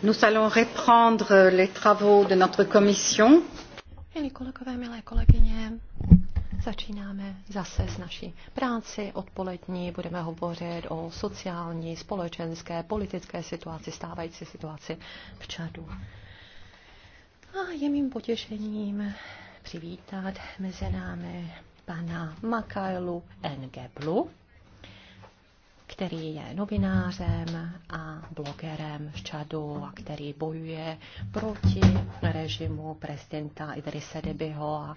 Nous allons reprendre euh, les travaux de notre commission. Milí kolegové, milé kolegyně, začínáme zase s naší práci odpolední. Budeme hovořit o sociální, společenské, politické situaci, stávající situaci v Čadu. A je mým potěšením přivítat mezi námi pana Makailu Engeblu, který je novinářem a blogerem z Čadu a který bojuje proti režimu prezidenta Idrisa Debyho a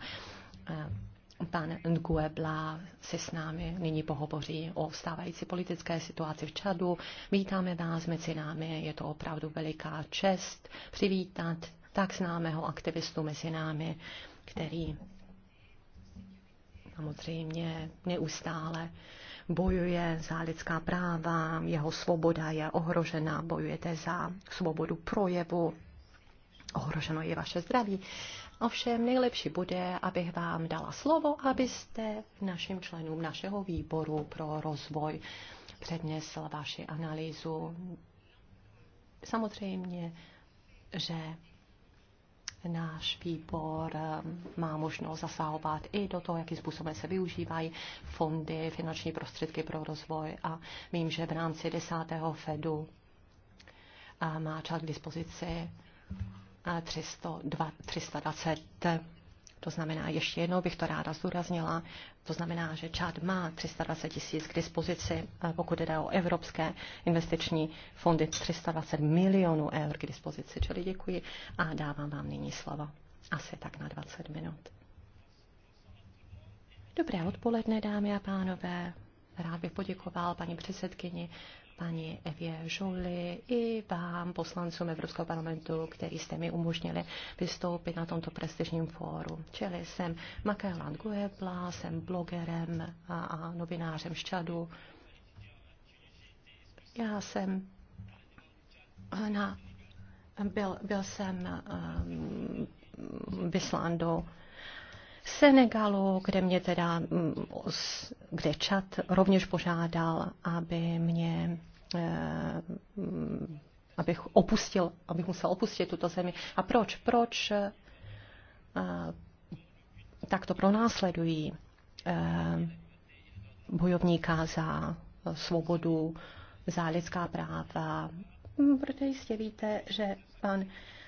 e, pan Nguebla se s námi nyní pohovoří o stávající politické situaci v Čadu. Vítáme vás mezi námi, je to opravdu veliká čest přivítat tak známého aktivistu mezi námi, který samozřejmě neustále bojuje za lidská práva, jeho svoboda je ohrožena, bojujete za svobodu projevu, ohroženo je vaše zdraví. Ovšem nejlepší bude, abych vám dala slovo, abyste našim členům našeho výboru pro rozvoj přednesl vaši analýzu. Samozřejmě, že náš výbor eh, má možnost zasahovat i do toho, jakým způsobem se využívají fondy, finanční prostředky pro rozvoj a vím, že v rámci 10. Fedu eh, má čas k dispozici 320 eh, to znamená, ještě jednou bych to ráda zdůraznila, to znamená, že Čad má 320 tisíc k dispozici, eh, pokud jde o evropské investiční fondy, 320 milionů eur k dispozici. Čili děkuji a dávám vám nyní slovo. Asi tak na 20 minut. Dobré odpoledne, dámy a pánové. Rád bych poděkoval paní předsedkyni paní Evě Žuli i vám, poslancům Evropského parlamentu, který jste mi umožnili vystoupit na tomto prestižním fóru. Čili jsem Makaela Guebla, jsem blogerem a, a novinářem z Čadu. Já jsem na, byl, byl jsem um, vyslán do Senegalu, kde mě teda, mm, kde čat, rovněž požádal, aby mě eh, mm, abych opustil, abych musel opustit tuto zemi. A proč? Proč eh, Tak to pronásledují eh, bojovníka za svobodu, za lidská práva? Mm, protože jistě víte, že pan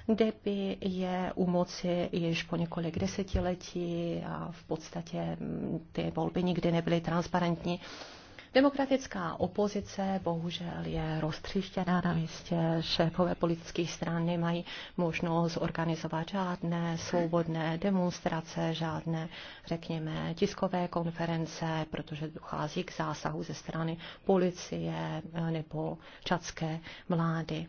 Deby je u moci již po několik desetiletí a v podstatě mm, ty volby nikdy nebyly transparentní. Demokratická opozice bohužel je roztříštěná na místě. Šéfové politických stran nemají možnost organizovat žádné svobodné demonstrace, žádné, řekněme, tiskové konference, protože dochází k zásahu ze strany policie nebo čatské vlády.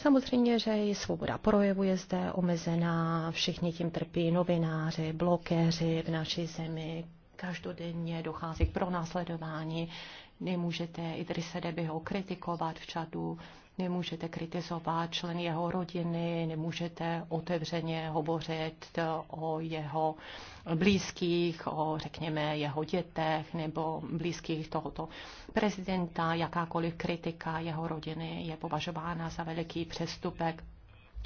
Samozřejmě, že i svoboda projevu je zde omezená, všichni tím trpí novináři, blokéři v naší zemi, každodenně dochází k pronásledování, nemůžete se Debyho kritikovat v Čadu, Nemůžete kritizovat člen jeho rodiny, nemůžete otevřeně hovořit o jeho blízkých, o řekněme jeho dětech nebo blízkých tohoto prezidenta. Jakákoliv kritika jeho rodiny je považována za veliký přestupek.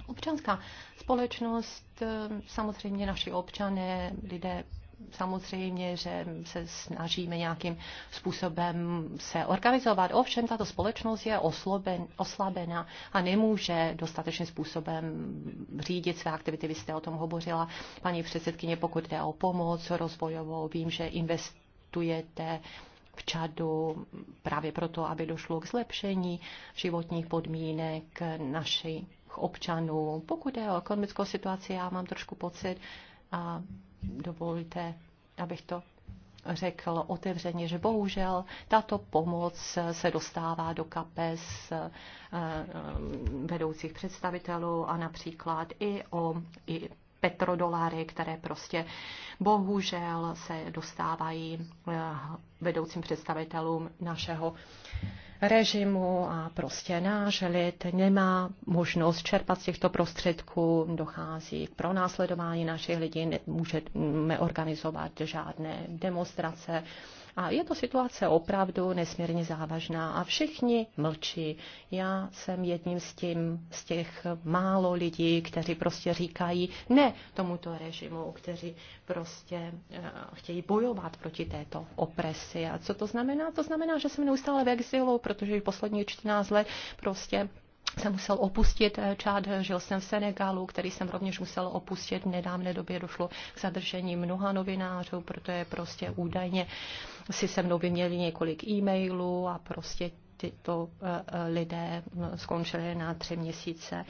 Občanská společnost, samozřejmě naši občané, lidé samozřejmě, že se snažíme nějakým způsobem se organizovat. Ovšem, tato společnost je osloben, oslabena a nemůže dostatečným způsobem řídit své aktivity. Vy jste o tom hovořila, paní předsedkyně, pokud jde o pomoc rozvojovou. Vím, že investujete v Čadu právě proto, aby došlo k zlepšení životních podmínek našich občanů. Pokud jde o ekonomickou situaci, já mám trošku pocit, a dovolte, abych to řekl otevřeně, že bohužel tato pomoc se dostává do kapes eh, vedoucích představitelů a například i o i petrodoláry, které prostě bohužel se dostávají eh, vedoucím představitelům našeho režimu a prostě náš lid nemá možnost čerpat z těchto prostředků, dochází k pronásledování našich lidí, nemůžeme organizovat žádné demonstrace, a je to situace opravdu nesmírně závažná a všichni mlčí. Já jsem jedním z, tím, z těch málo lidí, kteří prostě říkají ne tomuto režimu, kteří prostě eh, chtějí bojovat proti této opresi. A co to znamená? To znamená, že jsem neustále v exilu, protože poslední 14 let prostě jsem musel opustit eh, Čad, žil jsem v Senegalu, který jsem rovněž musel opustit. V nedávné době došlo k zadržení mnoha novinářů, protože prostě údajně si se mnou vyměli několik e-mailů a prostě tyto eh, eh, lidé mm, skončili na tři měsíce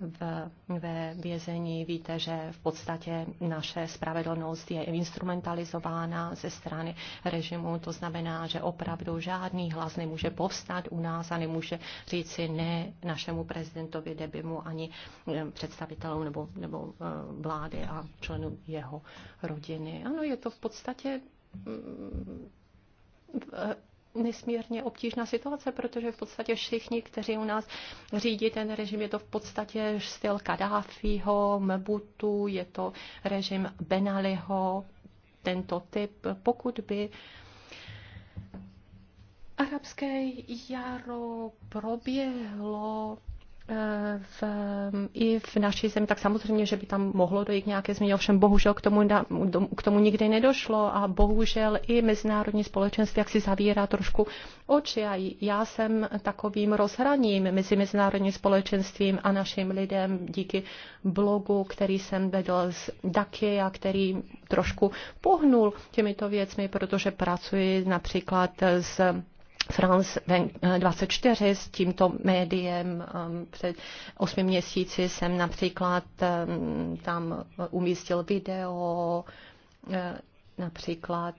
v, ve vězení. Víte, že v podstatě naše spravedlnost je instrumentalizována ze strany režimu. To znamená, že opravdu žádný hlas nemůže povstat u nás a nemůže říci ne našemu prezidentovi Debimu ani eh, představitelům nebo, nebo eh, vlády a členům jeho rodiny. Ano, je to v podstatě mm, nesmírně obtížná situace, protože v podstatě všichni, kteří u nás řídí ten režim, je to v podstatě styl Kadáfího, Mbutu, je to režim Benaliho, tento typ. Pokud by arabské jaro proběhlo v, i v naší zemi, tak samozřejmě, že by tam mohlo dojít nějaké změny. ovšem bohužel k tomu, k tomu nikdy nedošlo a bohužel i mezinárodní společenství jak si zavírá trošku oči a já jsem takovým rozhraním mezi mezinárodním společenstvím a našim lidem díky blogu, který jsem vedl z Daky a který trošku pohnul těmito věcmi, protože pracuji například s France 24 eh, s tímto médiem. Eh, před osmi měsíci jsem například eh, tam umístil video, například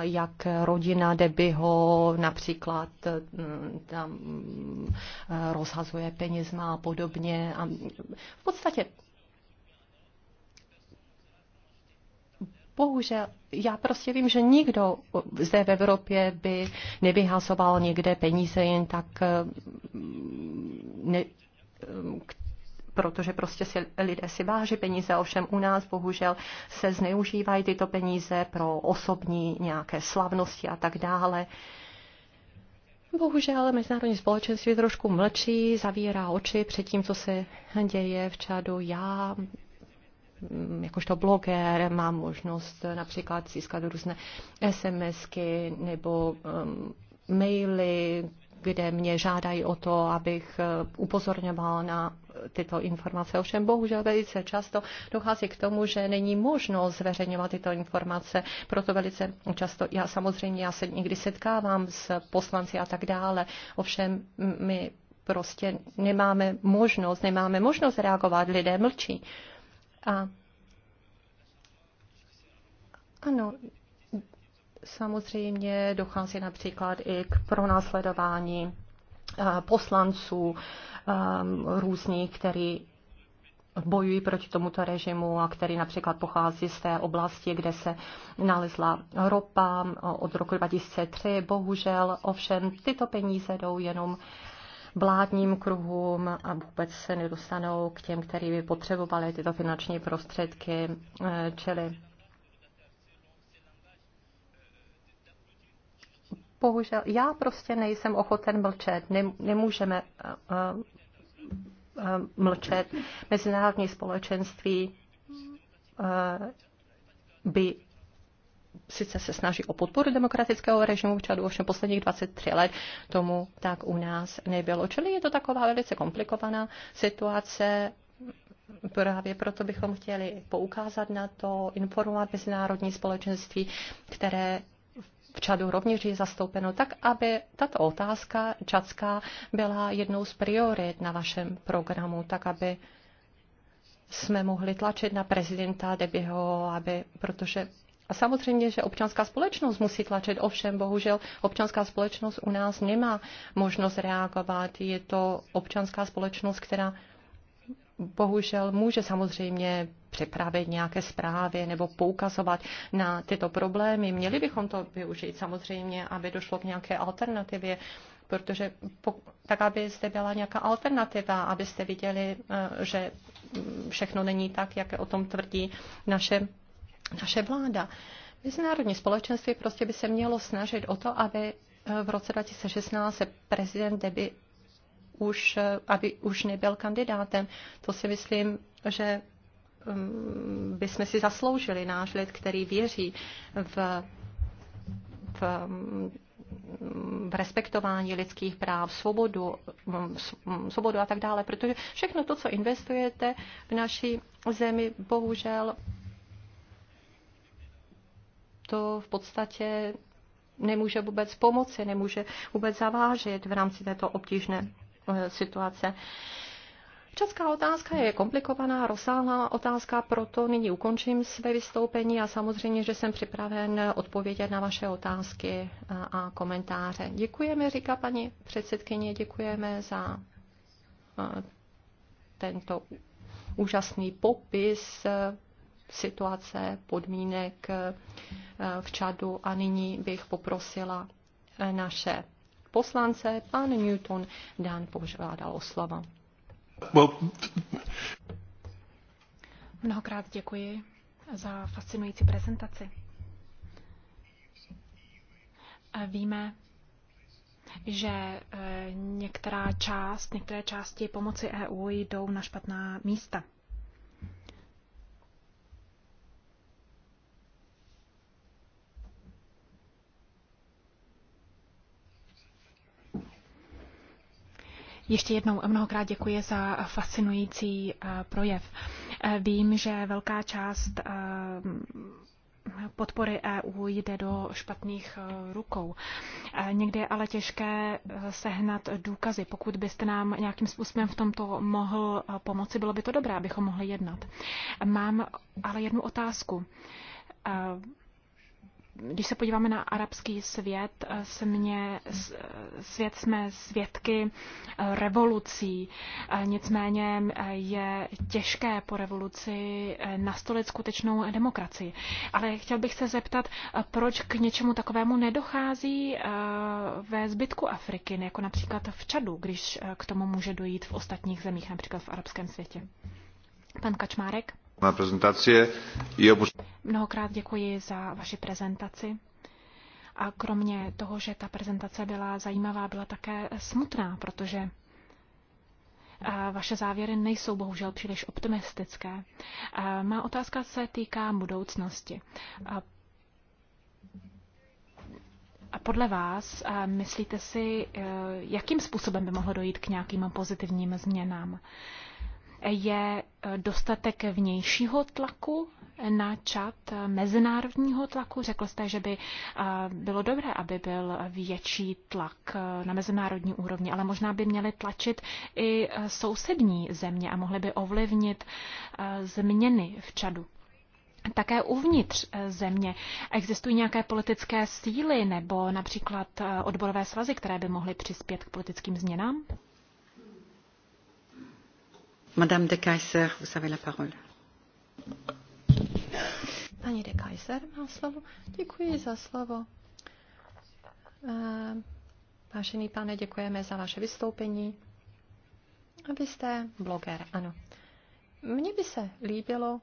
jak rodina Debyho například tam rozhazuje penězma a podobně. A v podstatě Bohužel, já prostě vím, že nikdo zde v Evropě by nevyhasoval někde peníze jen tak, eh, ne, protože prostě si, lidé si váží peníze, ovšem u nás bohužel se zneužívají tyto peníze pro osobní nějaké slavnosti a tak dále. Bohužel mezinárodní společenství trošku mlčí, zavírá oči před tím, co se děje v Čadu. Já Mm, jakožto bloger mám možnost například získat různé SMSky nebo mm, maily, kde mě žádají o to, abych e, upozorňoval na tyto informace. Ovšem bohužel velice často dochází k tomu, že není možno zveřejňovat tyto informace, proto velice často, já samozřejmě, já se někdy setkávám s poslanci a tak dále, ovšem my prostě nemáme možnost, nemáme možnost reagovat, lidé mlčí. A ano, samozřejmě dochází například i k pronásledování eh, poslanců eh, různých, který bojují proti tomuto režimu a který například pochází z té oblasti, kde se nalezla ropa eh, od roku 2003. Bohužel ovšem tyto peníze jdou jenom vládním kruhům a vůbec se nedostanou k těm, kteří by potřebovali tyto finanční prostředky, eh, čili bohužel já prostě nejsem ochoten mlčet. Ne, nemůžeme eh, eh, mlčet. Mezinárodní společenství by sice se snaží o podporu demokratického režimu v Čadu, ovšem posledních 23 let tomu tak u nás nebylo. Čili je to taková velice komplikovaná situace. Právě proto bychom chtěli poukázat na to, informovat mezinárodní společenství, které v Čadu rovněž je zastoupeno, tak aby tato otázka čadská byla jednou z priorit na vašem programu, tak aby jsme mohli tlačit na prezidenta Debiho, aby, protože a samozřejmě, že občanská společnost musí tlačit, ovšem bohužel občanská společnost u nás nemá možnost reagovat. Je to občanská společnost, která bohužel může samozřejmě připravit nějaké zprávy nebo poukazovat na tyto problémy. Měli bychom to využít samozřejmě, aby došlo k nějaké alternativě, protože tak, aby zde byla nějaká alternativa, abyste viděli, eh, že všechno není tak, jak o tom tvrdí naše naše vláda. Mezinárodní společenství prostě by se mělo snažit o to, aby eh, v roce 2016 se prezident Deby už, eh, aby už nebyl kandidátem. To si myslím, že mm, by jsme si zasloužili náš lid, který věří v, v, mm, v respektování lidských práv, svobodu, mm, svobodu a tak dále, protože všechno to, co investujete v naší zemi, bohužel to v podstatě nemůže vůbec pomoci, nemůže vůbec zavážit v rámci této obtížné eh, situace. Česká otázka je komplikovaná, rozsáhlá otázka, proto nyní ukončím své vystoupení a samozřejmě, že jsem připraven odpovědět na vaše otázky a komentáře. Děkujeme, říká paní předsedkyně, děkujeme za eh, tento úžasný popis situace, podmínek eh, v Čadu a nyní bych poprosila eh, naše poslance. Pan Newton Dan požádal o slovo. Mnohokrát děkuji za fascinující prezentaci. Eh, víme, že některá část, některé části pomoci EU jdou na špatná místa. Ještě jednou mnohokrát děkuji za fascinující eh, projev. Eh, vím, že velká část eh, podpory EU jde do špatných rukou. Někdy je ale těžké sehnat důkazy. Pokud byste nám nějakým způsobem v tomto mohl pomoci, bylo by to dobré, abychom mohli jednat. Mám ale jednu otázku když se podíváme na arabský svět, eh, mě, eh, svět jsme svědky eh, revolucí. Nicméně je těžké po revoluci nastolit skutečnou demokracii. Ale chtěl bych se zeptat, proč k něčemu takovému nedochází ve zbytku Afriky, jako například v Čadu, když k tomu může dojít v ostatních zemích, například v arabském světě. Pan Kačmárek? na prezentaci. Mnohokrát děkuji za vaši prezentaci. A kromě toho, že ta prezentace byla zajímavá, byla také smutná, protože eh, vaše závěry nejsou bohužel příliš optimistické. Eh, má otázka se týká budoucnosti. A podle vás, eh, myslíte si, jakým způsobem by mohlo dojít k nějakým pozitivním změnám? je eh, dostatek vnějšího tlaku na čat eh, mezinárodního tlaku? Řekl jste, že by eh, bylo dobré, aby byl větší tlak na mezinárodní úrovni, ale možná by měly tlačit i sousední země a mohly by ovlivnit změny v Čadu. Také uvnitř země existují nějaké politické síly nebo například odborové svazy, které by mohly přispět k politickým změnám? Madame de Kaiser, vous avez la parole. Paní de Kaiser má slovo. Děkuji za slovo. Eh, vážený pane, děkujeme za vaše vystoupení. A vy jste bloger, ano. Mně by se líbilo,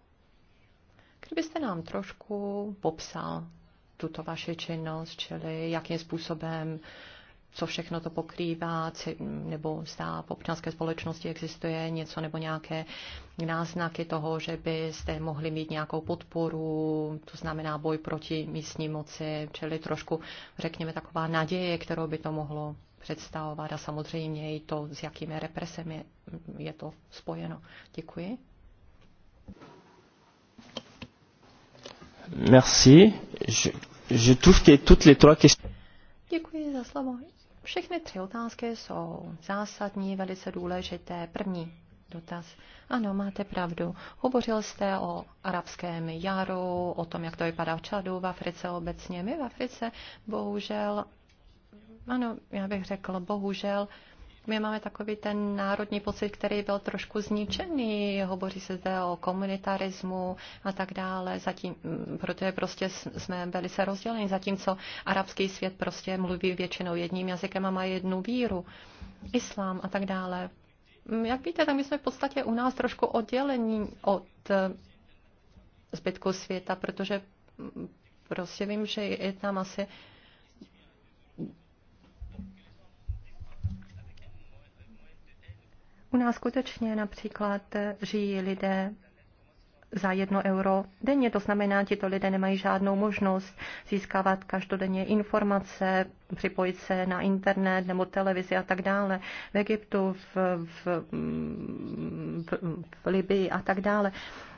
kdybyste nám trošku popsal tuto vaši činnost, čili jakým způsobem uh, co všechno to pokrývá, nebo zda v občanské společnosti existuje něco nebo nějaké náznaky toho, že byste mohli mít nějakou podporu, to znamená boj proti místní moci, čili trošku, řekněme, taková naděje, kterou by to mohlo představovat a samozřejmě i to, s jakými represemi je to spojeno. Děkuji. Merci. Je, je toutes les trois questions. Děkuji za slovo. Všechny tři otázky jsou zásadní, velice důležité. První dotaz. Ano, máte pravdu. Hovořil jste o arabském jaru, o tom, jak to vypadá v Čadu, v Africe obecně. My v Africe, bohužel, ano, já bych řekl, bohužel, my máme takový ten národní pocit, který byl trošku zničený. Hovoří se zde o komunitarismu a tak dále, zatím, protože prostě jsme velice rozděleni, zatímco arabský svět prostě mluví většinou jedním jazykem a má jednu víru, islám a tak dále. Mm, jak víte, tak my jsme v podstatě u nás trošku oddělení od eh, zbytku světa, protože mm, prostě vím, že je tam asi U nás skutečně například žijí lidé za jedno euro denně. To znamená, že tito lidé nemají žádnou možnost získávat každodenně informace, připojit se na internet nebo televizi a tak dále. V Egyptu, v, v, v, v Libii a tak dále.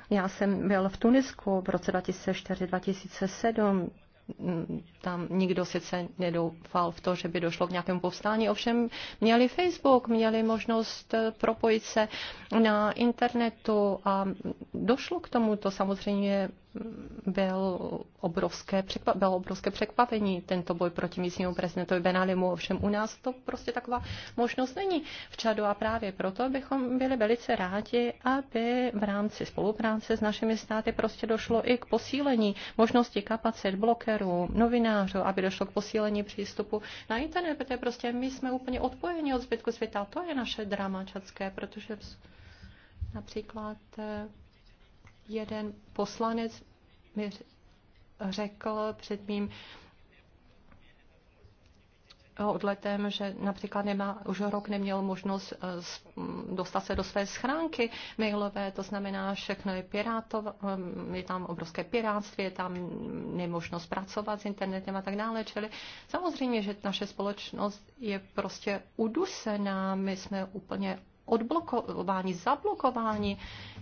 Já jsem byl v Tunisku v roce 2004-2007 tam nikdo sice nedoufal v to, že by došlo k nějakému povstání, ovšem měli Facebook, měli možnost eh, propojit se na internetu a došlo k tomu, to samozřejmě byl obrovské, překva- bylo obrovské překvapení tento boj proti místnímu prezidentovi Benalimu. Ovšem u nás to prostě taková možnost není v Čadu a právě proto bychom byli velice rádi, aby v rámci spolupráce s našimi státy prostě došlo i k posílení možnosti kapacit blokerů, novinářů, aby došlo k posílení přístupu na internet, protože prostě my jsme úplně odpojeni od zbytku světa. To je naše drama čadské, protože například eh, jeden poslanec mi řekl před mým odletem, že například nemá, už rok neměl možnost eh, mm, dostat se do své schránky mailové, to znamená, všechno je pirátov, eh, je tam obrovské pirátství, je tam nemožnost pracovat s internetem a tak dále, čili samozřejmě, že naše společnost je prostě udusená, my jsme úplně odblokováni, zablokováni,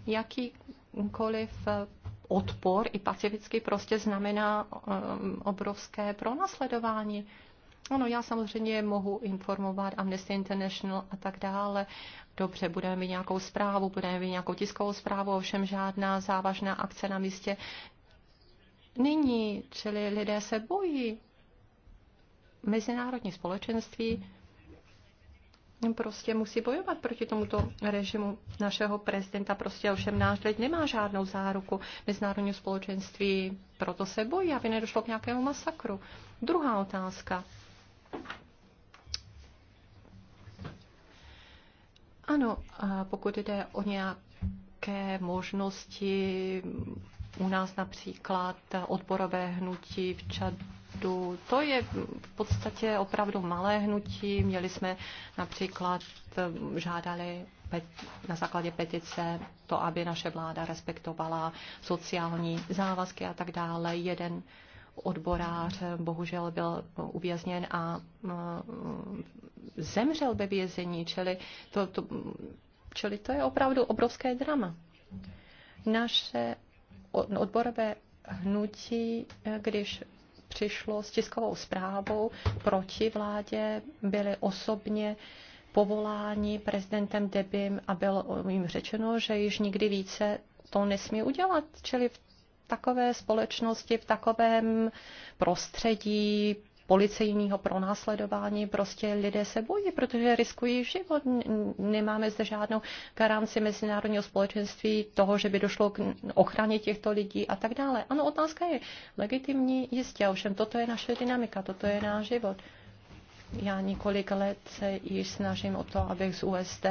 jaký jakýkoliv eh, odpor i pacificky prostě znamená um, obrovské pronásledování. Ano, já samozřejmě mohu informovat Amnesty International a tak dále. Dobře, budeme mít nějakou zprávu, budeme mít nějakou tiskovou zprávu, ovšem žádná závažná akce na místě není, čili lidé se bojí. Mezinárodní společenství prostě musí bojovat proti tomuto režimu našeho prezidenta. Prostě ovšem náš lid nemá žádnou záruku mezinárodního společenství, proto se bojí, aby nedošlo k nějakému masakru. Druhá otázka. Ano, a pokud jde o nějaké možnosti u nás například odborové hnutí v Čadu, odpadu. To je v podstatě opravdu malé hnutí. Měli jsme například, eh, žádali na základě petice to, aby naše vláda respektovala sociální závazky a tak dále. Jeden odborář eh, bohužel byl uvězněn a eh, zemřel ve vězení, čili to, to, čili to je opravdu obrovské drama. Naše odborové hnutí, když přišlo s tiskovou zprávou proti vládě, byli osobně povoláni prezidentem Debim a bylo jim řečeno, že již nikdy více to nesmí udělat. Čili v takové společnosti, v takovém prostředí policejního pronásledování. Prostě lidé se bojí, protože riskují život. Nemáme zde žádnou garanci mezinárodního společenství toho, že by došlo k ochraně těchto lidí a tak dále. Ano, otázka je legitimní, jistě, ovšem toto je naše dynamika, toto je náš život. Já několik let se již snažím o to, abych z USD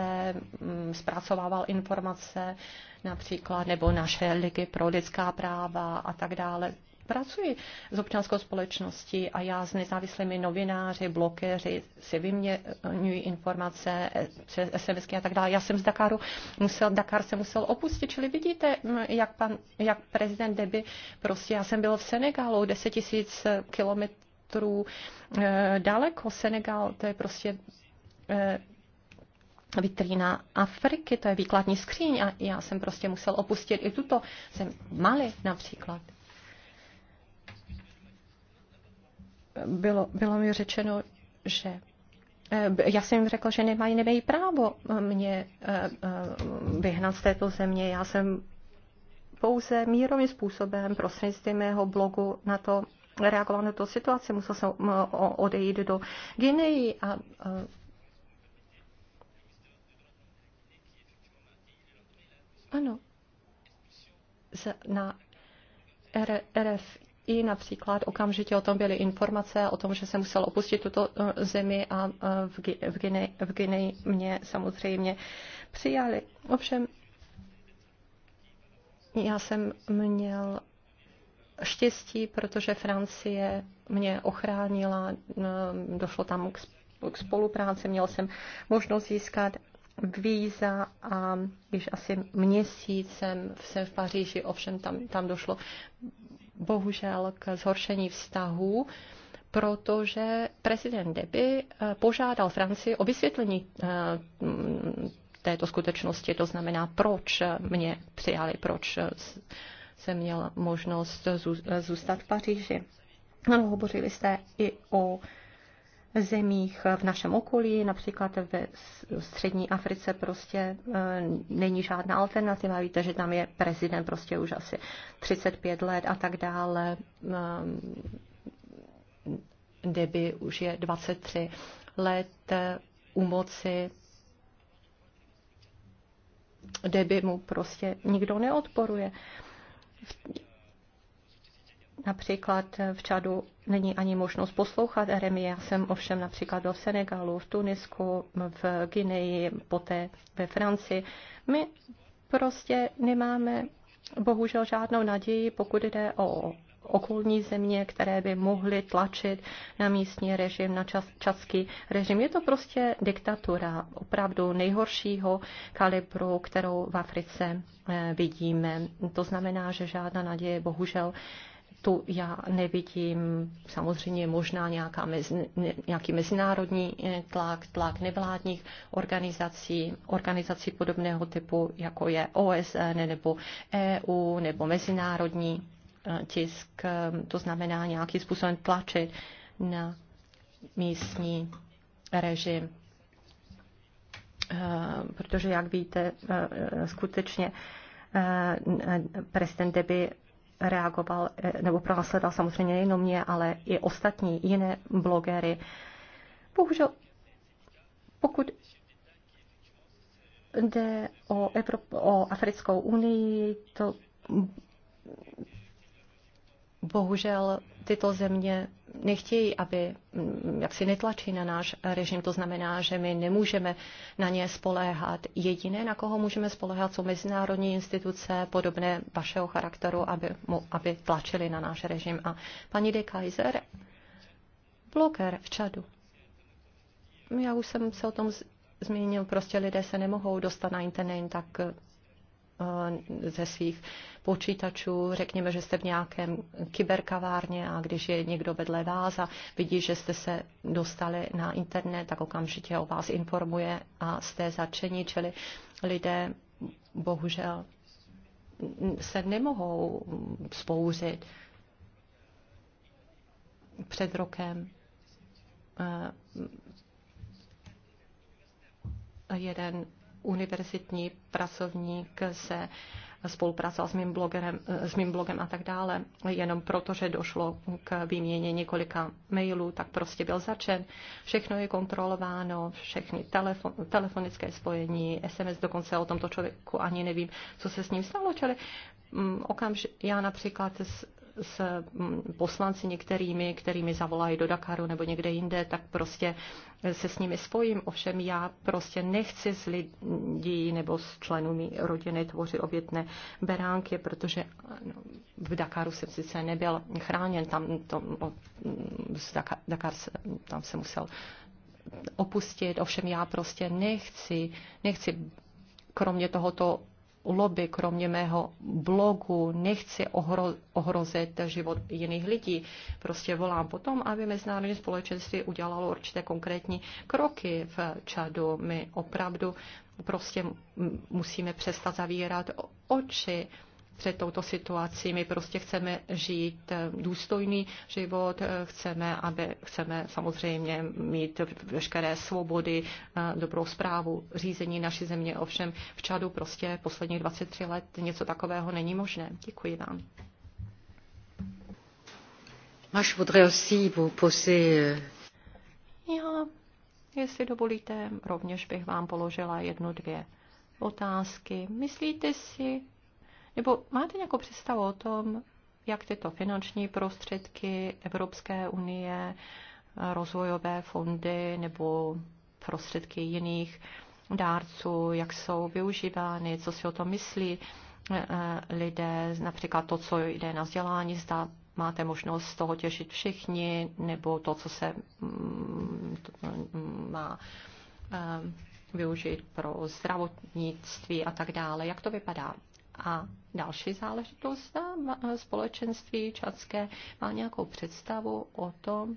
mm, zpracovával informace, například, nebo naše ligy pro lidská práva a tak dále pracuji s občanskou společností a já s nezávislými novináři, blokéři si vyměňuji informace přes SMSky a tak dále. Já jsem z Dakaru musel, Dakar se musel opustit, čili vidíte, jak, pan, jak prezident Deby, prostě já jsem byl v Senegalu, 10 tisíc kilometrů e, daleko, Senegal, to je prostě e, vitrína Afriky, to je výkladní skříň a já jsem prostě musel opustit i tuto jsem Mali například. bylo, bylo mi řečeno, že eh, já jsem jim řekla, že nemají, nemají právo mě eh, eh, vyhnat z této země. Já jsem pouze mírovým způsobem prostřednictvím mého blogu na to reagoval na tu situaci. Musel jsem odejít do Guineji a ano, na RF i například okamžitě o tom byly informace o tom, že se musel opustit tuto eh, zemi a eh, v, Gine, Gineji mě samozřejmě přijali. Ovšem, já jsem měl štěstí, protože Francie mě ochránila, eh, došlo tam k, k spolupráci, měl jsem možnost získat víza a když asi měsíc jsem, jsem v Paříži, ovšem tam, tam došlo bohužel k zhoršení vztahů, protože prezident Deby eh, požádal Francii o vysvětlení eh, mm, této skutečnosti, to znamená, proč mě přijali, proč jsem měl možnost zůstat v Paříži. Ano, hovořili jste i o zemích v našem okolí, například ve střední Africe prostě e, není žádná alternativa. Víte, že tam je prezident prostě už asi 35 let a tak dále. E, Deby už je 23 let e, u moci. Deby mu prostě nikdo neodporuje Například v Čadu není ani možnost poslouchat RMI. Já jsem ovšem například do Senegalu, v Tunisku, v Guineji, poté ve Francii. My prostě nemáme bohužel žádnou naději, pokud jde o okolní země, které by mohly tlačit na místní režim, na čas, režim. Je to prostě diktatura opravdu nejhoršího kalibru, kterou v Africe eh, vidíme. To znamená, že žádná naděje bohužel tu já nevidím samozřejmě možná nějaká mezi, nějaký mezinárodní eh, tlak, tlak nevládních organizací, organizací podobného typu, jako je OSN nebo EU nebo mezinárodní eh, tisk, eh, to znamená nějakým způsobem tlačit na místní režim. Protože, jak víte, skutečně prezident Deby reagoval eh, nebo pronásledoval samozřejmě nejenom mě, ale i ostatní jiné blogery. Bohužel, pokud jde o, Evrop- o Africkou unii, to bohužel tyto země nechtějí, aby, mm, jak si netlačí na náš režim. To znamená, že my nemůžeme na ně spoléhat. Jediné, na koho můžeme spoléhat, jsou mezinárodní instituce podobné vašeho charakteru, aby, aby tlačili na náš režim. A paní de Kaiser, bloker v Čadu. Já už jsem se o tom zmínil, prostě lidé se nemohou dostat na internet tak Eh, ze svých počítačů, řekněme, že jste v nějakém kyberkavárně a když je někdo vedle vás a vidí, že jste se dostali na internet, tak okamžitě o vás informuje a jste začení, čili lidé bohužel se nemohou spouřit. Před rokem eh, jeden univerzitní pracovník se spolupracoval s mým, blogerem, s mým blogem a tak dále, jenom protože došlo k výměně několika mailů, tak prostě byl začen. Všechno je kontrolováno, všechny telefon, telefonické spojení, SMS, dokonce o tomto člověku ani nevím, co se s ním stalo, čili mm, okamž, já například s mm, poslanci některými, kterými zavolají do Dakaru nebo někde jinde, tak prostě se s nimi spojím. Ovšem já prostě nechci s lidí nebo s členům rodiny tvořit obětné beránky, protože v Dakaru jsem sice nebyl chráněn, tam, to, z Dakar, Dakar, tam se musel opustit, ovšem já prostě nechci, nechci kromě tohoto lobby, kromě mého blogu, nechci ohro, ohrozit život jiných lidí. Prostě volám potom, aby mezinárodní společenství udělalo určité konkrétní kroky v Čadu. My opravdu prostě musíme přestat zavírat oči před touto situací. My prostě chceme žít eh, důstojný život, eh, chceme, aby, chceme samozřejmě mít veškeré svobody, eh, dobrou zprávu, řízení naší země. Ovšem v Čadu prostě posledních 23 let něco takového není možné. Děkuji vám. Máš aussi vous poser... Euh, Já, jestli dovolíte, rovněž bych vám položila jednu, dvě otázky. Myslíte si, nebo máte nějakou představu o tom, jak tyto finanční prostředky Evropské unie, rozvojové fondy nebo prostředky jiných dárců, jak jsou využívány, co si o tom myslí eh, eh, lidé, například to, co jde na vzdělání, zda máte možnost z toho těšit všichni, nebo to, co se mm, mm, má eh, využít pro zdravotnictví a tak dále. Jak to vypadá? A další záležitost, společenství čatské má nějakou představu o tom,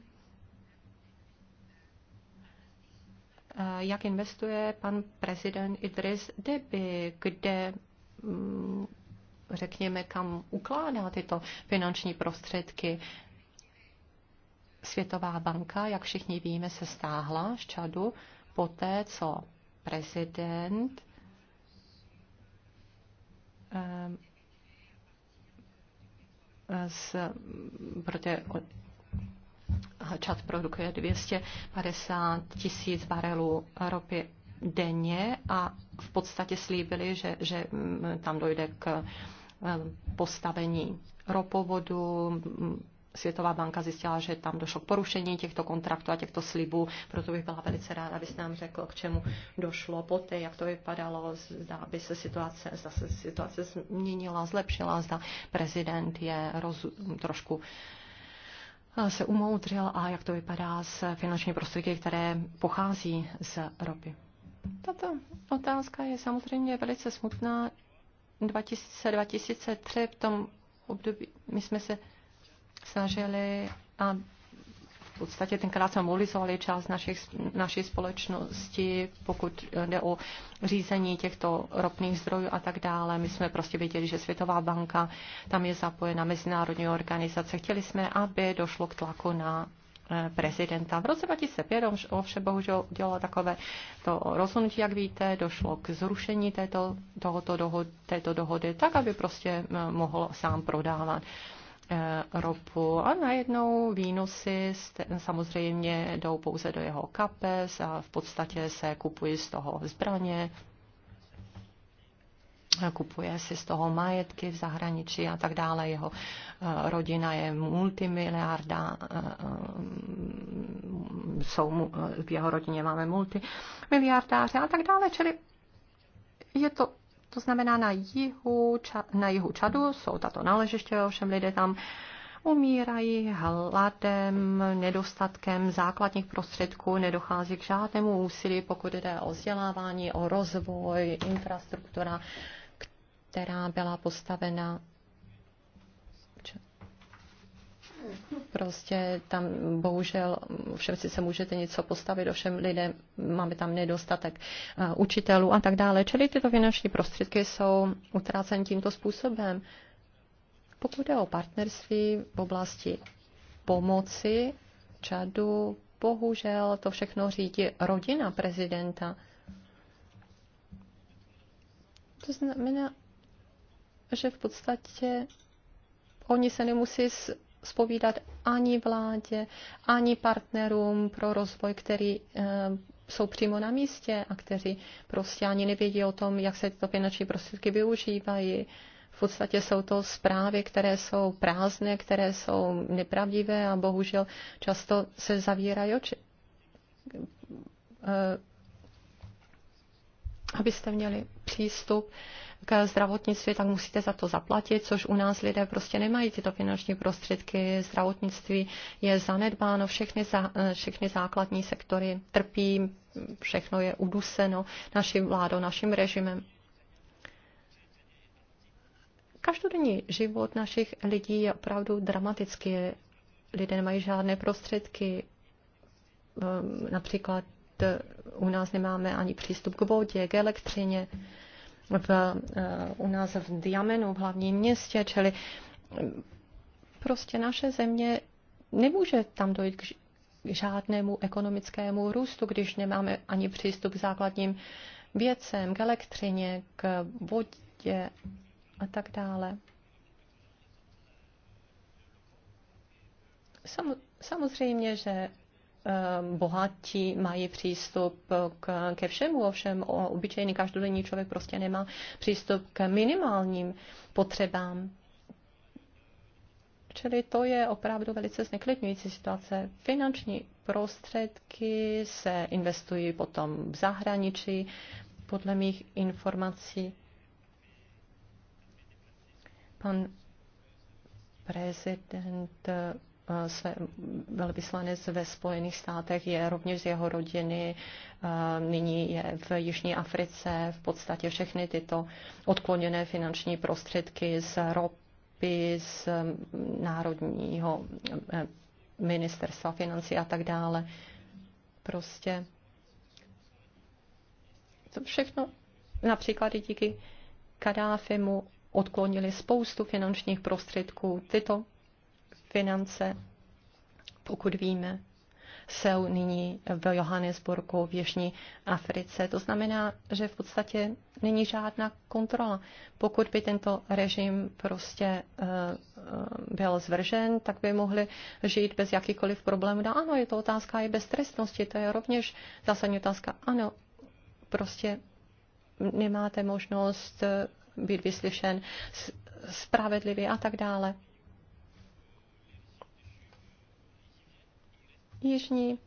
jak investuje pan prezident Idris Deby, kde mm, řekněme, kam ukládá tyto finanční prostředky. Světová banka, jak všichni víme, se stáhla z Čadu poté, co prezident z, protože čad produkuje 250 tisíc barelů ropy denně a v podstatě slíbili, že, že mm, tam dojde k eh, postavení ropovodu, Světová banka zjistila, že tam došlo k porušení těchto kontraktů a těchto slibů, proto bych byla velice ráda, abyste nám řekl, k čemu došlo poté, jak to vypadalo, zda by se situace, zda se situace změnila, zlepšila, zda prezident je roz, trošku eh, se umoudřil a jak to vypadá s finanční prostředky, které pochází z ropy. Tato otázka je samozřejmě velice smutná. 2000-2003 v tom období my jsme se snažili a v podstatě tenkrát jsme mobilizovali část našich, naší společnosti, pokud jde o řízení těchto ropných zdrojů a tak dále. My jsme prostě věděli, že Světová banka tam je zapojena, mezinárodní organizace. Chtěli jsme, aby došlo k tlaku na eh, prezidenta. V roce 2005 ovšem bohužel udělala takové to rozhodnutí, jak víte, došlo k zrušení této, tohoto dohod, této dohody, tak, aby prostě eh, mohl sám prodávat Eh, ropu a najednou výnosy samozřejmě jdou pouze do jeho kapes a v podstatě se kupují z toho zbraně, kupuje si z toho majetky v zahraničí a tak dále. Jeho eh, rodina je multimiliarda, eh, jsou, v jeho rodině máme multimiliardáře a tak dále, čili je to to znamená, na jihu, na jihu Čadu jsou tato náležiště, ovšem lidé tam umírají hladem, nedostatkem základních prostředků, nedochází k žádnému úsilí, pokud jde o vzdělávání, o rozvoj, infrastruktura, která byla postavena Prostě tam bohužel všem si se můžete něco postavit, ovšem lidé, máme tam nedostatek eh, učitelů a tak dále. Čili tyto finanční prostředky jsou utráceny tímto způsobem. Pokud jde o partnerství v oblasti pomoci Čadu, bohužel to všechno řídí rodina prezidenta. To znamená, že v podstatě oni se nemusí zpovídat ani vládě, ani partnerům pro rozvoj, který eh, jsou přímo na místě a kteří prostě ani nevědí o tom, jak se tyto finanční prostředky využívají. V podstatě jsou to zprávy, které jsou prázdné, které jsou nepravdivé a bohužel často se zavírají oči. Eh, abyste měli přístup k zdravotnictví, tak musíte za to zaplatit, což u nás lidé prostě nemají tyto finanční prostředky. Zdravotnictví je zanedbáno, všechny, za, eh, všechny základní sektory trpí, všechno je uduseno naším vládou, naším režimem každodenní život našich lidí je opravdu dramatický. Lidé nemají žádné prostředky. Ehm, například eh, u nás nemáme ani přístup k vodě, k elektřině v, eh, u nás v Diamenu, v hlavním městě, čili eh, prostě naše země nemůže tam dojít k žádnému ekonomickému růstu, když nemáme ani přístup k základním věcem, k elektřině, k vodě a tak dále. Samozřejmě, že Ehm, bohatí mají přístup k, ke všemu, ovšem obyčejný každodenní člověk prostě nemá přístup k minimálním potřebám. Čili to je opravdu velice zneklidňující situace. Finanční prostředky se investují potom v zahraničí, podle mých informací. Pan prezident Eh, své velvyslanec ve Spojených státech, je rovněž z jeho rodiny, eh, nyní je v Jižní Africe, v podstatě všechny tyto odkloněné finanční prostředky z ropy, z eh, národního ministerstva financí a tak dále. Prostě to všechno, například i díky Kadáfimu odklonili spoustu finančních prostředků. Tyto finance, pokud víme, jsou nyní v Johannesburgu v Jižní Africe. To znamená, že v podstatě není žádná kontrola. Pokud by tento režim prostě eh, eh, byl zvržen, tak by mohli žít bez jakýkoliv problémů. No ano, je to otázka i trestnosti, to je rovněž zásadní otázka. Ano, prostě nemáte možnost eh, být vyslyšen spravedlivě a tak dále. Jižní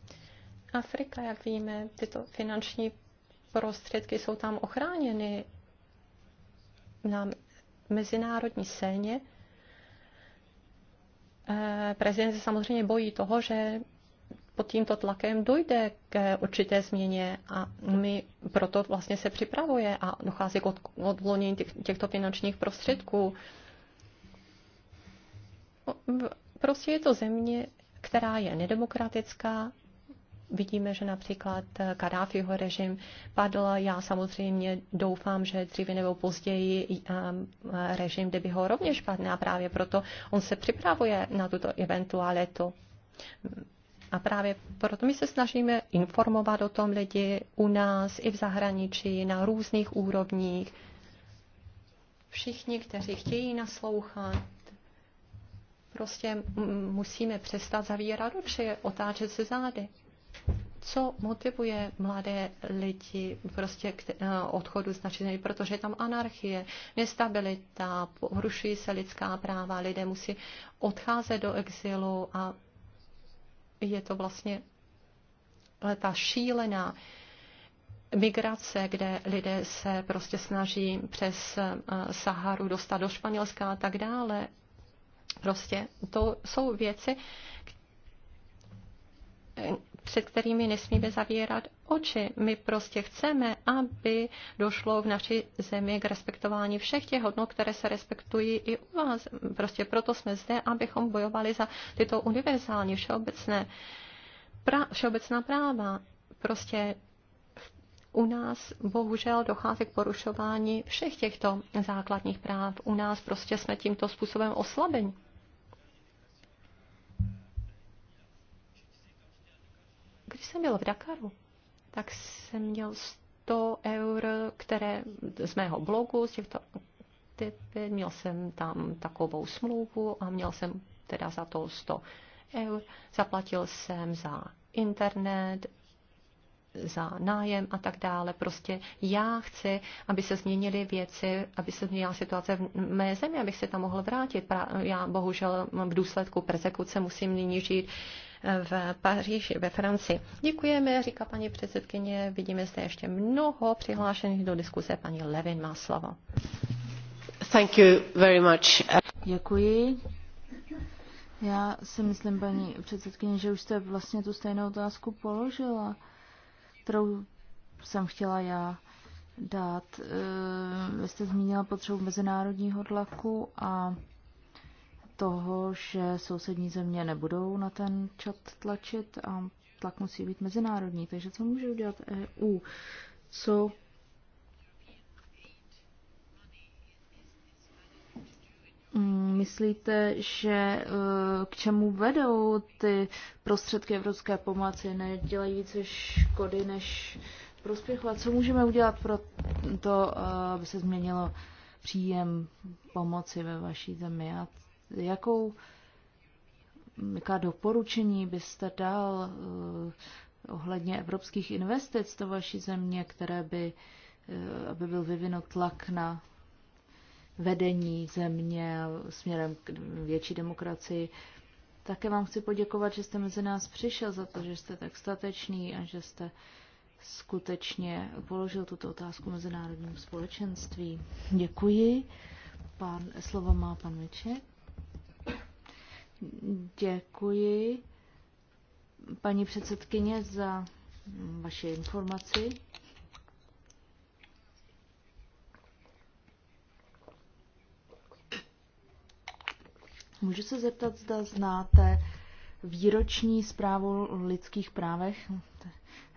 Afrika, jak víme, tyto finanční prostředky jsou tam ochráněny na mezinárodní scéně. Eh, prezident se samozřejmě bojí toho, že pod tímto tlakem dojde k určité změně a my proto vlastně se připravuje a dochází k odvolnění těchto finančních prostředků. Prostě je to země, která je nedemokratická. Vidíme, že například Kadáfiho režim padl. Já samozřejmě doufám, že dříve nebo později režim kdyby ho rovněž padne a právě proto on se připravuje na tuto eventualitu. A právě proto my se snažíme informovat o tom lidi u nás i v zahraničí na různých úrovních. Všichni, kteří chtějí naslouchat, Prostě musíme přestat zavírat oči, otáčet se zády. Co motivuje mladé lidi prostě k eh, odchodu z naší země? Protože je tam anarchie, nestabilita, porušují se lidská práva, lidé musí odcházet do exilu a je to vlastně ta šílená migrace, kde lidé se prostě snaží přes eh, Saharu dostat do Španělska a tak dále. Prostě to jsou věci, před kterými nesmíme zavírat oči. My prostě chceme, aby došlo v naší zemi k respektování všech těch hodnot, které se respektují i u vás. Prostě proto jsme zde, abychom bojovali za tyto univerzální, všeobecné, pra, všeobecná práva. Prostě u nás bohužel dochází k porušování všech těchto základních práv. U nás prostě jsme tímto způsobem oslabeni. Když jsem byl v Dakaru, tak jsem měl 100 eur, které z mého blogu, z těchto typy, měl jsem tam takovou smlouvu a měl jsem teda za to 100 eur. Zaplatil jsem za internet, za nájem a tak dále. Prostě já chci, aby se změnily věci, aby se změnila situace v mé zemi, abych se tam mohl vrátit. Já bohužel v důsledku persekuce musím nyní žít eh, v Paříži, ve Francii. Děkujeme, říká paní předsedkyně. Vidíme zde ještě mnoho přihlášených do diskuse. Paní Levin má slovo. Thank you very much. Děkuji. Já si myslím, paní předsedkyně, že už jste vlastně tu stejnou otázku položila kterou jsem chtěla já dát. Eh, vy jste zmínila potřebu mezinárodního tlaku a toho, že sousední země nebudou na ten čat tlačit a tlak musí být mezinárodní. Takže co může udělat EU? Co Mm, myslíte, že eh, k čemu vedou ty prostředky evropské pomoci? Nedělají více škody než prospěchu? A co můžeme udělat pro to, eh, aby se změnilo příjem pomoci ve vaší zemi? A jakou, jaká doporučení byste dal eh, ohledně evropských investic do vaší země, které by, aby byl vyvinut tlak na vedení země směrem k větší demokracii. Také vám chci poděkovat, že jste mezi nás přišel za to, že jste tak statečný a že jste skutečně položil tuto otázku mezinárodním společenství. Děkuji. Pan, slovo má pan Miček. Děkuji, paní předsedkyně, za vaše informaci. Můžu se zeptat, zda znáte výroční zprávu o lidských právech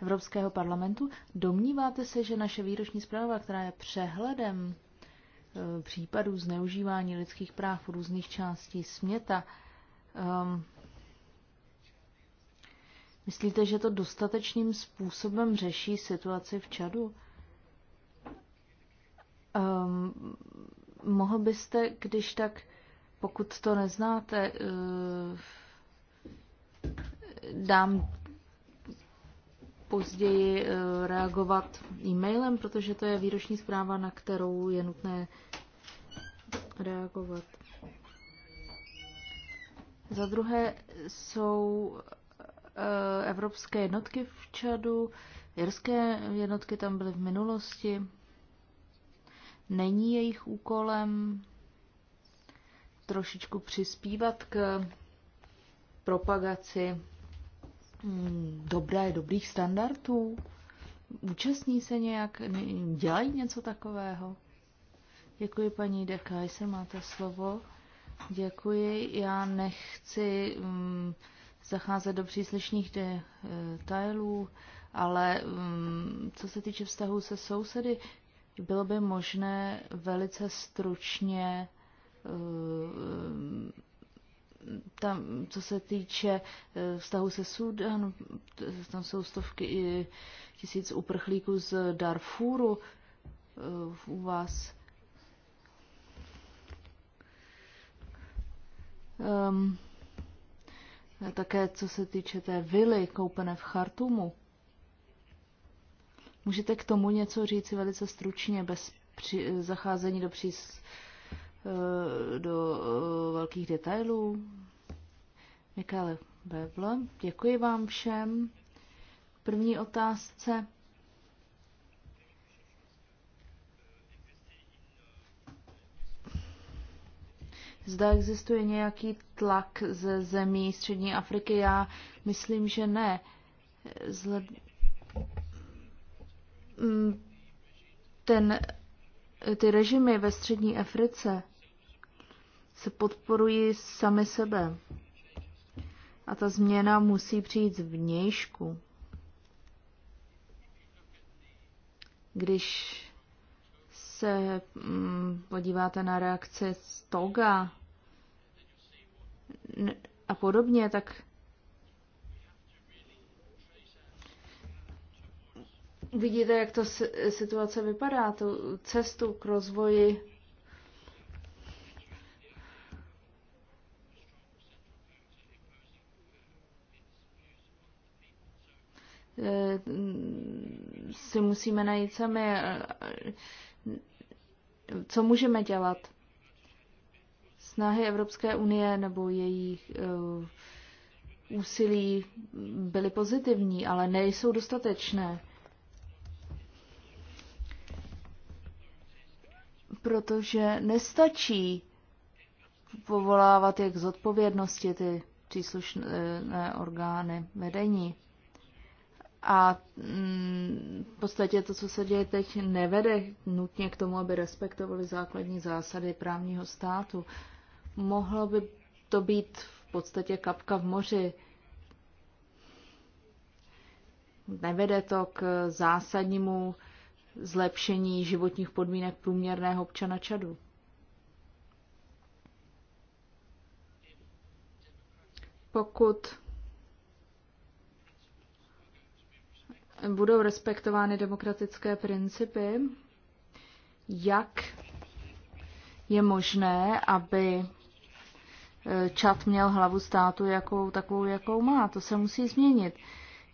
Evropského parlamentu. Domníváte se, že naše výroční zpráva, která je přehledem e, případů zneužívání lidských práv v různých částí směta, um, myslíte, že to dostatečným způsobem řeší situaci v Čadu? Um, mohl byste, když tak, pokud to neznáte, eh, dám později eh, reagovat e-mailem, protože to je výroční zpráva, na kterou je nutné reagovat. Za druhé jsou eh, evropské jednotky v Čadu, jirské jednotky tam byly v minulosti. Není jejich úkolem trošičku přispívat k propagaci mm, dobré, dobrých standardů? Účastní se nějak, dělají něco takového? Děkuji, paní se máte slovo. Děkuji, já nechci um, zacházet do příslušných detailů, ale um, co se týče vztahu se sousedy, bylo by možné velice stručně Eh, tam, co se týče eh, vztahu se Sudan, tam jsou stovky tisíc uprchlíků z Darfuru eh, u vás. Um, také co se týče té vily koupené v Chartumu. Můžete k tomu něco říci velice stručně, bez při, zacházení do přís, Eh, do eh, velkých detailů. Michale Bevle, děkuji vám všem. První otázce. Zda existuje nějaký tlak ze zemí střední Afriky? Já myslím, že ne. Zle... Mm, ten, ty režimy ve střední Africe se podporují sami sebe. A ta změna musí přijít z vnějšku. Když se mm, podíváte na reakce z toga a podobně, tak vidíte, jak to situace vypadá, tu cestu k rozvoji Eh, si musíme najít sami, eh, eh, co můžeme dělat. Snahy Evropské unie nebo jejich úsilí byly pozitivní, ale nejsou dostatečné. Protože nestačí povolávat jak zodpovědnosti ty příslušné orgány vedení. A mm, v podstatě to, co se děje teď, nevede nutně k tomu, aby respektovali základní zásady právního státu. Mohlo by to být v podstatě kapka v moři. Nevede to k zásadnímu zlepšení životních podmínek průměrného občana Čadu. Pokud budou respektovány demokratické principy, jak je možné, aby eh, čat měl hlavu státu jakou, takovou, jakou má. To se musí změnit.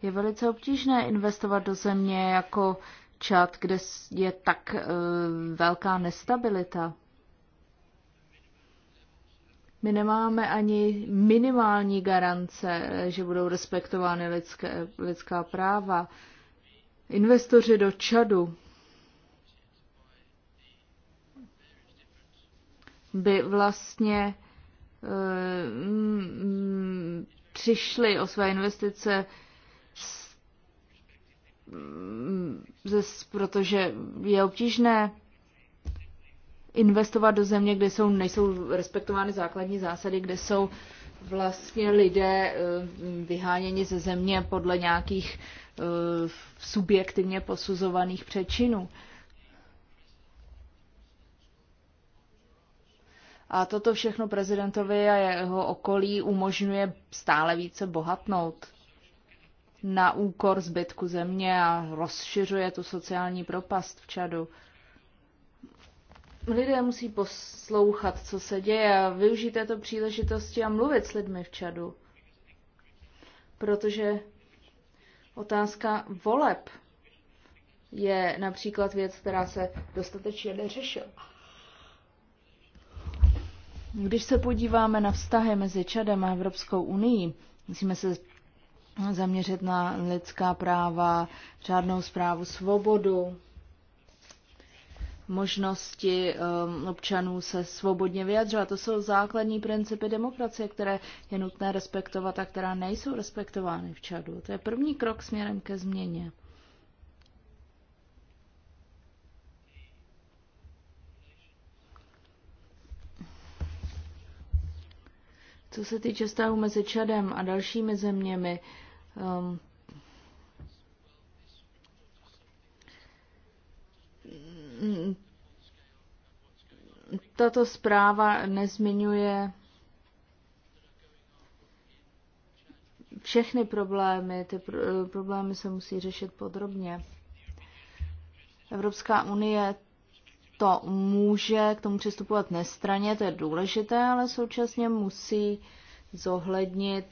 Je velice obtížné investovat do země jako čat, kde je tak uh, velká nestabilita. My nemáme ani minimální garance, eh, že budou respektovány lidské, lidská práva. Investoři do Čadu by vlastně eh, mm, přišli o své investice, mm, protože je obtížné investovat do země, kde jsou, nejsou respektovány základní zásady, kde jsou vlastně lidé eh, vyháněni ze země podle nějakých eh, subjektivně posuzovaných přečinů. A toto všechno prezidentovi a jeho okolí umožňuje stále více bohatnout na úkor zbytku země a rozšiřuje tu sociální propast v Čadu lidé musí poslouchat, co se děje a využít této příležitosti a mluvit s lidmi v Čadu. Protože otázka voleb je například věc, která se dostatečně neřešila. Když se podíváme na vztahy mezi Čadem a Evropskou unii, musíme se zaměřit na lidská práva, řádnou zprávu, svobodu, možnosti um, občanů se svobodně vyjadřovat. To jsou základní principy demokracie, které je nutné respektovat a která nejsou respektovány v Čadu. To je první krok směrem ke změně. Co se týče vztahu mezi Čadem a dalšími zeměmi, um, tato zpráva nezmiňuje všechny problémy. Ty problémy se musí řešit podrobně. Evropská unie to může k tomu přistupovat nestraně, to je důležité, ale současně musí zohlednit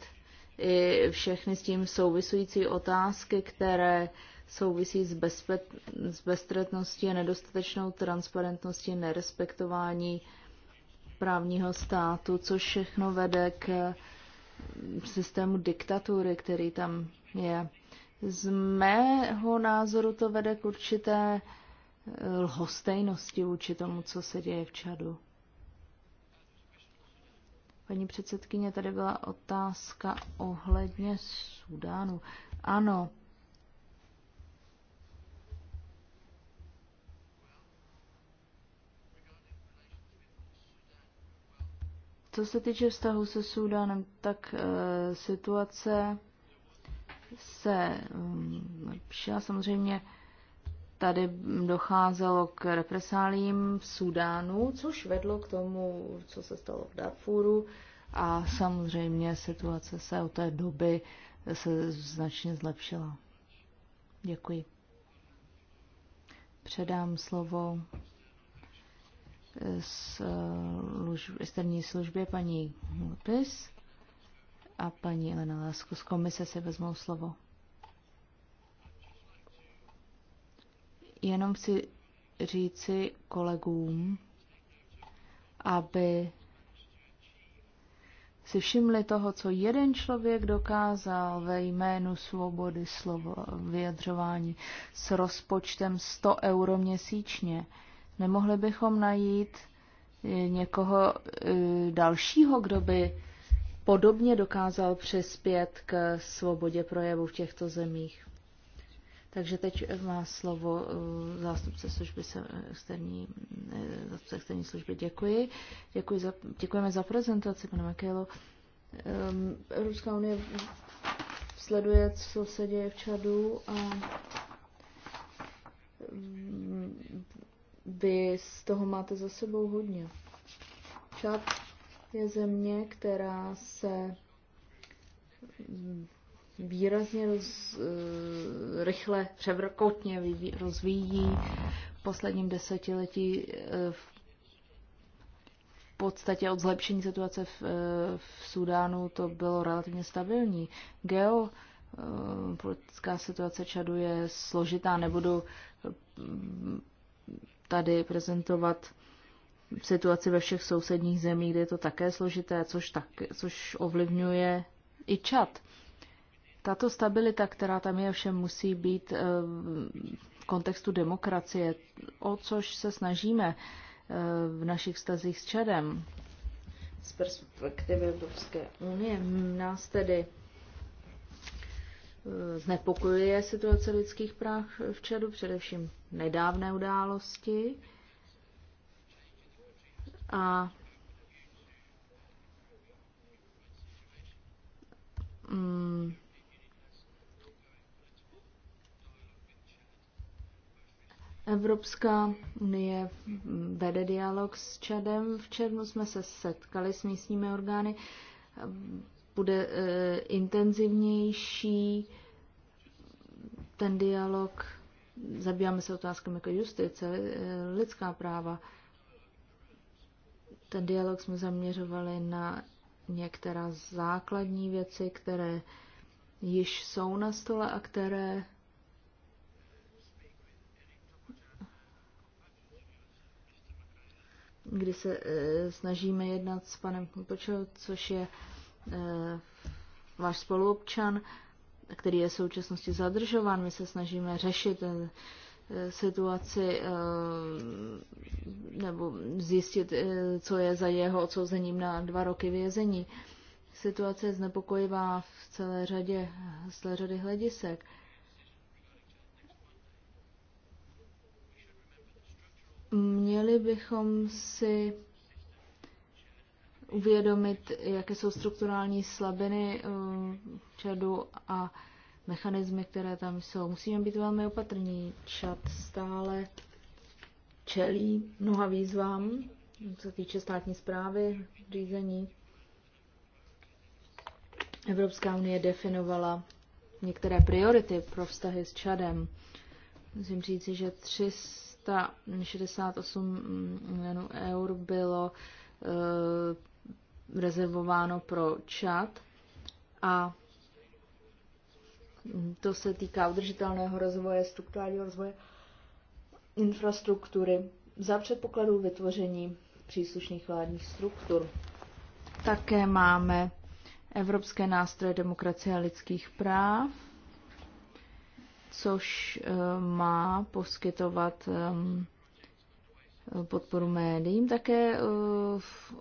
i všechny s tím souvisující otázky, které souvisí s, bezpet, s bezstretností a nedostatečnou transparentností, nerespektování právního státu, což všechno vede k eh, systému diktatury, který tam je. Z mého názoru to vede k určité eh, lhostejnosti vůči tomu, co se děje v Čadu. Paní předsedkyně, tady byla otázka ohledně Sudánu. Ano, Co se týče vztahu se Súdánem, tak uh, situace se mm, lepšila. Samozřejmě tady docházelo k represálím v Súdánu, což vedlo k tomu, co se stalo v Darfuru. A samozřejmě situace se od té doby se značně zlepšila. Děkuji. Předám slovo z externí služby paní Lupis a paní Elena Lásku z komise si vezmou slovo. Jenom chci říci kolegům, aby si všimli toho, co jeden člověk dokázal ve jménu svobody slovo vyjadřování s rozpočtem 100 euro měsíčně. Nemohli bychom najít eh, někoho eh, dalšího, kdo by podobně dokázal přispět k svobodě projevu v těchto zemích. Takže teď má slovo eh, zástupce služby externí, zástupce externí služby. Děkuji. Děkuji za, děkujeme za prezentaci, pane Makelo. Ehm, Evropská unie sleduje, co se děje v Čadu a mm, vy z toho máte za sebou hodně. Čad je země, která se mm, výrazně roz, eh, rychle, převrkotně rozvíjí v posledním desetiletí eh, v podstatě od zlepšení situace v, eh, v Sudánu to bylo relativně stabilní. Geo politická situace Čadu je složitá, nebudu tady prezentovat situaci ve všech sousedních zemích, kde je to také složité, což, tak, což ovlivňuje i čat. Tato stabilita, která tam je, všem musí být eh, v kontextu demokracie, o což se snažíme eh, v našich vztazích s Čadem. Z perspektivy Evropské unie nás tedy znepokojuje situace lidských práv v Čadu, především nedávné události. A mm, Evropská unie vede dialog s Čadem. V červnu jsme se setkali s místními orgány bude eh, intenzivnější ten dialog. Zabýváme se otázkami jako justice, eh, lidská práva. Ten dialog jsme zaměřovali na některá základní věci, které již jsou na stole a které kdy se e, snažíme jednat s panem Kupočou, což je Eh, váš spoluobčan, který je v současnosti zadržován. My se snažíme řešit eh, situaci eh, nebo zjistit, co je za jeho odsouzením na dva roky vězení. Situace je znepokojivá v celé řadě, v celé řady hledisek. Měli bychom si uvědomit, jaké jsou strukturální slabiny eh, Čadu a mechanismy, které tam jsou. Musíme být velmi opatrní. Čad stále čelí mnoha výzvám, co se týče státní zprávy, řízení. Evropská unie definovala některé priority pro vztahy s Čadem. Musím říci, že 368 milionů eur bylo eh, rezervováno pro čat a to se týká udržitelného rozvoje, strukturálního rozvoje, infrastruktury za předpokladu vytvoření příslušných vládních struktur. Také máme Evropské nástroje demokracie a lidských práv, což eh, má poskytovat um, podporu médiím. Také eh,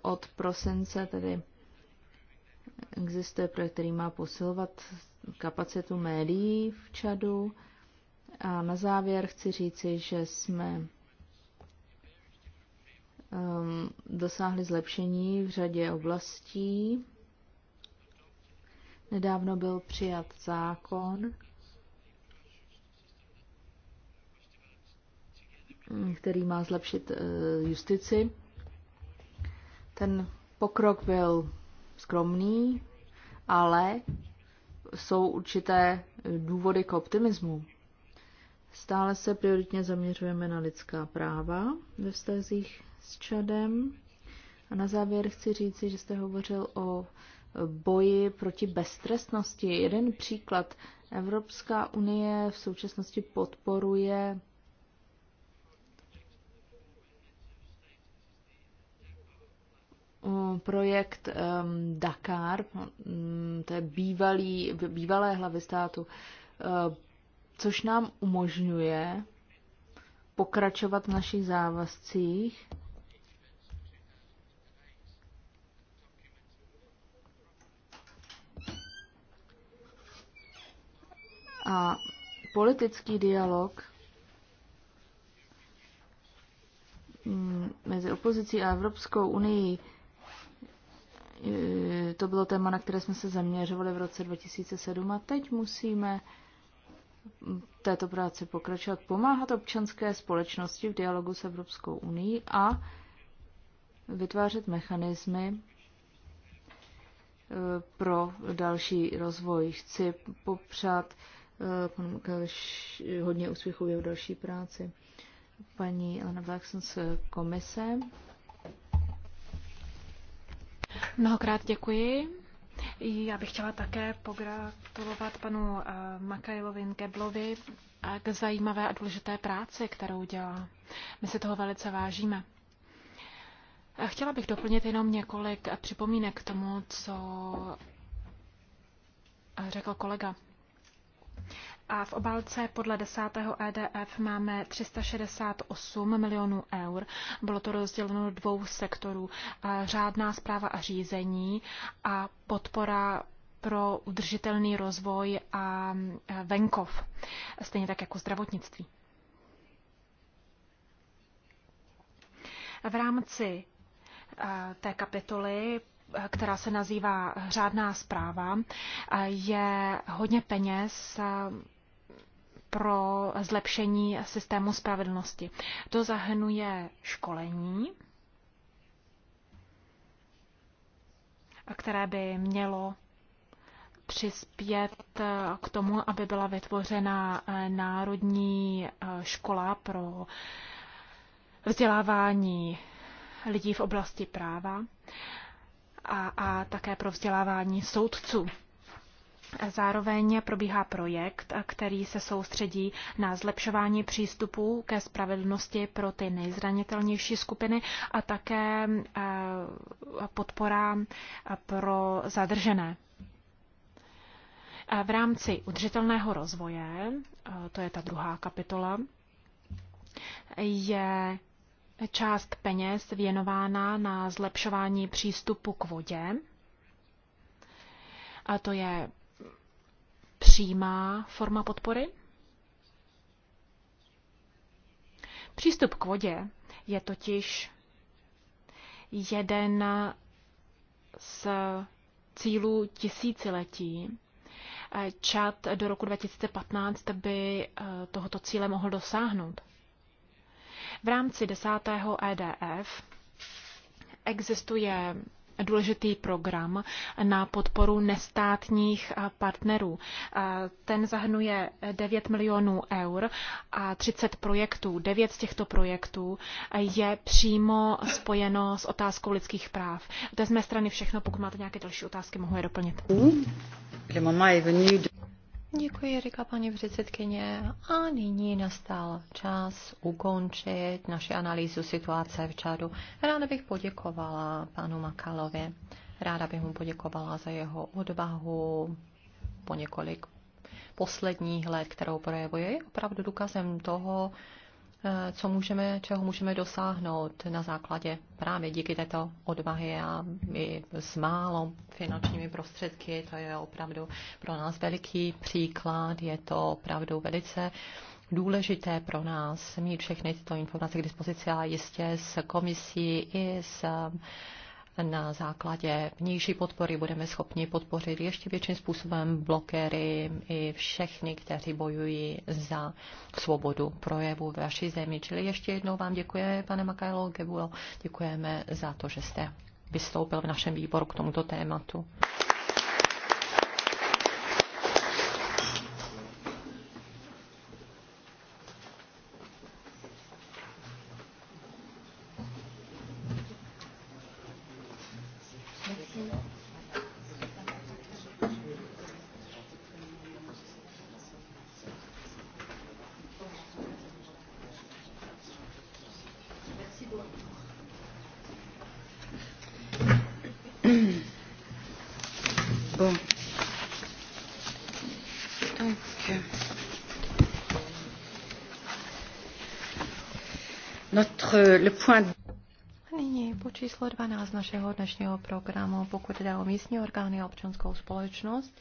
od prosince tedy existuje projekt, který má posilovat kapacitu médií v Čadu. A na závěr chci říci, že jsme ehm, dosáhli zlepšení v řadě oblastí. Nedávno byl přijat zákon, který má zlepšit eh, justici. Ten pokrok byl skromný, ale jsou určité důvody k optimismu. Stále se prioritně zaměřujeme na lidská práva ve vztazích s Čadem. A na závěr chci říci, že jste hovořil o boji proti beztrestnosti. Jeden příklad. Evropská unie v současnosti podporuje projekt um, Dakar, um, to je bývalý, bývalé hlavy státu, uh, což nám umožňuje pokračovat v našich závazcích. A politický dialog mezi opozicí a Evropskou unii Eh, to bylo téma, na které jsme se zaměřovali v roce 2007 a teď musíme této práci pokračovat, pomáhat občanské společnosti v dialogu s Evropskou unii a vytvářet mechanismy eh, pro další rozvoj. Chci popřát eh, panu hodně úspěchů v další práci. Paní Elena Blackson z komise Mnohokrát děkuji. Já bych chtěla také pogratulovat panu eh, Makajlovi Geblovi eh, k zajímavé a důležité práci, kterou dělá. My si toho velice vážíme. A chtěla bych doplnit jenom několik připomínek k tomu, co řekl kolega. A v obálce podle 10. EDF máme 368 milionů eur. Bylo to rozděleno do dvou sektorů. Řádná zpráva a řízení a podpora pro udržitelný rozvoj a e, venkov, stejně tak jako zdravotnictví. V rámci e, té kapitoly e, která se nazývá řádná zpráva, je hodně peněz pro zlepšení systému spravedlnosti. To zahrnuje školení, které by mělo přispět k tomu, aby byla vytvořena eh, národní eh, škola pro vzdělávání lidí v oblasti práva a, a také pro vzdělávání soudců. Zároveň probíhá projekt, který se soustředí na zlepšování přístupu ke spravedlnosti pro ty nejzranitelnější skupiny a také eh, podpora pro zadržené. Eh, v rámci udržitelného rozvoje, eh, to je ta druhá kapitola, je část peněz věnována na zlepšování přístupu k vodě. A to je přímá forma podpory? Přístup k vodě je totiž jeden z cílů tisíciletí. Čad do roku 2015 by eh, tohoto cíle mohl dosáhnout. V rámci desátého EDF existuje důležitý program na podporu nestátních eh, partnerů. Eh, ten zahrnuje 9 milionů eur a 30 projektů. 9 z těchto projektů eh, je přímo spojeno s otázkou lidských práv. To je z mé strany všechno. Pokud máte nějaké další otázky, mohu je doplnit. Děkuji, říká paní předsedkyně. A nyní nastal čas ukončit naši analýzu situace v Čadu. Ráda bych poděkovala panu Makalovi. Ráda bych mu poděkovala za jeho odvahu po několik posledních let, kterou projevuje, je opravdu důkazem toho, Eh, co můžeme, čeho můžeme dosáhnout na základě právě díky této odvahy a i s málo finančními prostředky. To je opravdu pro nás veliký příklad, je to opravdu velice důležité pro nás mít všechny tyto informace k dispozici a jistě s komisí i s na základě vnější podpory budeme schopni podpořit ještě větším způsobem blokéry i všechny, kteří bojují za svobodu projevu v vaší zemi. Čili ještě jednou vám děkuji, pane Makajlo Gebulo, děkujeme za to, že jste vystoupil v našem výboru k tomuto tématu. le point... Nyní po číslo 12 našeho dnešního programu, pokud jde o místní orgány a občanskou společnost,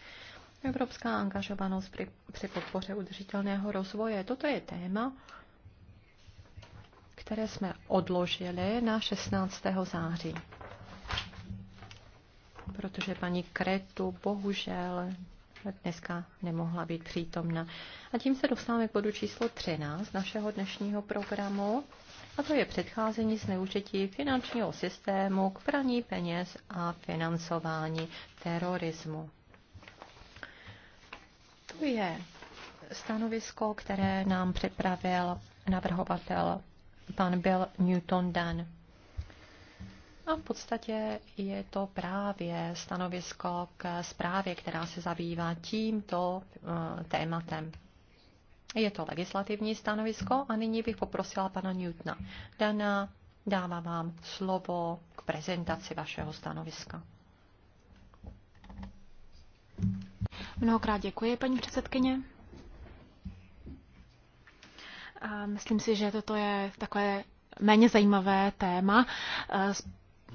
Evropská angažovanost při, při podpoře udržitelného rozvoje. Toto je téma, které jsme odložili na 16. září. Protože paní Kretu bohužel dneska nemohla být přítomna. A tím se dostáváme k bodu číslo 13 našeho dnešního programu a to je předcházení zneužití finančního systému k praní peněz a financování terorismu. To je stanovisko, které nám připravil navrhovatel pan Bill Newton Dan. A v podstatě je to právě stanovisko k zprávě, která se zabývá tímto eh, tématem. Je to legislativní stanovisko a nyní bych poprosila pana Newtona. Dana, dávám vám slovo k prezentaci vašeho stanoviska. Mnohokrát děkuji, paní předsedkyně. myslím si, že toto je takové méně zajímavé téma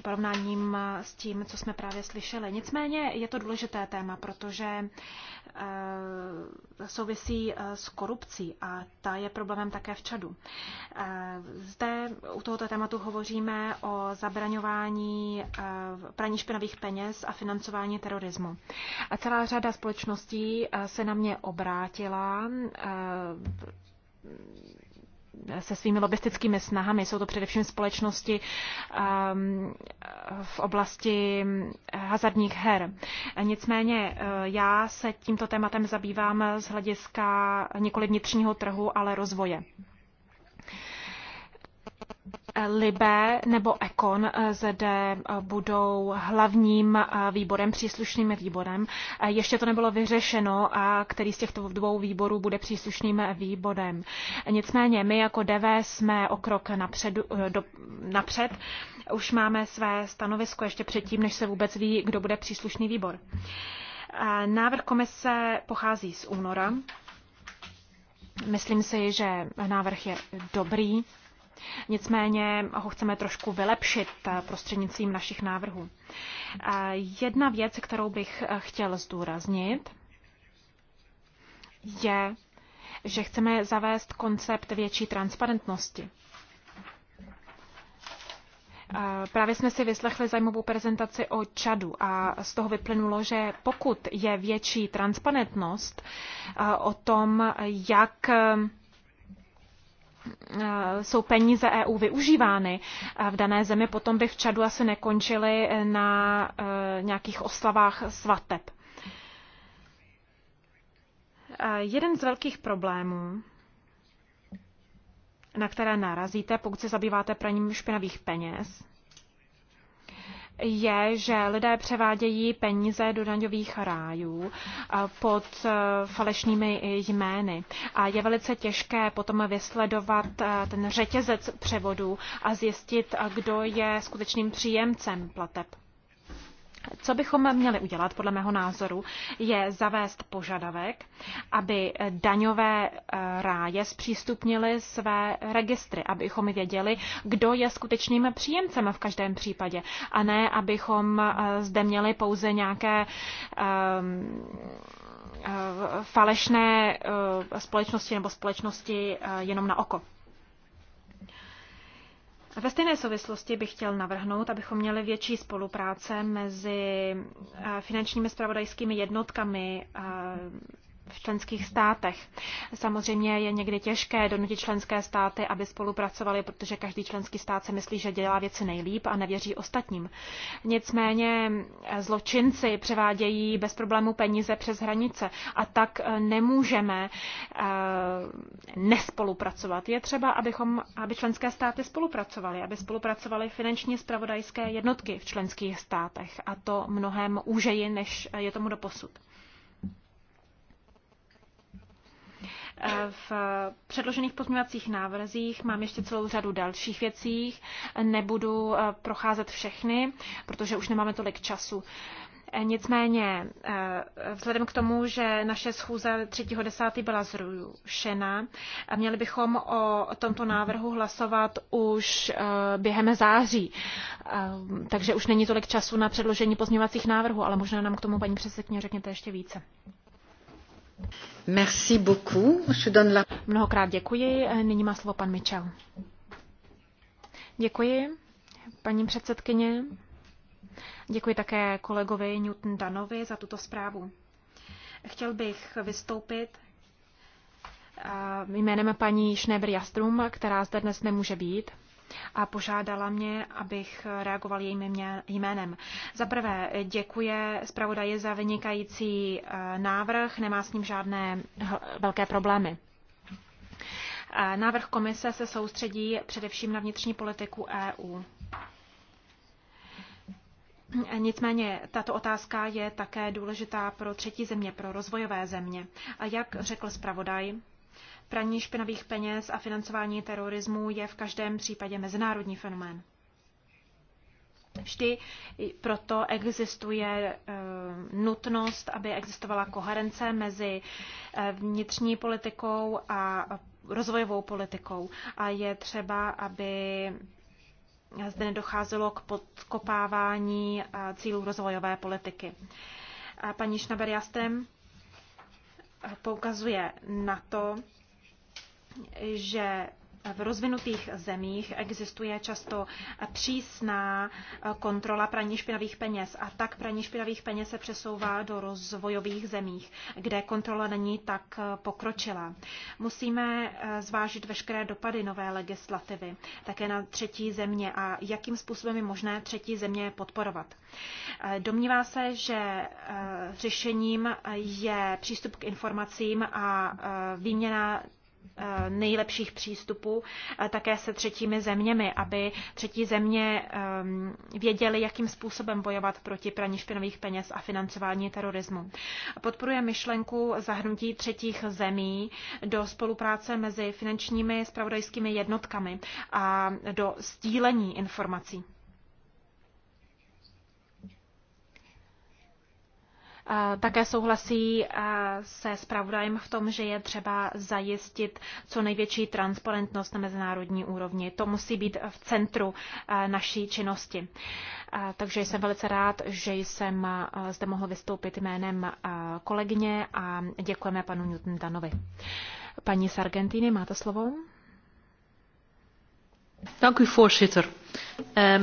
porovnáním eh, s tím, co jsme právě slyšeli. Nicméně je to důležité téma, protože eh, souvisí eh, s korupcí a ta je problémem také v Čadu. Zde u tohoto tématu hovoříme o zabraňování praní špinavých peněz a financování terorismu. A celá řada společností se na mě obrátila se svými lobistickými snahami. Jsou to především společnosti um, v oblasti hazardních her. Nicméně eh, já se tímto tématem zabývám z hlediska nikoli vnitřního trhu, ale rozvoje. Libé nebo Ekon zde budou hlavním výborem, příslušným výborem. Ještě to nebylo vyřešeno, a který z těchto dvou výborů bude příslušným výborem. Nicméně my jako DV jsme o krok napřed, do, napřed. Už máme své stanovisko ještě předtím, než se vůbec ví, kdo bude příslušný výbor. Návrh komise pochází z února. Myslím si, že návrh je dobrý. Nicméně ho chceme trošku vylepšit eh, prostřednictvím našich návrhů. Eh, jedna věc, kterou bych eh, chtěl zdůraznit, je, že chceme zavést koncept větší transparentnosti. Právě jsme si vyslechli zajímavou prezentaci o Čadu a z toho vyplynulo, že pokud je větší transparentnost o tom, jak Eh, jsou peníze EU využívány v dané zemi, potom by v Čadu asi nekončili na eh, nějakých oslavách svateb. Jeden z velkých problémů, na které narazíte, pokud se zabýváte praním špinavých peněz, je, že lidé převádějí peníze do daňových rájů eh, pod eh, falešnými jmény. A je velice těžké potom vysledovat eh, ten řetězec převodů a zjistit, kdo je skutečným příjemcem plateb. Co bychom měli udělat, podle mého názoru, je zavést požadavek, aby daňové eh, ráje zpřístupnili své registry, abychom věděli, kdo je skutečným příjemcem v každém případě, a ne abychom eh, zde měli pouze nějaké um, falešné společnosti nebo společnosti jenom na oko. Ve stejné souvislosti bych chtěl navrhnout, abychom měli větší spolupráce mezi eh, finančními spravodajskými jednotkami eh, v členských státech. Samozřejmě je někdy těžké donutit členské státy, aby spolupracovali, protože každý členský stát se myslí, že dělá věci nejlíp a nevěří ostatním. Nicméně zločinci převádějí bez problému peníze přes hranice a tak nemůžeme eh, nespolupracovat. Je třeba, abychom, aby členské státy spolupracovaly, aby spolupracovaly finanční spravodajské jednotky v členských státech a to mnohem úžeji, než je tomu doposud. posud. V předložených pozměňovacích návrzích mám ještě celou řadu dalších věcí. Nebudu eh, procházet všechny, protože už nemáme tolik času. Eh, nicméně, eh, vzhledem k tomu, že naše schůze 3.10. byla zrušena, měli bychom o tomto návrhu hlasovat už během září. Takže už není tolik času na předložení pozměňovacích návrhů, ale možná nám k tomu paní předsedkyně řekněte ještě více. Merci beaucoup. Je donne la... Mnohokrát děkuji. Nyní má slovo pan Mitchell. Děkuji, paní předsedkyně. Děkuji také kolegovi Newton Danovi za tuto zprávu. Chtěl bych vystoupit jménem paní Schneber Jastrum, která zde dnes nemůže být a požádala mě, abych reagoval jejím jménem. Za prvé děkuje zpravodaje za vynikající eh, návrh, nemá s ním žádné velké problémy. Eh, návrh komise se soustředí především na vnitřní politiku EU. Nicméně tato otázka je také důležitá pro třetí země, pro rozvojové země. A jak řekl zpravodaj, Praní špinavých peněz a financování terorismu je v každém případě mezinárodní fenomén. Vždy proto existuje eh, nutnost, aby existovala koherence mezi eh, vnitřní politikou a rozvojovou politikou. A je třeba, aby zde nedocházelo k podkopávání eh, cílů rozvojové politiky. A paní Šnaber Jastem poukazuje na to, že v rozvinutých zemích existuje často přísná kontrola praní špinavých peněz a tak praní špinavých peněz se přesouvá do rozvojových zemích, kde kontrola není tak pokročila. Musíme eh, zvážit veškeré dopady nové legislativy, také na třetí země a jakým způsobem je možné třetí země podporovat. Eh, domnívá se, že eh, řešením je přístup k informacím a výměna Eh, nejlepších přístupů eh, také se třetími zeměmi, aby třetí země ehm, věděly, jakým způsobem bojovat proti praní špinavých peněz a financování terorismu. Podporuje myšlenku zahrnutí třetích zemí do spolupráce mezi finančními spravodajskými jednotkami a do stílení informací. Také souhlasí se zpravodajem v tom, že je třeba zajistit co největší transparentnost na mezinárodní úrovni. To musí být v centru naší činnosti. Takže jsem velice rád, že jsem zde mohl vystoupit jménem kolegyně a děkujeme panu Newton Danovi. Paní z Argentiny, máte slovo? Eh,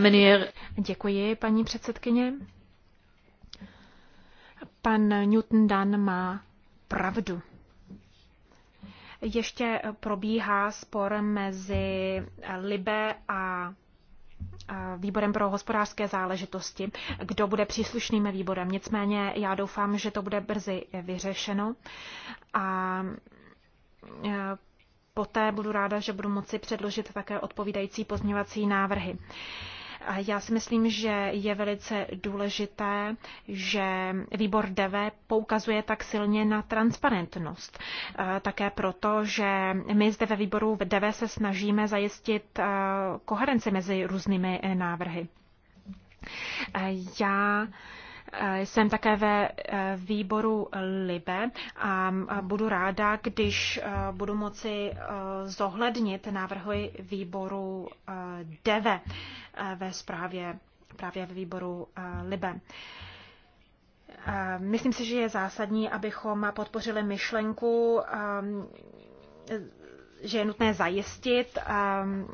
Děkuji, paní předsedkyně. Pan Newton Dan má pravdu. Ještě probíhá spor mezi Libe a výborem pro hospodářské záležitosti, kdo bude příslušným výborem. Nicméně já doufám, že to bude brzy vyřešeno a e, poté budu ráda, že budu moci předložit také odpovídající pozměvací návrhy. Já si myslím, že je velice důležité, že výbor DV poukazuje tak silně na transparentnost. Také proto, že my zde ve výboru DV se snažíme zajistit koherenci mezi různými e, návrhy. Já Eh, jsem také ve eh, výboru LIBE a budu ráda, když eh, budu moci zohlednit návrhy výboru DEVE ve zprávě právě ve výboru LIBE. Myslím si, že je zásadní, abychom podpořili myšlenku, ehm, že je nutné zajistit ehm,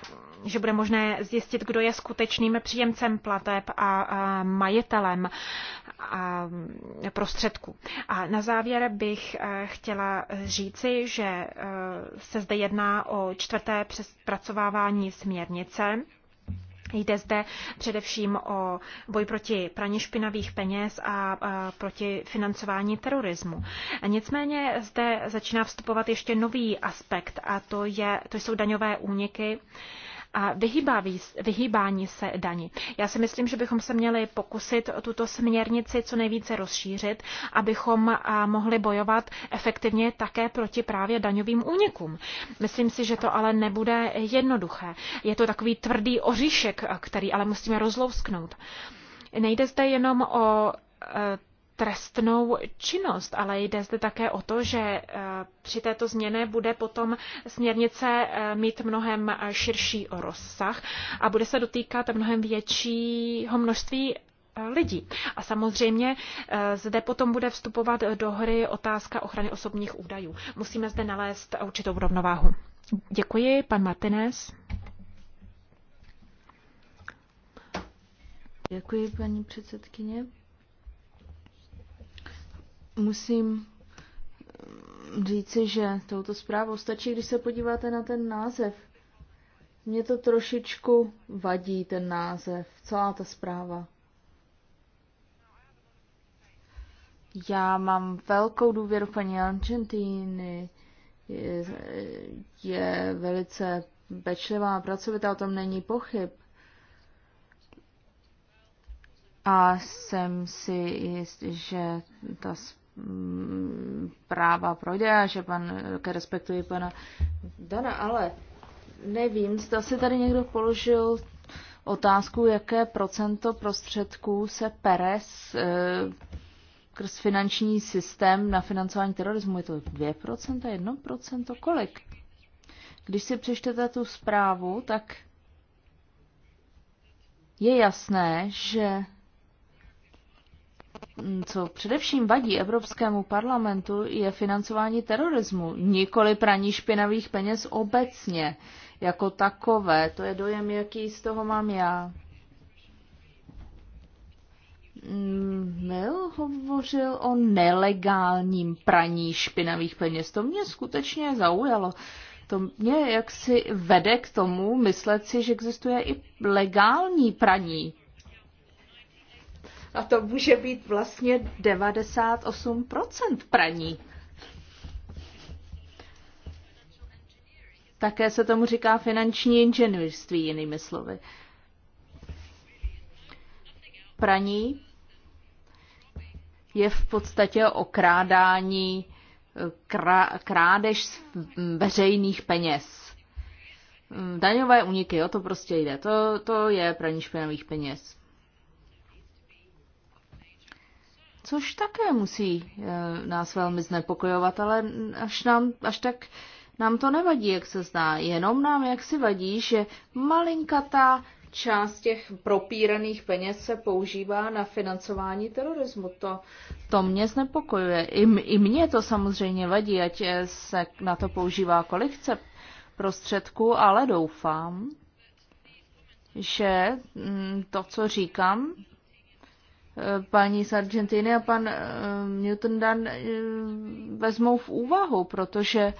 že bude možné zjistit, kdo je skutečným příjemcem plateb a majitelem prostředků. A na závěr bych e, chtěla říci, že e, se zde jedná o čtvrté přespracovávání směrnice. Jde zde především o boj proti praní špinavých peněz a proti financování terorismu. Nicméně zde začíná vstupovat ještě nový aspekt a to, je, to jsou daňové úniky a vyhýbání se daní. Já si myslím, že bychom se měli pokusit tuto směrnici co nejvíce rozšířit, abychom mohli bojovat efektivně také proti právě daňovým únikům. Myslím si, že to ale nebude jednoduché. Je to takový tvrdý oříšek, který ale musíme rozlousknout. Nejde zde jenom o e, trestnou činnost, ale jde zde také o to, že eh, při této změně bude potom směrnice eh, mít mnohem eh, širší rozsah a bude se dotýkat mnohem většího množství lidí. A samozřejmě zde potom bude vstupovat do hry otázka ochrany osobních údajů. Musíme zde nalézt určitou rovnováhu. Děkuji, pan Martinez. Děkuji, paní předsedkyně musím mm, říci, že touto zprávou stačí, když se podíváte na ten název. Mě to trošičku vadí, ten název, celá ta zpráva. Já mám velkou důvěru paní Argentiny, je, je velice pečlivá a pracovitá, o tom není pochyb. A jsem si jist, že ta zpráva Mm, práva projde a že pan, ke respektuji pana Dana, ale nevím, zda si tady někdo položil otázku, jaké procento prostředků se pere z, e, finanční systém na financování terorismu. Je to 2%, 1%, kolik? Když si přečtete tu zprávu, tak je jasné, že Mm, co především vadí Evropskému parlamentu, je financování terorismu, nikoli praní špinavých peněz obecně, jako takové. To je dojem, jaký z toho mám já. Mil mm, hovořil o nelegálním praní špinavých peněz. To mě skutečně zaujalo. To mě jaksi vede k tomu myslet si, že existuje i legální praní a to může být vlastně 98% praní. Také se tomu říká finanční inženýrství, jinými slovy. Praní je v podstatě okrádání, krá, krádež veřejných peněz. Daňové uniky, o to prostě jde. To, to je praní špinavých peněz. což také musí eh, nás velmi znepokojovat, ale až, nám, až tak nám to nevadí, jak se zdá. Jenom nám jak si vadí, že malinkatá část těch propíraných peněz se používá na financování terorismu. To, to mě znepokojuje. I, I mě to samozřejmě vadí, ať eh, se na to používá kolik chce prostředků, ale doufám, že mm, to, co říkám, Eh, paní Sargentini a pan eh, Newton Dan eh, vezmou v úvahu, protože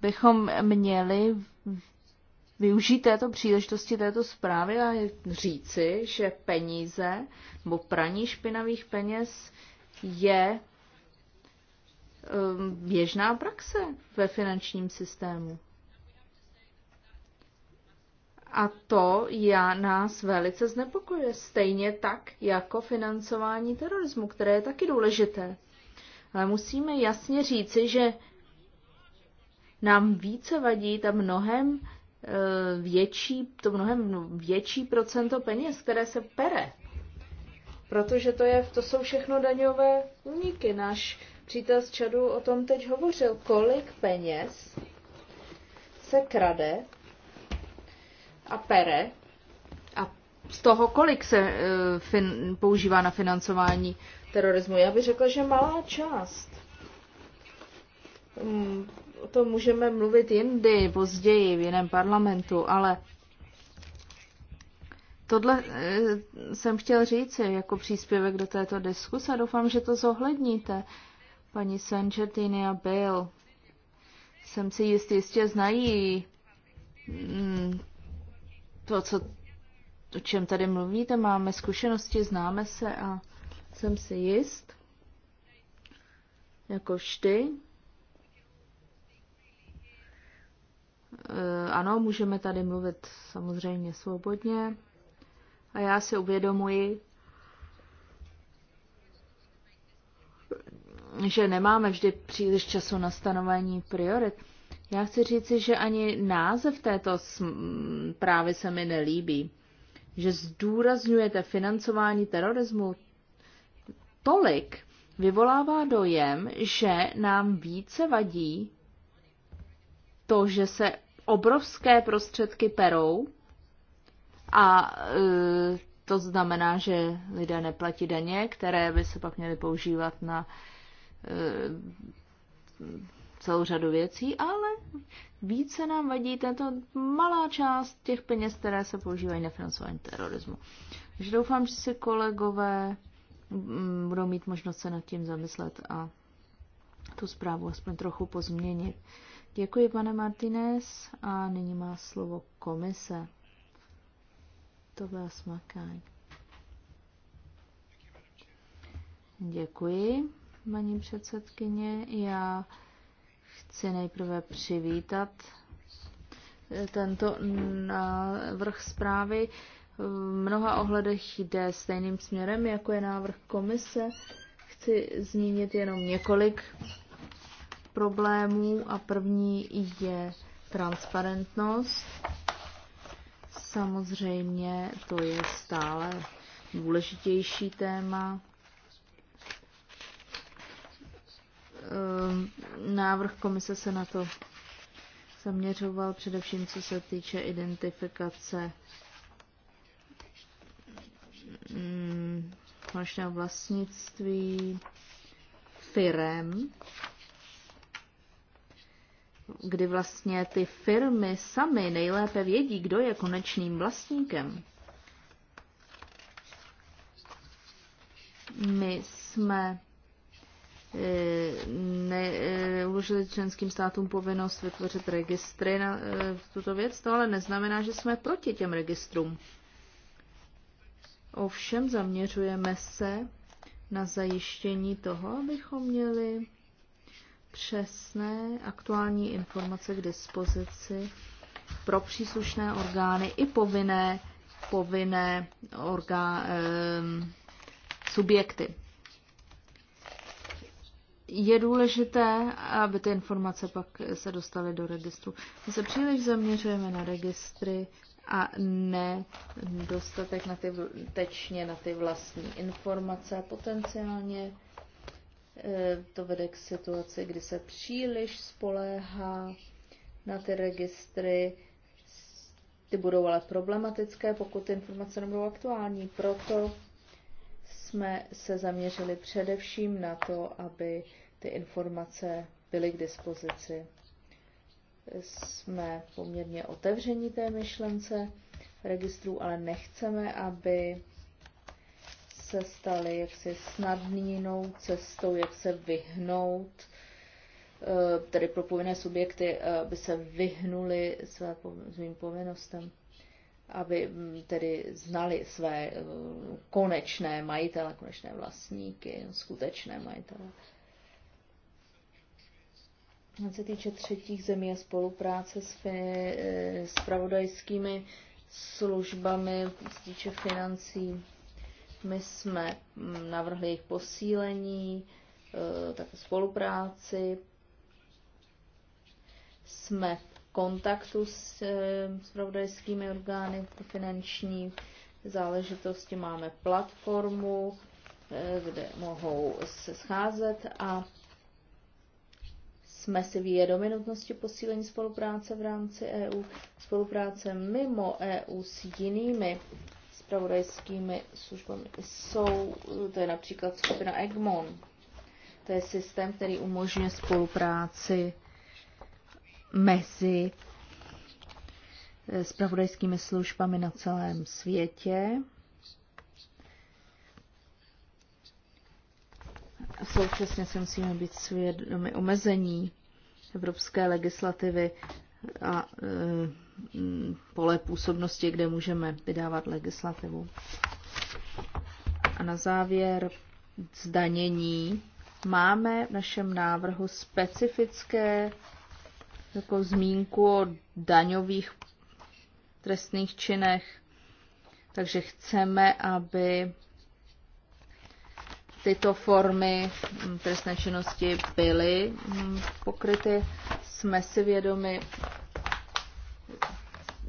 bychom měli využít této příležitosti této zprávy a říci, že peníze nebo praní špinavých peněz je běžná praxe ve finančním systému. A to já nás velice znepokojuje, stejně tak jako financování terorismu, které je taky důležité. Ale musíme jasně říci, že nám více vadí ta mnohem eh, větší, to mnohem větší procento peněz, které se pere. Protože to, je, to jsou všechno daňové úniky. Náš přítel z Čadu o tom teď hovořil, kolik peněz se krade a pere. A z toho, kolik se eh, fin, používá na financování terorismu? Já bych řekla, že malá část. Mm, o tom můžeme mluvit jindy, později, v jiném parlamentu, ale tohle eh, jsem chtěl říct jako příspěvek do této diskuse. Doufám, že to zohledníte. Paní Sanchettini a Bill, jsem si jistě, jistě znají mm, to, co, o čem tady mluvíte, máme zkušenosti, známe se a jsem si jist, jako vždy. E, ano, můžeme tady mluvit samozřejmě svobodně. A já si uvědomuji, že nemáme vždy příliš času na stanovení priorit. Já chci říci, že ani název této právy se mi nelíbí. Že zdůrazňujete financování terorismu tolik, vyvolává dojem, že nám více vadí to, že se obrovské prostředky perou a e, to znamená, že lidé neplatí daně, které by se pak měly používat na e, celou řadu věcí, ale více nám vadí tento malá část těch peněz, které se používají na financování terorismu. Takže doufám, že si kolegové mm, budou mít možnost se nad tím zamyslet a tu zprávu aspoň trochu pozměnit. Děkuji, pane Martinez, a nyní má slovo komise. To byla smakání. Děkuji, paní předsedkyně. Já chci nejprve přivítat eh, tento návrh zprávy. V mnoha ohledech jde stejným směrem, jako je návrh komise. Chci zmínit jenom několik problémů a první je transparentnost. Samozřejmě to je stále důležitější téma. Eh, návrh komise se na to zaměřoval, především co se týče identifikace mm, konečného vlastnictví firem, kdy vlastně ty firmy sami nejlépe vědí, kdo je konečným vlastníkem. My jsme Eh, ne, eh, uložili členským státům povinnost vytvořit registry na eh, tuto věc, to ale neznamená, že jsme proti těm registrům. Ovšem zaměřujeme se na zajištění toho, abychom měli přesné aktuální informace k dispozici pro příslušné orgány i povinné, povinné orgá, subjekty je důležité, aby ty informace pak se dostaly do registru. My se příliš zaměřujeme na registry a ne dostatek na ty, tečně na ty vlastní informace a potenciálně eh, to vede k situaci, kdy se příliš spoléhá na ty registry. Ty budou ale problematické, pokud ty informace nebudou aktuální. Proto jsme se zaměřili především na to, aby ty informace byly k dispozici. Jsme poměrně otevření té myšlence registrů, ale nechceme, aby se staly jaksi snadnínou cestou, jak se vyhnout, eh, tedy pro povinné subjekty, eh, aby se vyhnuli své, svým povinnostem aby mm, tedy znali své eh, konečné majitele, konečné vlastníky, skutečné majitele. Co se týče třetích zemí a spolupráce s, fi- eh, s pravodajskými službami, co se týče financí, my jsme mm, navrhli jejich posílení, eh, tak spolupráci. Jsme kontaktu s eh, spravodajskými orgány pro finanční záležitosti. Máme platformu, eh, kde mohou se scházet a jsme si vědomi nutnosti posílení spolupráce v rámci EU, spolupráce mimo EU s jinými spravodajskými službami. Jsou, to je například skupina Egmon, To je systém, který umožňuje spolupráci mezi eh, spravodajskými službami na celém světě. Současně se musíme být svědomi omezení evropské legislativy a e, pole působnosti, kde můžeme vydávat legislativu. A na závěr zdanění máme v našem návrhu specifické jako zmínku o daňových trestných činech. Takže chceme, aby tyto formy trestné činnosti byly pokryty. Jsme si vědomi,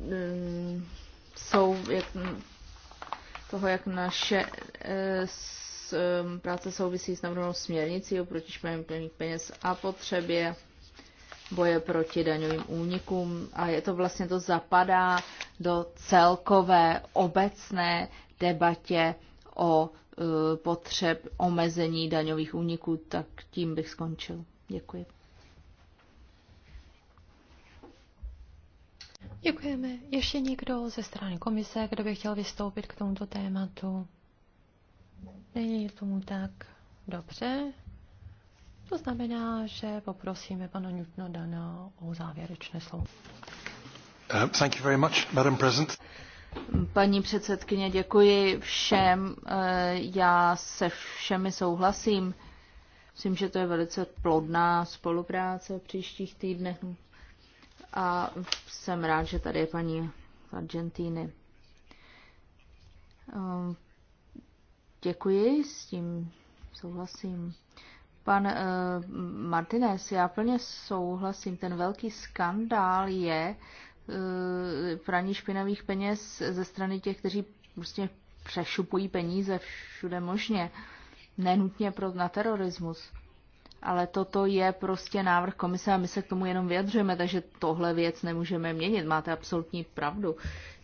mm, jsou jak, toho, jak naše eh, s, eh, práce souvisí s navrhnou směrnicí oproti protišpraní peněz a potřebě boje proti daňovým únikům a je to vlastně to zapadá do celkové obecné debatě o e, potřeb omezení daňových úniků, tak tím bych skončil. Děkuji. Děkujeme. Ještě někdo ze strany komise, kdo by chtěl vystoupit k tomuto tématu? Není tomu tak. Dobře. To znamená, že poprosíme pana Newtona Dana o závěrečné slovo. Uh, thank you very much, Madam President. Paní předsedkyně, děkuji všem. Uh, já se všemi souhlasím. Myslím, že to je velice plodná spolupráce v příštích týdnech. A jsem rád, že tady je paní z Argentíny. Um, děkuji, s tím souhlasím. Pan uh, Martinez, já plně souhlasím, ten velký skandál je uh, praní špinavých peněz ze strany těch, kteří prostě přešupují peníze všude možně, nenutně pro, na terorismus. Ale toto je prostě návrh komise a my se k tomu jenom vyjadřujeme, takže tohle věc nemůžeme měnit. Máte absolutní pravdu.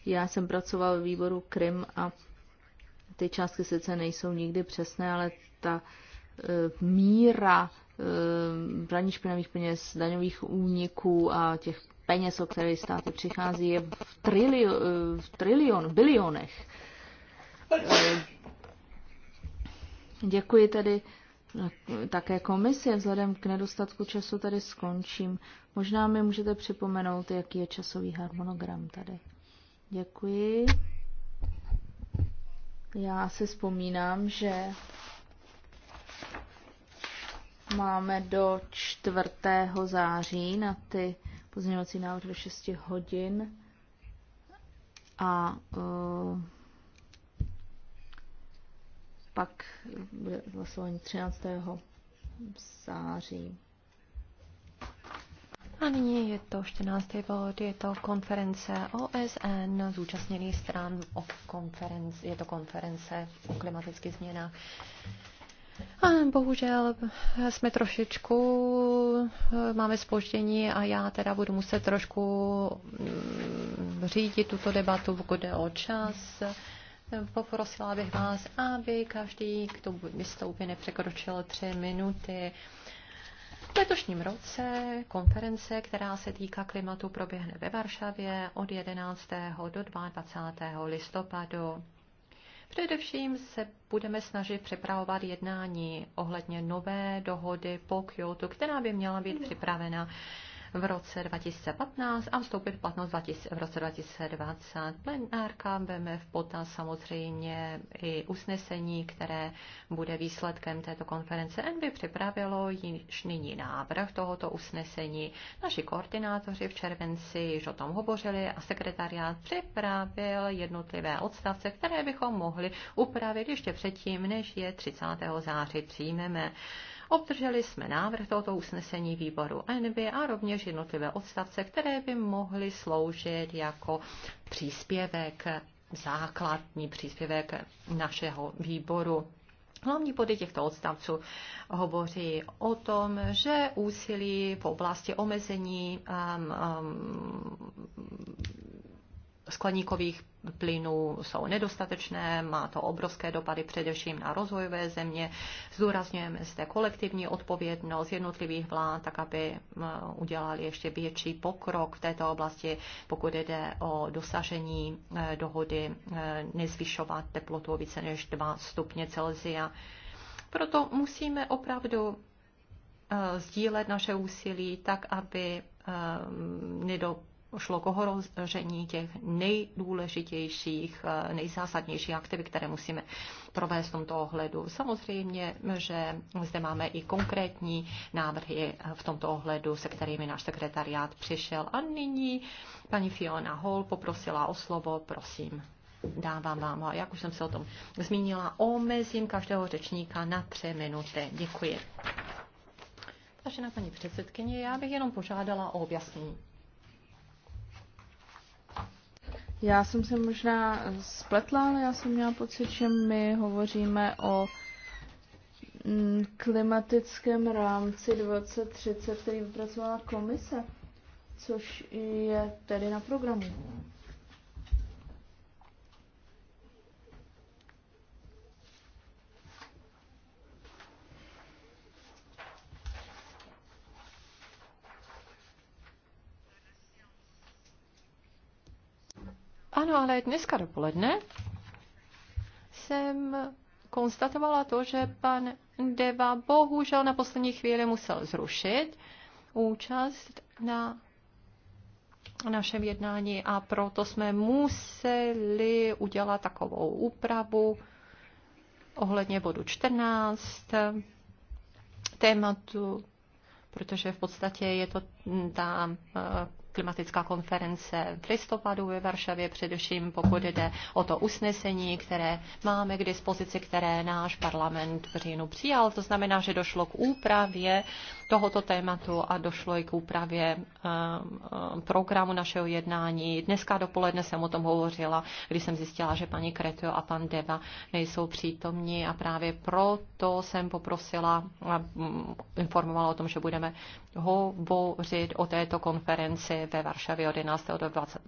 Já jsem pracoval v výboru Krym a ty částky sice nejsou nikdy přesné, ale ta uh, Eh, míra braní eh, špinavých peněz, daňových úniků a těch peněz, o které státy přichází, je v, trilio, eh, v trilion, bilionech. Děkuji tedy také komisi. Vzhledem k nedostatku času tady skončím. Možná mi můžete připomenout, jaký je časový harmonogram tady. Děkuji. Já si vzpomínám, že Máme do 4. září na ty pozměňovací návrhy do 6 hodin a uh, pak bude hlasování 13. září. A nyní je to 14. bod, je to konference OSN zúčastněný stran o konferenci, je to konference o klimatických změnách. A bohužel jsme trošičku, eh, máme spoždění a já teda budu muset trošku mm, řídit tuto debatu, pokud jde o čas. Poprosila bych vás, aby každý, kdo vystoupí, nepřekročil tři minuty. V letošním roce konference, která se týká klimatu, proběhne ve Varšavě od 11. do 22. listopadu. Především se budeme snažit připravovat jednání ohledně nové dohody po Kyoto, která by měla být připravena v roce 2015 a vstoupit v platnost v roce 2020. Plenárka veme v potaz samozřejmě i usnesení, které bude výsledkem této konference. Envy připravilo již nyní návrh tohoto usnesení. Naši koordinátoři v červenci již o tom hovořili a sekretariát připravil jednotlivé odstavce, které bychom mohli upravit ještě předtím, než je 30. září přijmeme. Obdrželi jsme návrh tohoto usnesení výboru NB a rovněž jednotlivé odstavce, které by mohly sloužit jako příspěvek, základní příspěvek našeho výboru. Hlavní body těchto odstavců hovoří o tom, že úsilí v oblasti omezení um, um, skleníkových plynů jsou nedostatečné, má to obrovské dopady především na rozvojové země. Zdůrazňujeme zde kolektivní odpovědnost jednotlivých vlád, tak aby eh, udělali ještě větší pokrok v této oblasti, pokud jde o dosažení eh, dohody eh, nezvyšovat teplotu o více než 2 stupně Celsia. Proto musíme opravdu sdílet naše úsilí tak, aby nedo šlo k ohrožení těch nejdůležitějších, eh, nejzásadnějších aktivit, které musíme provést v tomto ohledu. Samozřejmě, že zde máme i konkrétní návrhy eh, v tomto ohledu, se kterými náš sekretariát přišel. A nyní paní Fiona Hall poprosila o slovo, prosím dávám vám a Jak už jsem se o tom zmínila, omezím každého řečníka na tři minuty. Děkuji. Vážená paní předsedkyně, já bych jenom požádala o objasnění. Já jsem se možná spletla, ale já jsem měla pocit, že my hovoříme o mm, klimatickém rámci 2030, který vypracovala komise, což je tedy na programu. Ano, ale dneska dopoledne jsem konstatovala to, že pan Deva bohužel na poslední chvíli musel zrušit účast na našem jednání a proto jsme museli udělat takovou úpravu ohledně bodu 14 tématu, protože v podstatě je to ta klimatická konference v listopadu ve Varšavě, především pokud jde o to usnesení, které máme k dispozici, které náš parlament v říjnu přijal. To znamená, že došlo k úpravě tohoto tématu a došlo i k úpravě eh, eh, programu našeho jednání. Dneska dopoledne jsem o tom hovořila, když jsem zjistila, že paní Kretio a pan Deva nejsou přítomní a právě proto jsem poprosila a mm, informovala o tom, že budeme hovořit o této konferenci ve Varšavě od 11. do 20,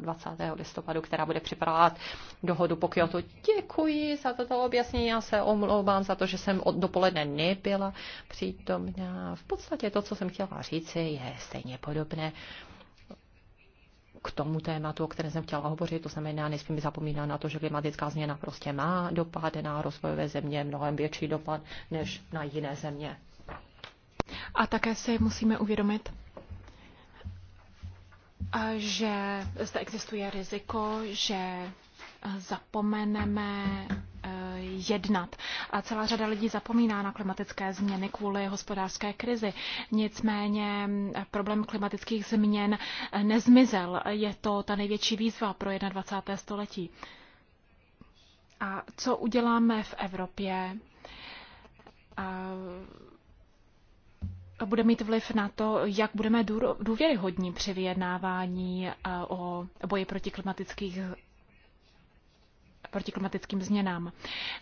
20. listopadu, která bude připravovat dohodu po Kyoto. Děkuji za toto objasnění, já se omlouvám za to, že jsem od dopoledne nebyla přítomná v podstatě to, co jsem chtěla říci, je stejně podobné k tomu tématu, o kterém jsem chtěla hovořit, to znamená, nesmím zapomínat na to, že klimatická změna prostě má dopad na rozvojové země, mnohem větší dopad než na jiné země. A také si musíme uvědomit, že zde existuje riziko, že zapomeneme jednat. A celá řada lidí zapomíná na klimatické změny kvůli hospodářské krizi. Nicméně problém klimatických změn nezmizel. Je to ta největší výzva pro 21. století. A co uděláme v Evropě? bude mít vliv na to, jak budeme důvěryhodní při vyjednávání o boji proti klimatických, proti klimatickým změnám.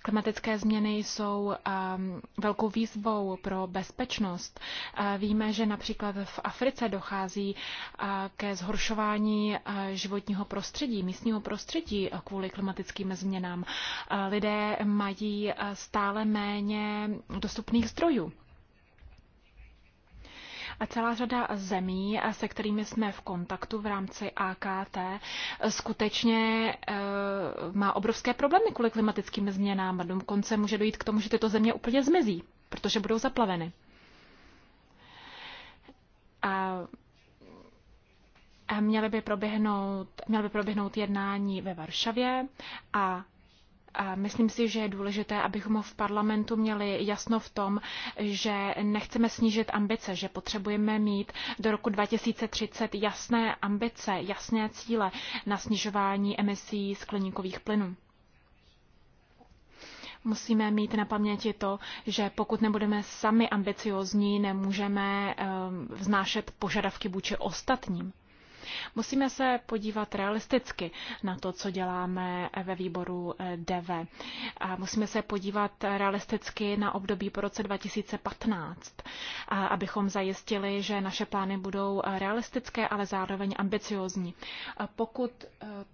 Klimatické změny jsou ehm, velkou výzvou pro bezpečnost. Eh, víme, že například v Africe dochází eh, ke zhoršování eh, životního prostředí, místního prostředí kvůli klimatickým změnám. Lidé mají stále méně dostupných zdrojů. A celá řada zemí, se kterými jsme v kontaktu v rámci AKT, skutečně eh, má obrovské problémy kvůli klimatickým změnám. Dokonce může dojít k tomu, že tyto země úplně zmizí, protože budou zaplaveny. A měly by proběhnout, by proběhnout jednání ve Varšavě a Myslím si, že je důležité, abychom v parlamentu měli jasno v tom, že nechceme snížit ambice, že potřebujeme mít do roku 2030 jasné ambice, jasné cíle na snižování emisí skleníkových plynů musíme mít na paměti to, že pokud nebudeme sami ambiciozní, nemůžeme eh, vznášet požadavky vůči ostatním. Musíme se podívat realisticky na to, co děláme eh, ve výboru eh, DV. A musíme se podívat eh, realisticky na období po roce 2015, abychom zajistili, že naše plány budou realistické, ale zároveň ambiciozní. Pokud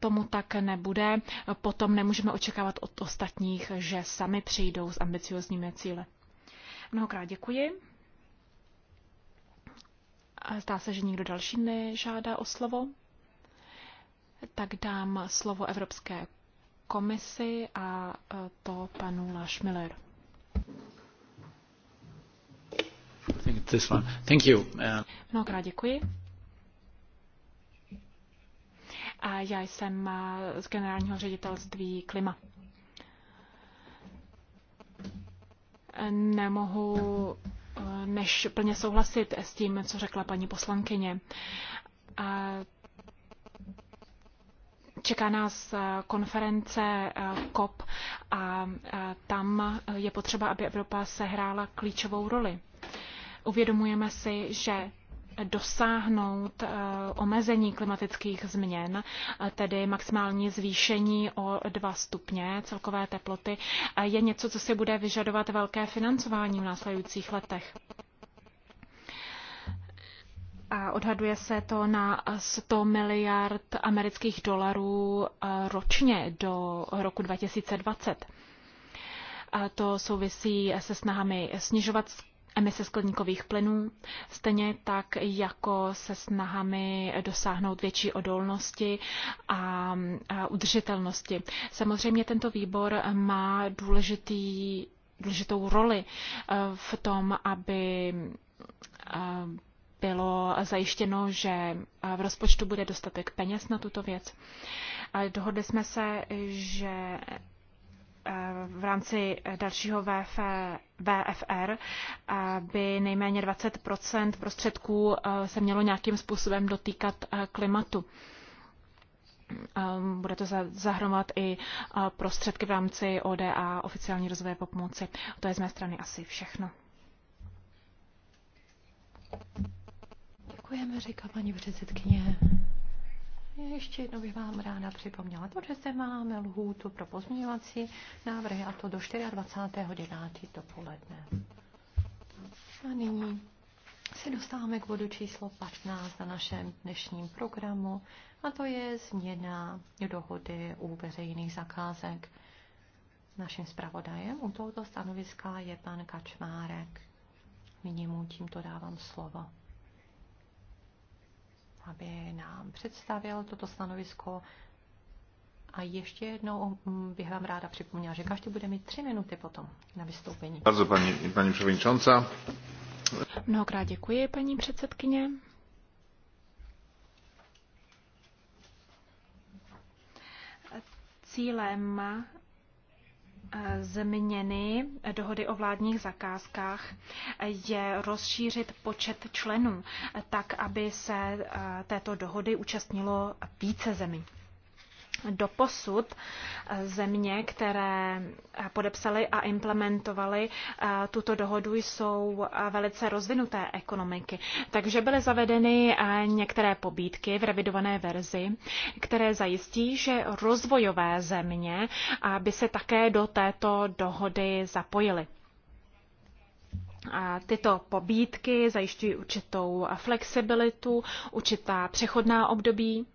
tomu tak nebude, potom nemůžeme očekávat od ostatních, že sami přijdou s ambiciozními cíle. Mnohokrát děkuji. Zdá se, že nikdo další nežádá o slovo. Tak dám slovo Evropské komisi a e, to panu Lašmiller. Thank you. Uh, Mnohokrát děkuji. A já jsem e, z generálního ředitelství klima. Nemohu než plně souhlasit s tím, co řekla paní poslankyně. Čeká nás eh, konference eh, COP a eh, tam je potřeba, aby Evropa sehrála klíčovou roli. Uvědomujeme si, že dosáhnout eh, omezení klimatických změn, eh, tedy maximální zvýšení o 2 stupně celkové teploty, je něco, co si bude vyžadovat velké financování v následujících letech. A odhaduje se to na 100 miliard amerických dolarů eh, ročně do roku 2020. A to souvisí se snahami snižovat emise skleníkových plynů, stejně tak jako se snahami dosáhnout větší odolnosti a udržitelnosti. Samozřejmě tento výbor má důležitý, důležitou roli eh, v tom, aby eh, bylo zajištěno, že eh, v rozpočtu bude dostatek peněz na tuto věc. Dohodli jsme se, že v rámci dalšího VF, VFR by nejméně 20 prostředků e, se mělo nějakým způsobem dotýkat e, klimatu. E, bude to zahromat i prostředky v rámci ODA, oficiální rozvoje pomoci. To je z mé strany asi všechno. Děkujeme, říká paní předsedkyně. Ještě jednou bych vám ráda připomněla to, že zde máme lhůtu pro pozměňovací návrhy a to do 24.9. dopoledne. A nyní se dostáváme k bodu číslo 15 na našem dnešním programu a to je změna dohody u veřejných zakázek. Naším zpravodajem u tohoto stanoviska je pan Kačmárek. Nyní mu tímto dávám slovo aby nám představil toto stanovisko. A ještě jednou mm, bych vám ráda připomněla, že každý bude mít tři minuty potom na vystoupení. Bardzo paní, paní Mnohokrát děkuji, paní předsedkyně. Cílem E, změny dohody o vládních zakázkách e, je rozšířit počet členů, e, tak aby se této dohody účastnilo více zemí doposud eh, země, které eh, podepsaly a implementovaly eh, tuto dohodu, jsou velice rozvinuté ekonomiky. Takže byly zavedeny některé pobídky v revidované verzi, které zajistí, že rozvojové země by se také do této dohody zapojily. A tyto pobídky zajišťují určitou flexibilitu, určitá přechodná období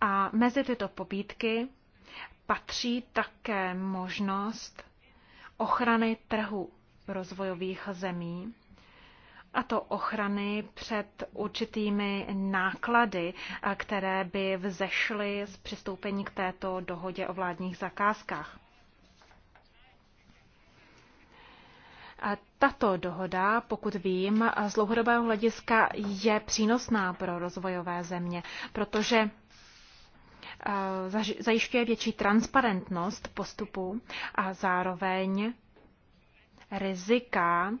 a mezi tyto pobídky patří také možnost ochrany trhu rozvojových zemí, a to ochrany před určitými náklady, které by vzešly z přistoupení k této dohodě o vládních zakázkách. A tato dohoda, pokud vím, z dlouhodobého hlediska je přínosná pro rozvojové země, protože zajišťuje větší transparentnost postupu a zároveň rizika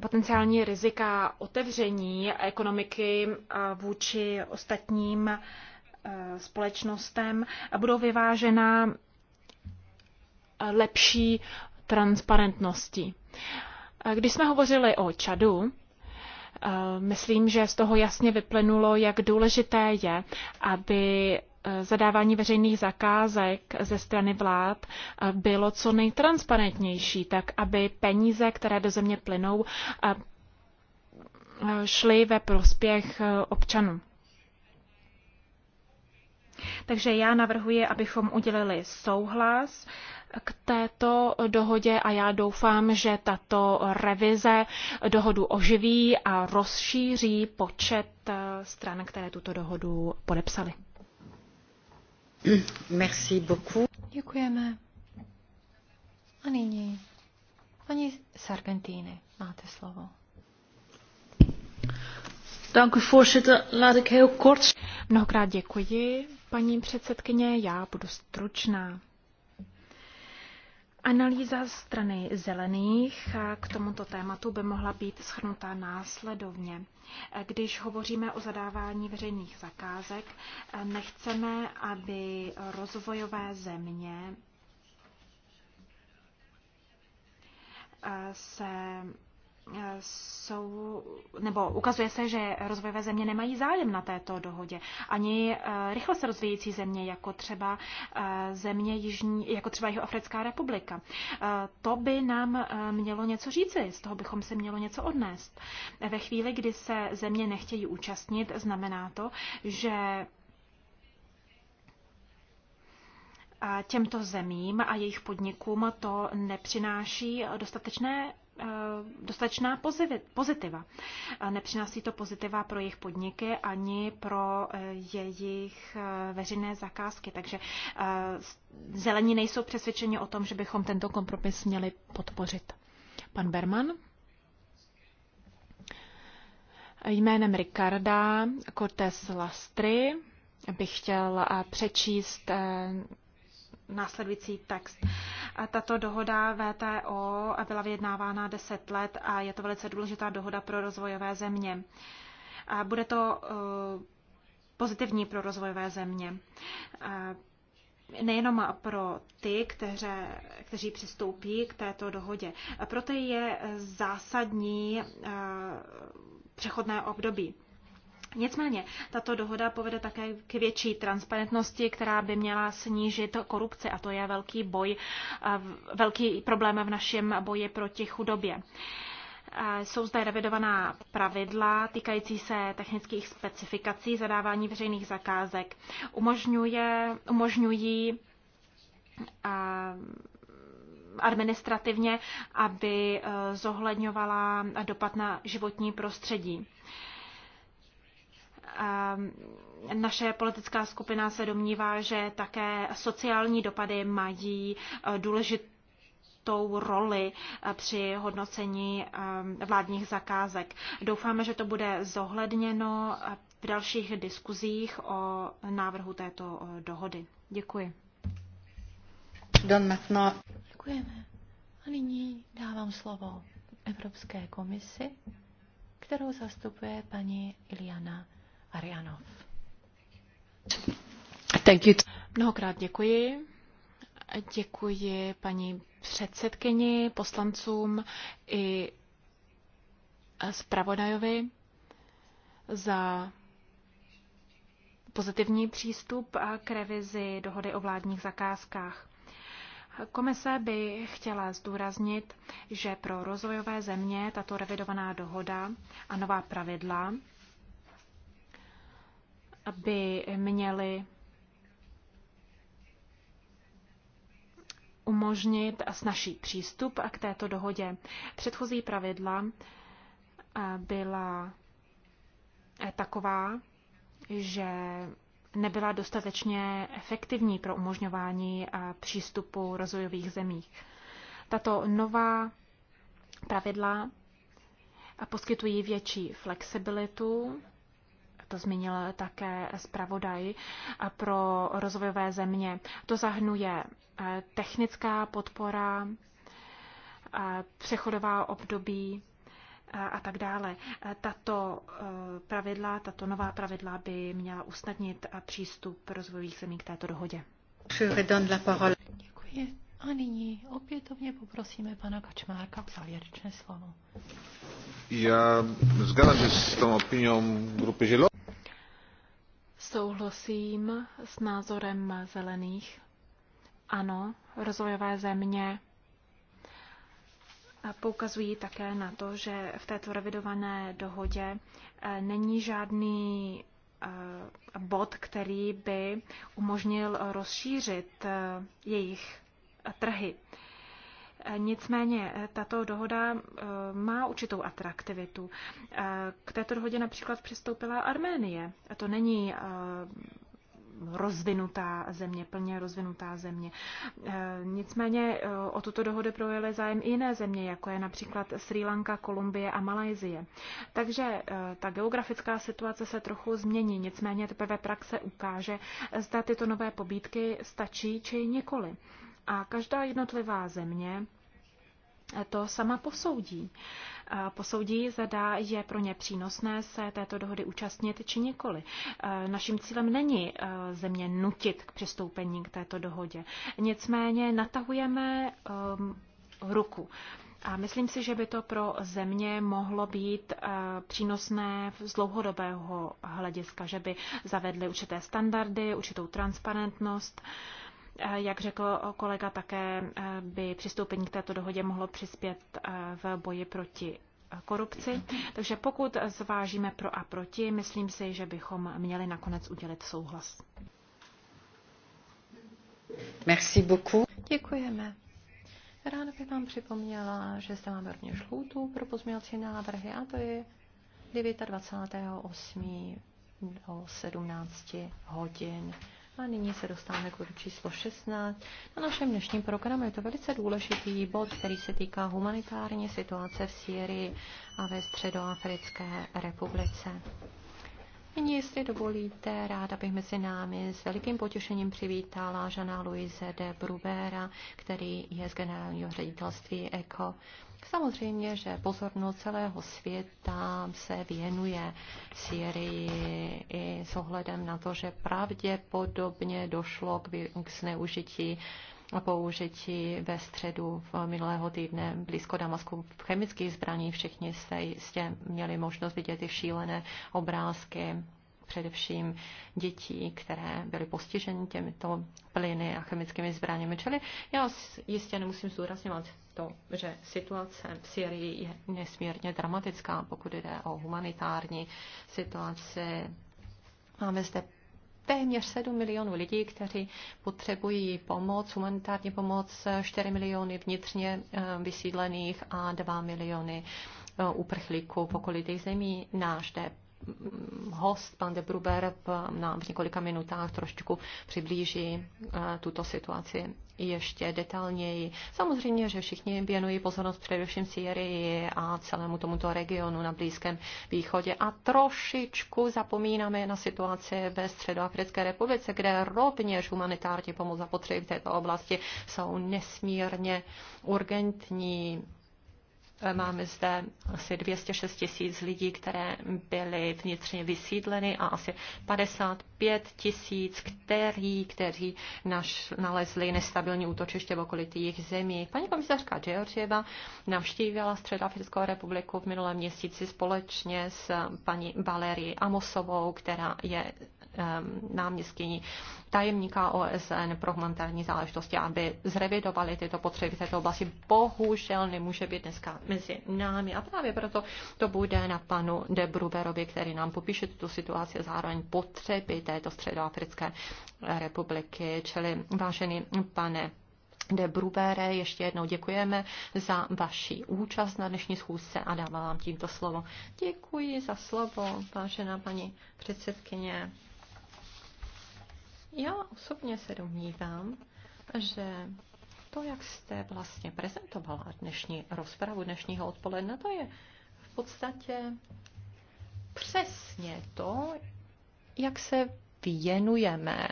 potenciální rizika otevření ekonomiky vůči ostatním společnostem budou vyvážena lepší transparentností. Když jsme hovořili o Čadu, Eh, myslím, že z toho jasně vyplynulo, jak důležité je, aby eh, zadávání veřejných zakázek ze strany vlád eh, bylo co nejtransparentnější, tak aby peníze, které do země plynou, šly ve prospěch občanů. Takže já navrhuji, abychom udělili souhlas k této dohodě a já doufám, že tato revize dohodu oživí a rozšíří počet eh, stran, které tuto dohodu podepsaly. Merci beaucoup. Děkujeme. A nyní paní Sargentini, máte slovo. Dank u voorzitter. Laat ik heel kort. Mnohokrát děkuji, paní předsedkyně. Já budu stručná. Analýza strany zelených eh, k tomuto tématu by mohla být schrnuta následovně. Eh, když hovoříme o zadávání veřejných zakázek, eh, nechceme, aby rozvojové země se jsou, nebo ukazuje se, že rozvojové země nemají zájem na této dohodě. Ani eh, rychle se rozvíjející země, jako třeba eh, země Jižní, jako třeba Africká republika. Eh, to by nám mělo něco říci, z toho bychom se mělo něco odnést. Ve chvíli, kdy se země nechtějí účastnit, znamená to, že těmto zemím a jejich podnikům to nepřináší dostatečné Eh, dostatečná pozitiva. Nepřináší to pozitiva pro jejich podniky ani pro eh, jejich eh, veřejné zakázky. Takže zelení nejsou přesvědčeni o tom, že bychom tento kompromis měli podpořit. Pan Berman? Jménem Ricarda Cortés Lastry bych chtěl přečíst následující text. Tato dohoda VTO byla vyjednávána 10 let a je to velice důležitá dohoda pro rozvojové země. A bude to eh, pozitivní pro rozvojové země. Eh, nejenom pro ty, kteře, kteří přistoupí k této dohodě. Proto je zásadní eh, přechodné období. Nicméně tato dohoda povede také k větší transparentnosti, která by měla snížit korupci a to je velký boj, velký problém v našem boji proti chudobě. Jsou zde revidovaná pravidla týkající se technických specifikací zadávání veřejných zakázek. Umožňuje, umožňují administrativně, aby e, zohledňovala dopad na životní prostředí. Ehm, naše politická skupina se domnívá, že také sociální dopady mají eh, důležitou roli eh, při hodnocení ehm, vládních zakázek. Doufáme, že to bude zohledněno eh, v dalších diskuzích o návrhu této dohody. Děkuji. Děkujeme. A nyní dávám slovo Evropské komisi, kterou zastupuje paní Iliana Arianov. Thank you. Mnohokrát děkuji. Děkuji paní předsedkyni, poslancům i zpravodajovi za pozitivní přístup k revizi dohody o vládních zakázkách. Komise by chtěla zdůraznit, že pro rozvojové země tato revidovaná dohoda a nová pravidla aby měli umožnit snažší přístup k této dohodě. Předchozí pravidla eh, byla eh, taková, že nebyla dostatečně efektivní pro umožňování eh, přístupu rozvojových zemích. Tato nová pravidla poskytují větší flexibilitu to zmínil také zpravodaj pro rozvojové země. To zahnuje eh, technická podpora, eh, přechodová období eh, a tak dále. Tato pravidla, tato nová pravidla by měla usnadnit přístup rozvojových zemí k této dohodě. Děkuji. A nyní opětovně poprosíme pana Kačmárka o závěrečné slovo. Já zgadám, się s tou opinią Grupy Žilo. Souhlasím s názorem zelených. Ano, rozvojové země poukazují také na to, že v této revidované dohodě eh, není žádný eh, bod, který by umožnil rozšířit eh, jejich trhy. Nicméně eh, tato dohoda eh, má určitou atraktivitu. Eh, k této dohodě například přistoupila Arménie. To není rozvinutá země, plně rozvinutá země. Nicméně o tuto dohodu projeli zájem i jiné země, jako je například Sri Lanka, Kolumbie a Malajzie. Takže ta geografická situace se trochu změní, nicméně teprve praxe ukáže, zda tyto nové pobídky stačí či nikoli a každá jednotlivá země to sama posoudí. Posoudí, zda je pro ně přínosné se této dohody účastnit či nikoli. Naším cílem není e, země nutit k přistoupení k této dohodě. Nicméně natahujeme e, ruku. A myslím si, že by to pro země mohlo být e, přínosné z dlouhodobého hlediska, že by zavedly určité standardy, určitou transparentnost. Jak řekl kolega, také e, by přistoupení k této dohodě mohlo přispět e, v boji proti korupci. Takže pokud zvážíme pro a proti, myslím si, že bychom měli nakonec udělit souhlas. Merci beaucoup. Děkujeme. Ráda bych vám připomněla, že zde máme rovněž lhůtu pro pozměňovací návrhy a to je 29.8. do 17 hodin. A nyní se dostáváme k bodu číslo 16. Na našem dnešním programu je to velice důležitý bod, který se týká humanitární situace v Sýrii a ve Středoafrické republice. Nyní, jestli dovolíte, ráda bych mezi námi s velikým potěšením přivítala Žana Luise de Brubera, který je z generálního ředitelství ECO. Samozřejmě, že pozornost celého světa se věnuje Syrii i s ohledem na to, že pravděpodobně došlo k, k zneužití použití ve středu v minulého týdne blízko Damasku v chemických zbraní. Všichni jste jistě měli možnost vidět ty šílené obrázky především dětí, které byly postiženy těmito plyny a chemickými zbraněmi. Čili já jistě nemusím zdůrazňovat to, že situace v Syrii je nesmírně dramatická, pokud jde o humanitární situaci. Máme zde téměř 7 milionů lidí, kteří potřebují pomoc, humanitární pomoc, 4 miliony vnitřně eh, vysídlených a 2 miliony eh, uprchlíků v okolitých zemí. Náš host, pan de Bruber, nám v několika minutách trošku přiblíží eh, tuto situaci ještě detailněji. Samozřejmě, že všichni věnují pozornost především Syrii a celému tomuto regionu na Blízkém východě a trošičku zapomínáme na situaci ve Středoafrické republice, kde rovněž humanitární pomoc a potřeby v této oblasti jsou nesmírně urgentní Máme zde asi 206 tisíc lidí, které byly vnitřně vysídleny a asi 55 tisíc, který, kteří naš, nalezli nestabilní útočiště v okolitých zemí. Paní komisařka Georgieva navštívila Středoafrickou republiku v minulém měsíci společně s paní Valerii Amosovou, která je Ehm, náměstkyní tajemníka OSN pro humanitární záležitosti, aby zrevidovali tyto potřeby této oblasti. Bohužel nemůže být dneska mezi námi a právě proto to bude na panu De Bruberovi, který nám popíše tuto situaci a zároveň potřeby této středoafrické republiky. Čili vážený pane De Brubere, ještě jednou děkujeme za vaši účast na dnešní schůzce a dávám vám tímto slovo. Děkuji za slovo, vážená paní předsedkyně. Já osobně se domnívám, že to, jak jste vlastně prezentovala dnešní rozpravu dnešního odpoledne, to je v podstatě přesně to, jak se věnujeme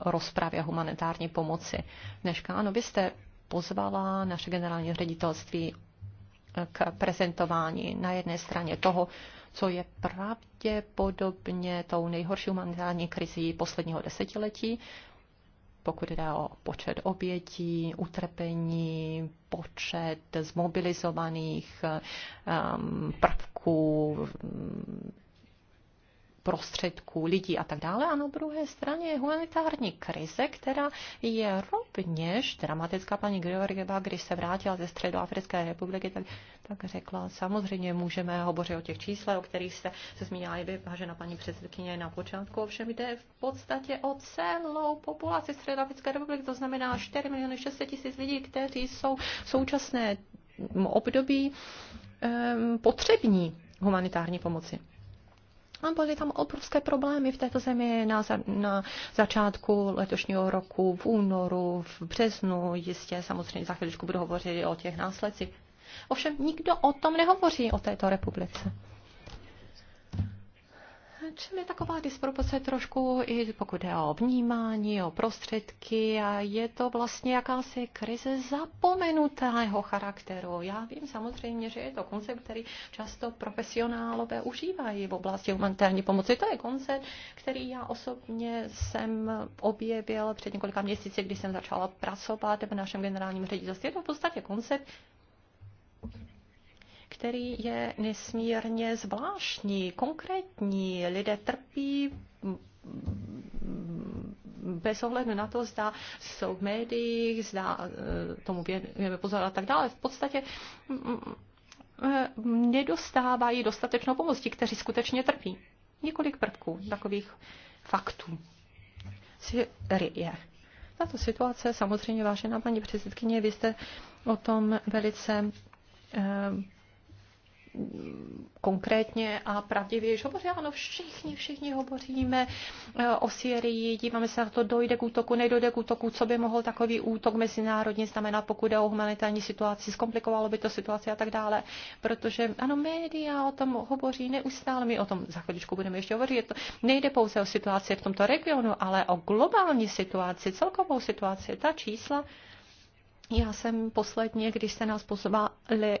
rozpravě humanitární pomoci. Dneška, ano, vy jste pozvala naše generální ředitelství k prezentování na jedné straně toho, co je pravděpodobně tou nejhorší humanitární krizí posledního desetiletí, pokud jde o počet obětí, utrpení, počet zmobilizovaných um, prvků, prostředků, lidí a tak dále. A na druhé straně je humanitární krize, která je rovněž dramatická. Paní Georgieva, když se vrátila ze Středoafrické republiky, tak, tak řekla, samozřejmě můžeme hovořit o těch číslech, o kterých jste se zmínila i vy, vážená paní předsedkyně, na počátku. Ovšem jde v podstatě o celou populaci Středoafrické republiky, to znamená 4 miliony 600 tisíc lidí, kteří jsou v současné období ehm, potřební humanitární pomoci. A byly tam obrovské problémy v této zemi na, za, na začátku letošního roku, v únoru, v březnu, jistě samozřejmě za chvíličku budu hovořit o těch následcích. Ovšem nikdo o tom nehovoří, o této republice čem je taková disproporce trošku i pokud je o vnímání, o prostředky a je to vlastně jakási krize zapomenutého charakteru. Já vím samozřejmě, že je to koncept, který často profesionálové užívají v oblasti humanitární pomoci. To je koncept, který já osobně jsem objevil před několika měsíci, když jsem začala pracovat v našem generálním ředitelství. Je to v podstatě koncept, který je nesmírně zvláštní, konkrétní. Lidé trpí bez ohledu na to, zda jsou v médiích, zda eh, tomu věnujeme pozor a tak dále. V podstatě mm, mm, eh, nedostávají dostatečnou pomoc ti, kteří skutečně trpí. Několik prvků takových faktů. Syrie. Tato situace, samozřejmě, vážená paní předsedkyně, vy jste o tom velice eh, konkrétně a pravdivě že hovoří. Ano, všichni, všichni hovoříme eh, o Syrii, díváme se na to, dojde k útoku, nedojde k útoku, co by mohl takový útok mezinárodně znamenat, pokud je o humanitární situaci, zkomplikovalo by to situaci a tak dále. Protože ano, média o tom hovoří neustále, my o tom za chvíličku budeme ještě hovořit. Nejde pouze o situaci v tomto regionu, ale o globální situaci, celkovou situaci. Ta čísla, já jsem posledně, když se nás pozvali,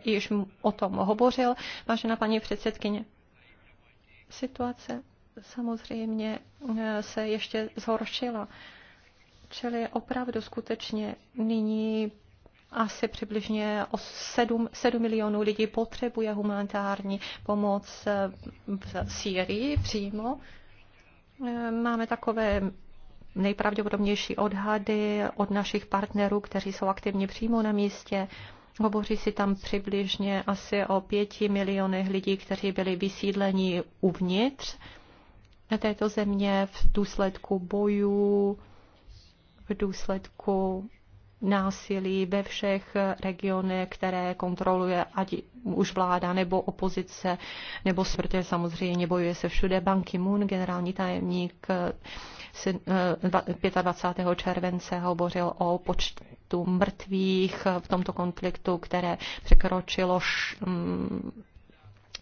již o tom hovořil, vážená paní předsedkyně. Situace samozřejmě eh, se ještě zhoršila. Čili opravdu skutečně nyní asi přibližně o 7, 7 milionů lidí potřebuje humanitární pomoc eh, v Sýrii přímo. Eh, máme takové nejpravděpodobnější odhady od našich partnerů, kteří jsou aktivně přímo na místě. Hovoří si tam přibližně asi o pěti milionech lidí, kteří byli vysídleni uvnitř na této země v důsledku bojů, v důsledku násilí ve všech regionech, které kontroluje ať už vláda nebo opozice, nebo smrtě samozřejmě bojuje se všude. Ban Ki-moon, generální tajemník, 25. Eh, července hovořil o počtu mrtvých v tomto konfliktu, které překročilo mm,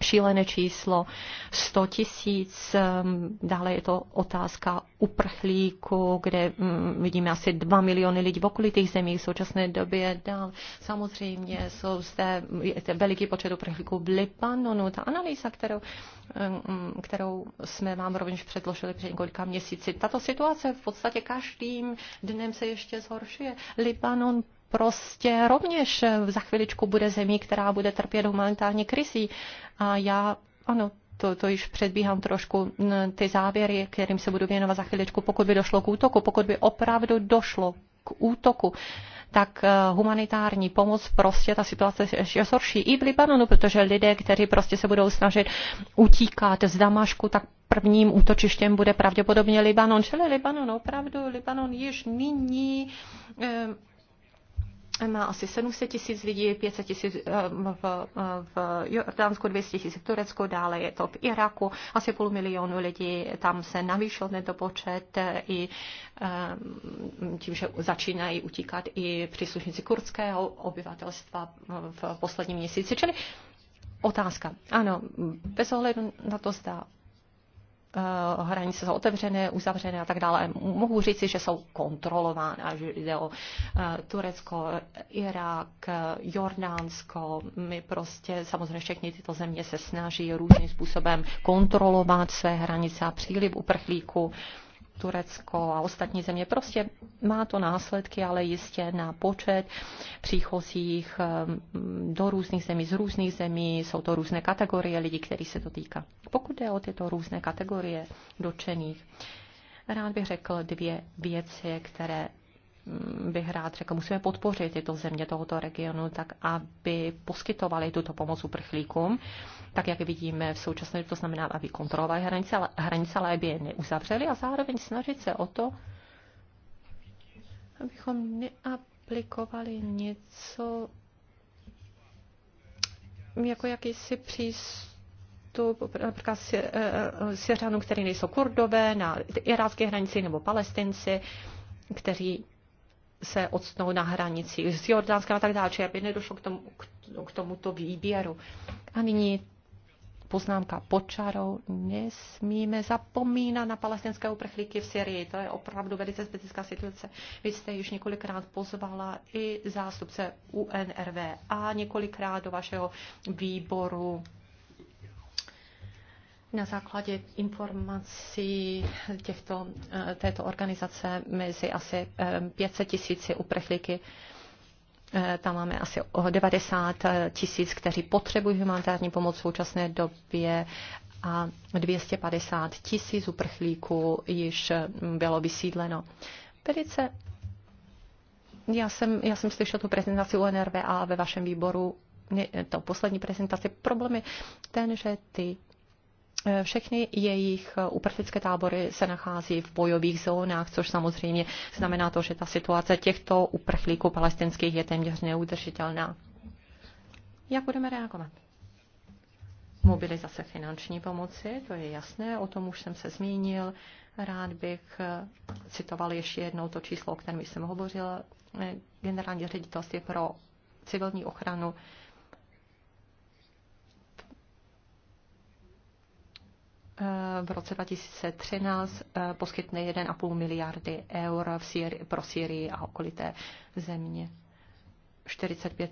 šílené číslo 100 tisíc. Ehm, dále je to otázka uprchlíku, kde mm, vidíme asi 2 miliony lidí v okolitých zemích v současné době. Dál samozřejmě jsou zde veliký počet uprchlíků v Libanonu. Ta analýza, kterou, ehm, kterou jsme vám rovněž předložili před několika měsíci, tato situace v podstatě každým dnem se ještě zhoršuje. Libanon prostě rovněž eh, za chviličku bude zemí, která bude trpět humanitární krizí. A já, ano, to, to již předbíhám trošku, ty závěry, kterým se budu věnovat za chviličku, pokud by došlo k útoku, pokud by opravdu došlo k útoku, tak eh, humanitární pomoc prostě ta situace je zhorší i v Libanonu, protože lidé, kteří prostě se budou snažit utíkat z Damašku, tak prvním útočištěm bude pravděpodobně Libanon. Čili Libanon opravdu, Libanon již nyní eh, má asi 700 tisíc lidí, 500 tisíc eh, v, v Jordánsku, 200 tisíc v Turecku, dále je to v Iraku, asi půl milionu lidí, tam se navýšil tento počet eh, i eh, tím, že začínají utíkat i příslušníci kurdského obyvatelstva v posledním měsíci. Čili otázka, ano, bez ohledu na to, zda Eh, hranice jsou otevřené, uzavřené a tak dále. Mohu říci, že jsou kontrolovány, až jde o eh, Turecko, Irák, Jordánsko. My prostě samozřejmě všechny tyto země se snaží různým způsobem kontrolovat své hranice a příliv uprchlíků. Uh, Turecko a ostatní země. Prostě má to následky, ale jistě na počet příchozích ehm, do různých zemí, z různých zemí. Jsou to různé kategorie lidí, který se to týká. Pokud jde o tyto různé kategorie dotčených, rád bych řekl dvě věci, které bych rád řekl, musíme podpořit tyto země tohoto regionu, tak aby poskytovali tuto pomoc uprchlíkům, tak jak vidíme v současné, to znamená, aby kontrolovali hranice, ale, hranice, ale aby je neuzavřeli a zároveň snažit se o to, abychom neaplikovali něco jako jakýsi přístup, tu, například eh, eh, Syřanů, který nejsou kurdové, na irácké hranici nebo palestinci, kteří se odstnou na hranici, s Jordánskem a tak dále, či aby nedošlo k, tomu, k, k tomuto výběru. A nyní poznámka pod čarou. Nesmíme zapomínat na palestinské uprchlíky v Syrii. To je opravdu velice specifická situace. Vy jste již několikrát pozvala i zástupce UNRV a několikrát do vašeho výboru na základě informací těchto, eh, této organizace mezi asi 500 eh, tisíci uprchlíky eh, tam máme asi 90 tisíc, kteří potřebují humanitární pomoc v současné době a 250 tisíc uprchlíků již mm, bylo vysídleno. Velice já jsem, já jsem slyšel tu prezentaci UNRWA ve vašem výboru, to poslední prezentaci. Problém je ten, že ty všechny jejich eh, uprchlické tábory se nachází v bojových zónách, což samozřejmě znamená to, že ta situace těchto uprchlíků palestinských je téměř neudržitelná. Jak budeme reagovat? Mobilizace finanční pomoci, to je jasné, o tom už jsem se zmínil. Rád bych eh, citoval ještě jednou to číslo, o kterém jsem hovořil. Eh, Generální ředitelství pro civilní ochranu v roce 2013 eh, poskytne 1,5 miliardy eur v Syri, pro Syrii a okolité země. 45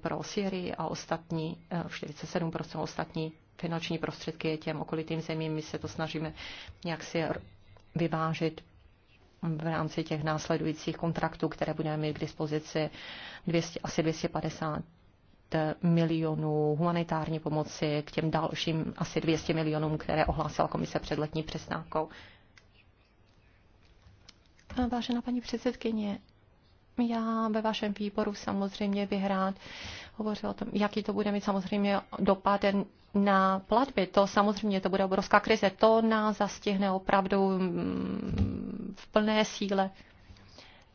pro Syrii a ostatní, 47 eh, ostatní finanční prostředky je těm okolitým zemím. My se to snažíme nějak si vyvážit v rámci těch následujících kontraktů, které budeme mít k dispozici 200, asi 250 milionů humanitární pomoci k těm dalším asi 200 milionům, které ohlásila komise před letní přestávkou. Vážená paní předsedkyně, já ve vašem výboru samozřejmě bych rád hovořil o tom, jaký to bude mít samozřejmě dopad na platby. To samozřejmě to bude obrovská krize. To nás zastihne opravdu mm, v plné síle.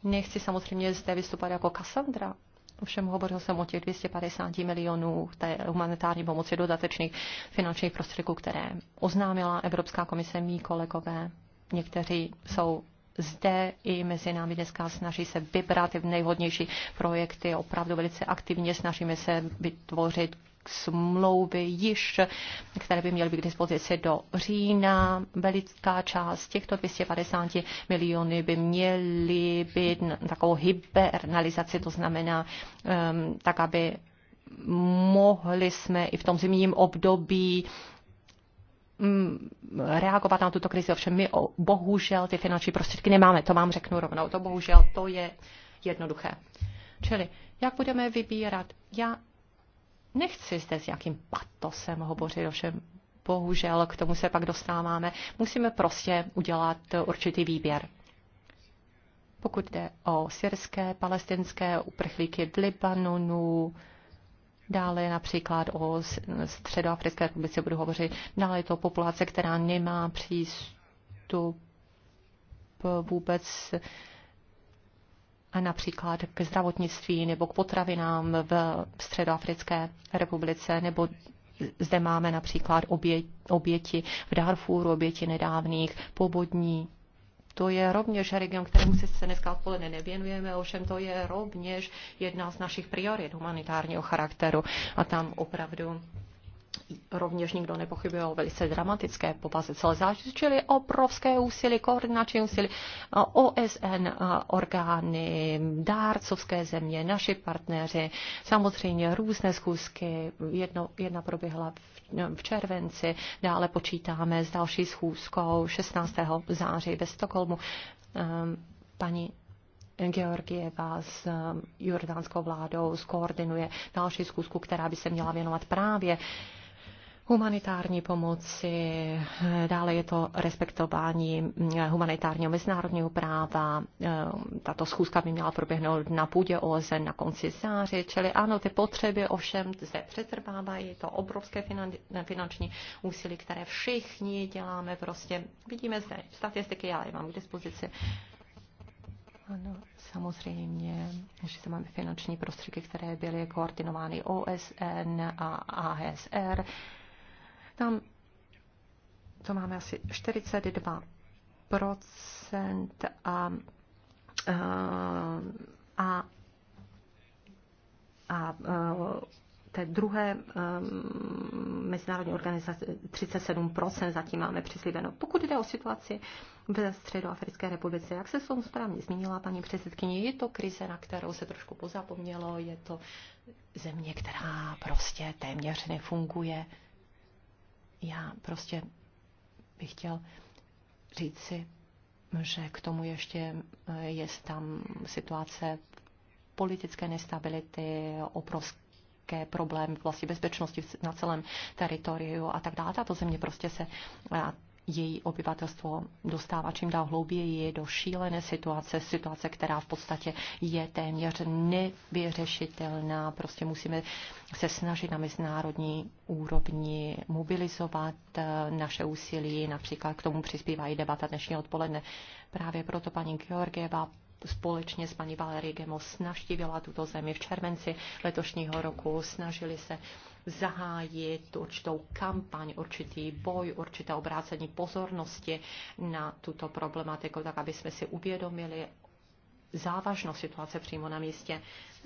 Nechci samozřejmě zde vystupovat jako Kassandra, Ovšem hovořil jsem o těch 250 milionů té humanitární pomoci dodatečných finančních prostředků, které oznámila Evropská komise, mý kolegové. Někteří jsou zde i mezi námi dneska snaží se vybrat nejvhodnější projekty, opravdu velice aktivně snažíme se vytvořit smlouvy již, které by měly být k dispozici do října. Velická část těchto 250 miliony by měly být takovou hibernalizaci, to znamená um, tak, aby mohli jsme i v tom zimním období mm, reagovat na tuto krizi. Ovšem my bohužel ty finanční prostředky nemáme, to vám řeknu rovnou. To bohužel to je jednoduché. Čili jak budeme vybírat? Já Nechci zde s jakým patosem hovořit, ovšem bohužel k tomu se pak dostáváme. Musíme prostě udělat určitý výběr. Pokud jde o syrské, palestinské uprchlíky v Libanonu, Dále například o Středoafrické republice budu hovořit. Dále je to populace, která nemá přístup vůbec například k zdravotnictví nebo k potravinám v Středoafrické republice, nebo zde máme například obě, oběti v Darfuru, oběti nedávných pobodní To je rovněž region, kterému se dneska odpoledne nevěnujeme, ovšem to je rovněž jedna z našich priorit humanitárního charakteru a tam opravdu rovněž nikdo nepochybuje o velice dramatické povaze celé zážitosti, čili obrovské úsilí, koordinační úsilí eh, OSN, eh, orgány, dárcovské země, naši partneři, samozřejmě různé schůzky, jedno, jedna proběhla v, v červenci, dále počítáme s další schůzkou 16. září ve Stokholmu. Ehm, paní Georgieva s eh, jordánskou vládou skoordinuje další zkusku, která by se měla věnovat právě humanitární pomoci, dále je to respektování eh, humanitárního mezinárodního práva. Eh, tato schůzka by měla proběhnout na půdě OSN na konci září, čili ano, ty potřeby ovšem se přetrvávají, to obrovské finanční úsilí, které všichni děláme prostě. Vidíme zde statistiky, já je mám k dispozici. Ano, samozřejmě, že tam máme finanční prostředky, které byly koordinovány OSN a ASR. Tam to máme asi 42 a, a, a, té druhé um, mezinárodní organizace 37% zatím máme přislíbeno. Pokud jde o situaci ve Středoafrické republice, jak se jsou správně zmínila paní předsedkyně, je to krize, na kterou se trošku pozapomnělo, je to země, která prostě téměř nefunguje. Já prostě bych chtěl říct si, že k tomu ještě eh, je tam situace politické nestability, obrovské problémy vlastně bezpečnosti na celém teritoriu a tak dále. Tato země prostě se eh, její obyvatelstvo dostává čím dál hlouběji do šílené situace, situace, která v podstatě je téměř nevyřešitelná. Prostě musíme se snažit na mezinárodní úrovni mobilizovat eh, naše úsilí. Například k tomu přispívá i debata dnešní odpoledne. Právě proto paní Georgieva společně s paní Valerie Gemo navštívila tuto zemi v červenci letošního roku. Snažili se zahájit určitou kampaň, určitý boj, určité obrácení pozornosti na tuto problematiku, tak aby jsme si uvědomili závažnost situace přímo na místě.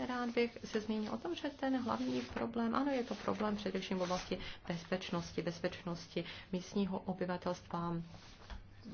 Rád bych se zmínil o tom, že ten hlavní problém, ano, je to problém především v oblasti bezpečnosti, bezpečnosti místního obyvatelstva,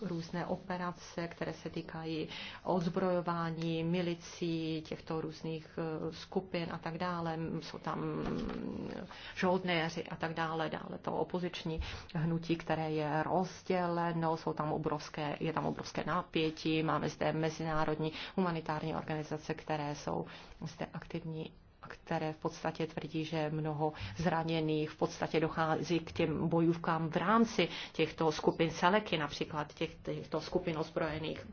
různé operace, které se týkají odzbrojování, milicí, těchto různých eh, skupin a tak dále. Jsou tam mm, žoldnéři a tak dále, dále to opoziční hnutí, které je rozděleno, jsou tam obrovské, je tam obrovské napětí, máme zde mezinárodní humanitární organizace, které jsou zde aktivní které v podstatě tvrdí, že mnoho zraněných v podstatě dochází k těm bojůvkám v rámci těchto skupin Seleky, například těch, těchto skupin ozbrojených.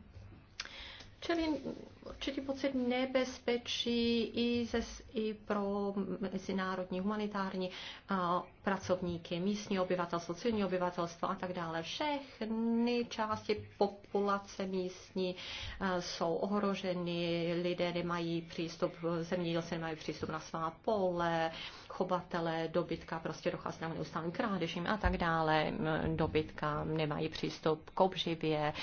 Čili určitý pocit nebezpečí i, ze, i pro mezinárodní humanitární a, pracovníky, místní obyvatelstvo, civilní obyvatelstvo a tak dále. Všechny části populace místní a, jsou ohroženy, lidé nemají přístup, zemědělci nemají přístup na svá pole, chovatele, dobytka prostě dochází na neustálým krádežím a tak dále. Dobytka nemají přístup k obživě,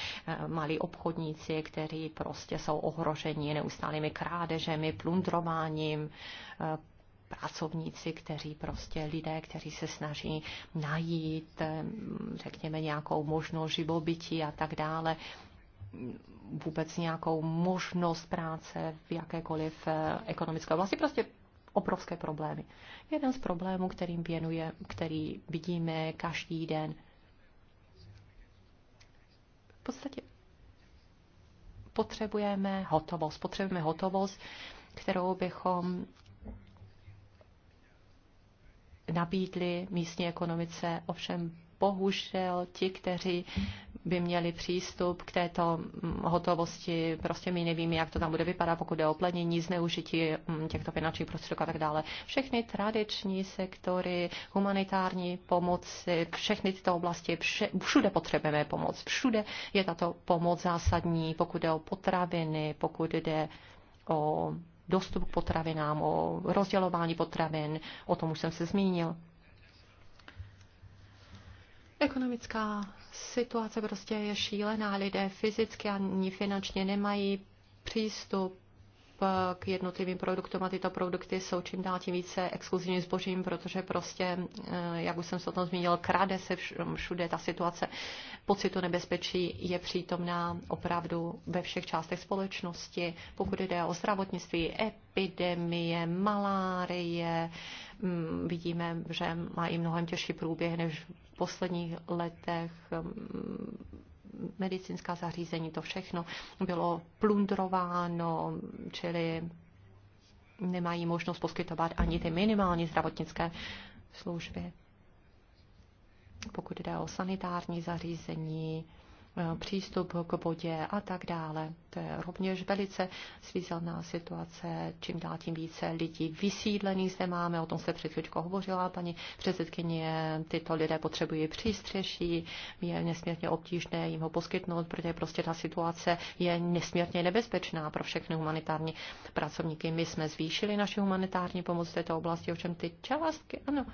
malí obchodníci, kteří prostě jsou ohroženi ohrožení neustálými krádežemi, plundrováním, eh, pracovníci, kteří prostě lidé, kteří se snaží najít, eh, řekněme, nějakou možnost živobytí a tak dále, vůbec nějakou možnost práce v jakékoliv eh, ekonomické oblasti, prostě obrovské problémy. Jeden z problémů, kterým věnuje, který vidíme každý den, v podstatě potřebujeme hotovost. Potřebujeme hotovost, kterou bychom nabídli místní ekonomice, ovšem bohužel ti, kteří by měli přístup k této mm, hotovosti, prostě my nevíme, jak to tam bude vypadat, pokud je oplenění, zneužití mm, těchto finančních prostředků a tak dále. Všechny tradiční sektory, humanitární pomoci, všechny tyto oblasti, vše, všude potřebujeme pomoc, všude je tato pomoc zásadní, pokud jde o potraviny, pokud jde o dostup k potravinám, o rozdělování potravin, o tom už jsem se zmínil. Ekonomická situace prostě je šílená, lidé fyzicky ani finančně nemají přístup k jednotlivým produktům a tyto produkty jsou čím dál tím více exkluzivním zbožím, protože prostě, eh, jak už jsem se o tom zmínil, krade se všude ta situace pocitu nebezpečí je přítomná opravdu ve všech částech společnosti. Pokud jde o zdravotnictví, epidemie, malárie, mm, vidíme, že mají mnohem těžší průběh než v posledních letech mm, medicínská zařízení, to všechno bylo plundrováno, čili nemají možnost poskytovat ani ty minimální zdravotnické služby. Pokud jde o sanitární zařízení, Eh, přístup k vodě a tak dále. To je rovněž velice svízelná situace. Čím dál tím více lidí vysídlených zde máme, o tom se před chvíličkou hovořila paní předsedkyně. Tyto lidé potřebují přístřeší, je nesmírně obtížné jim ho poskytnout, protože prostě ta situace je nesmírně nebezpečná pro všechny humanitární pracovníky. My jsme zvýšili naši humanitární pomoc v této oblasti, o čem ty částky, ano.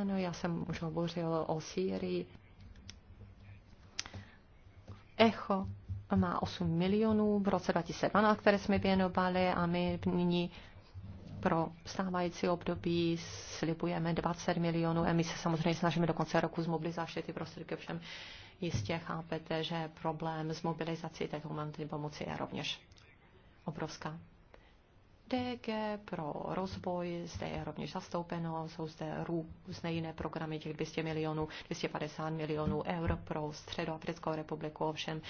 Ano, já jsem už hovořil o Sýrii, Echo má 8 milionů v roce 2012, které jsme věnovali a my nyní pro stávající období slibujeme 20 milionů a my se samozřejmě snažíme do konce roku zmobilizovat ty prostředky, všem jistě chápete, že problém s mobilizací této humanitární pomoci je rovněž obrovská. DG pro rozvoj, zde je rovněž zastoupeno, jsou zde různé jiné programy, těch 200 milionů, 250 milionů eur pro Středoafrickou republiku, ovšem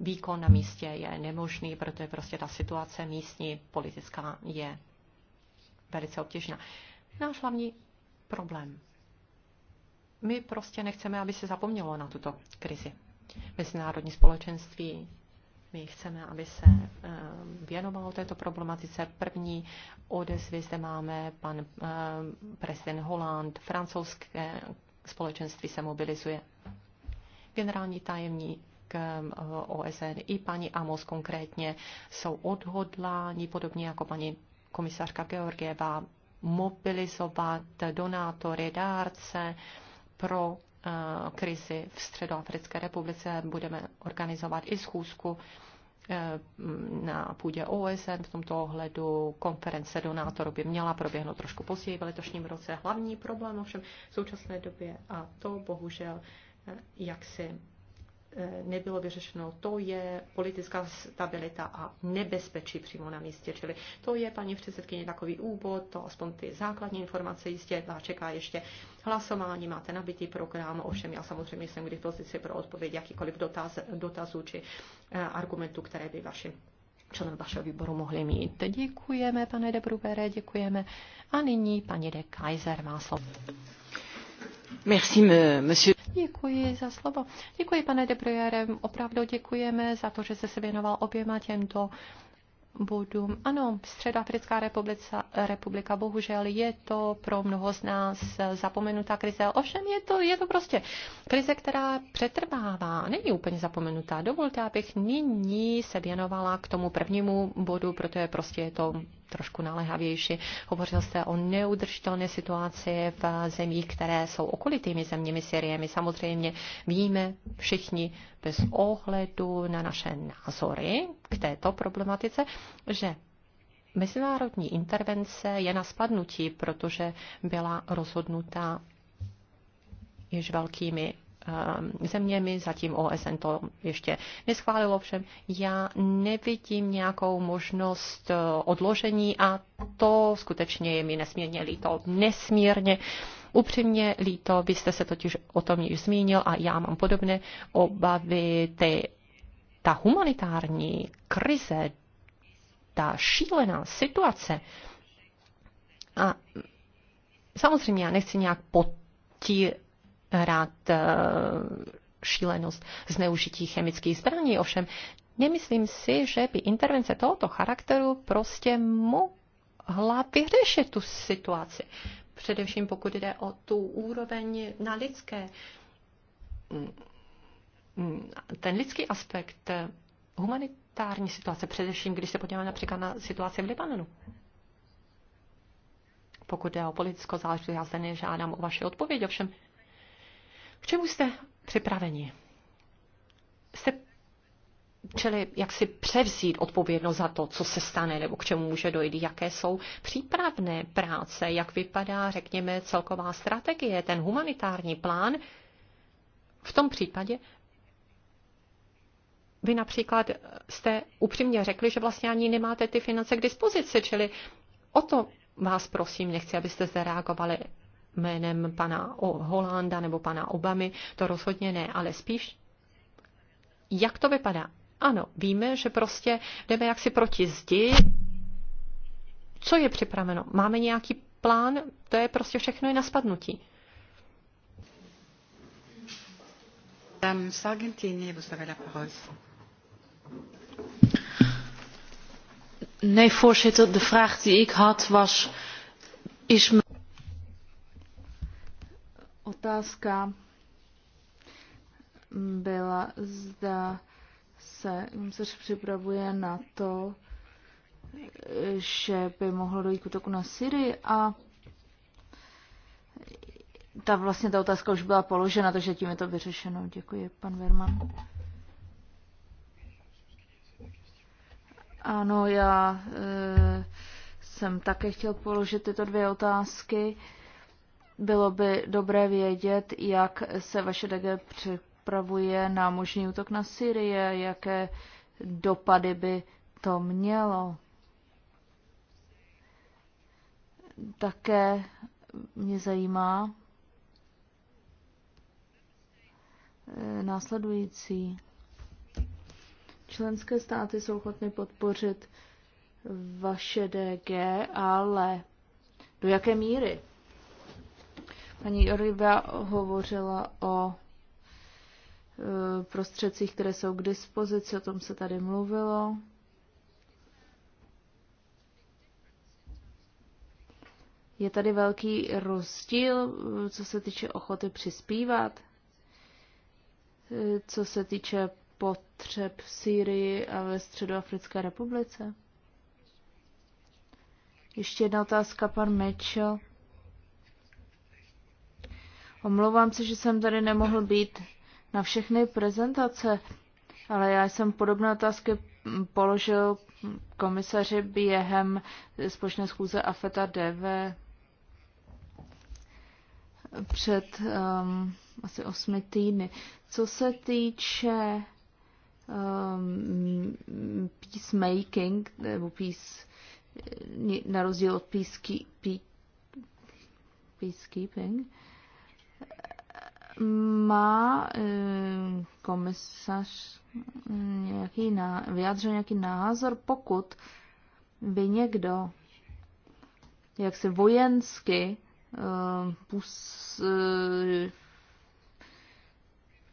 výkon na místě je nemožný, protože prostě ta situace místní politická je velice obtížná. Náš hlavní problém. My prostě nechceme, aby se zapomnělo na tuto krizi. Mezinárodní společenství my chceme, aby se ehm, věnovalo této problematice. První odezvy zde máme pan ehm, prezident Holland, francouzské společenství se mobilizuje. Generální tajemník ehm, OSN i paní Amos konkrétně jsou odhodláni, podobně jako paní komisařka Georgieva, mobilizovat donátory, dárce pro Eh, krizi v Středoafrické republice. Budeme organizovat i schůzku eh, na půdě OSN v tomto ohledu. Konference donátorů by měla proběhnout trošku později v letošním roce. Hlavní problém ovšem v současné době a to bohužel eh, jak nebylo vyřešeno, to je politická stabilita a nebezpečí přímo na místě. Čili to je, paní předsedkyně, takový úvod, to aspoň ty základní informace jistě vás čeká ještě hlasování, máte nabitý program, ovšem já samozřejmě jsem k dispozici pro odpověď jakýkoliv dotaz, dotazů či eh, argumentů, které by vaši členom vašeho výboru mohli mít. Děkujeme, pane de Brubere, děkujeme. A nyní paní de Kaiser má slovo. Merci, monsieur. Děkuji za slovo. Děkuji, pane de Opravdu děkujeme za to, že jste se věnoval oběma těmto bodům. Ano, Středoafrická republika, republika, bohužel je to pro mnoho z nás zapomenutá krize. Ovšem je to, je to prostě krize, která přetrvává, není úplně zapomenutá. Dovolte, abych nyní se věnovala k tomu prvnímu bodu, protože prostě je to trošku naléhavější. Hovořil jste o neudržitelné situaci v zemích, které jsou okolitými zeměmi Syrie. My samozřejmě víme všichni bez ohledu na naše názory k této problematice, že mezinárodní intervence je na spadnutí, protože byla rozhodnuta již velkými Eh, zeměmi, zatím OSN to ještě neschválilo všem. Já nevidím nějakou možnost eh, odložení a to skutečně je mi nesmírně líto. Nesmírně upřímně líto, vy jste se totiž o tom již zmínil a já mám podobné obavy. Ty, ta humanitární krize, ta šílená situace a samozřejmě já nechci nějak potírat rád eh, šílenost zneužití chemických zbraní. Ovšem, nemyslím si, že by intervence tohoto charakteru prostě mohla vyřešit tu situaci. Především pokud jde o tu úroveň na lidské. Mm, mm, ten lidský aspekt eh, humanitární situace, především když se podíváme například na situaci v Libanonu. Pokud jde o politickou záležitost, já zde nežádám o vaše odpověď, ovšem k čemu jste připraveni? Jste čili jak si převzít odpovědnost za to, co se stane nebo k čemu může dojít, jaké jsou přípravné práce, jak vypadá, řekněme, celková strategie, ten humanitární plán. V tom případě vy například jste upřímně řekli, že vlastně ani nemáte ty finance k dispozici, čili o to vás prosím, nechci, abyste zde reagovali jménem pana Holanda nebo pana Obamy, to rozhodně ne, ale spíš jak to vypadá. Ano, víme, že prostě jdeme jaksi proti zdi. Co je připraveno? Máme nějaký plán? To je prostě všechno je na spadnutí. Nee, voorzitter, de vraag die ik had was... Is... me... Otázka byla, zda se komisař připravuje na to, že by mohlo dojít k útoku na Syrii a ta vlastně ta otázka už byla položena, takže tím je to vyřešeno. Děkuji, pan Verman. Ano, já e, jsem také chtěl položit tyto dvě otázky. E, bylo by dobré vědět, jak se vaše DG připravuje na možný útok na Syrie, jaké dopady by to mělo. Také mě zajímá eh, následující. Členské státy jsou ochotny podpořit vaše DG, ale do jaké míry? Paní Oriva hovořila o e, prostředcích, které jsou k dispozici, o tom se tady mluvilo. Je tady velký rozdíl, e, co se týče ochoty přispívat, e, co se týče potřeb v Sýrii a ve Středoafrické republice. Ještě jedna otázka, pan Mitchell. Omlouvám se, že jsem tady nemohl být na všechny prezentace, ale já jsem podobné otázky položil komisaři během společné schůze AFETA DV před um, asi osmi týdny. Co se týče um, peacemaking, nebo peace, na rozdíl od peacekeeping, peacekeeping má e, komisař mm, nějaký ná, vyjádřil nějaký názor, pokud by někdo jak se vojensky e, pus, e,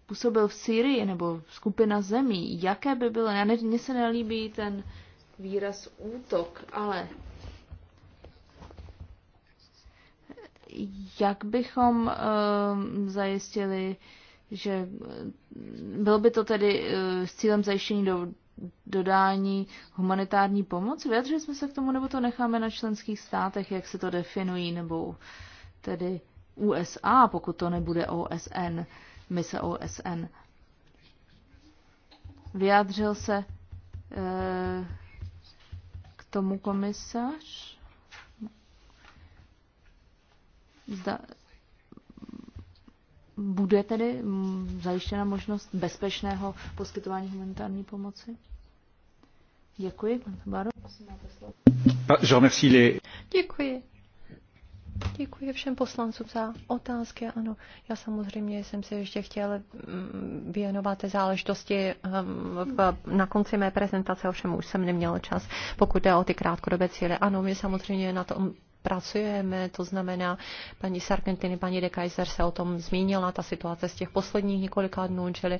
působil v Syrii nebo skupina zemí, jaké by bylo, já ne, mně se nelíbí ten výraz útok, ale jak bychom eh, zajistili, že eh, bylo by to tedy eh, s cílem zajištění do, dodání humanitární pomoci? Vyjadřili jsme se k tomu, nebo to necháme na členských státech, jak se to definují, nebo tedy USA, pokud to nebude OSN, mise OSN. Vyjádřil se uh, k tomu komisař? Zda bude tedy mm, zajištěna možnost bezpečného poskytování humanitární pomoci? Děkuji, pan Baro. Děkuji. Děkuji všem poslancům za otázky. Ano, já samozřejmě jsem se ještě chtěl mm, věnovat té záležitosti ehm, na konci mé prezentace, ovšem už jsem neměl čas, pokud jde o ty krátkodobé cíle. Ano, my samozřejmě na tom pracujeme, to znamená, paní Sargentiny, paní de Kaiser se o tom zmínila, ta situace z těch posledních několika dnů, čili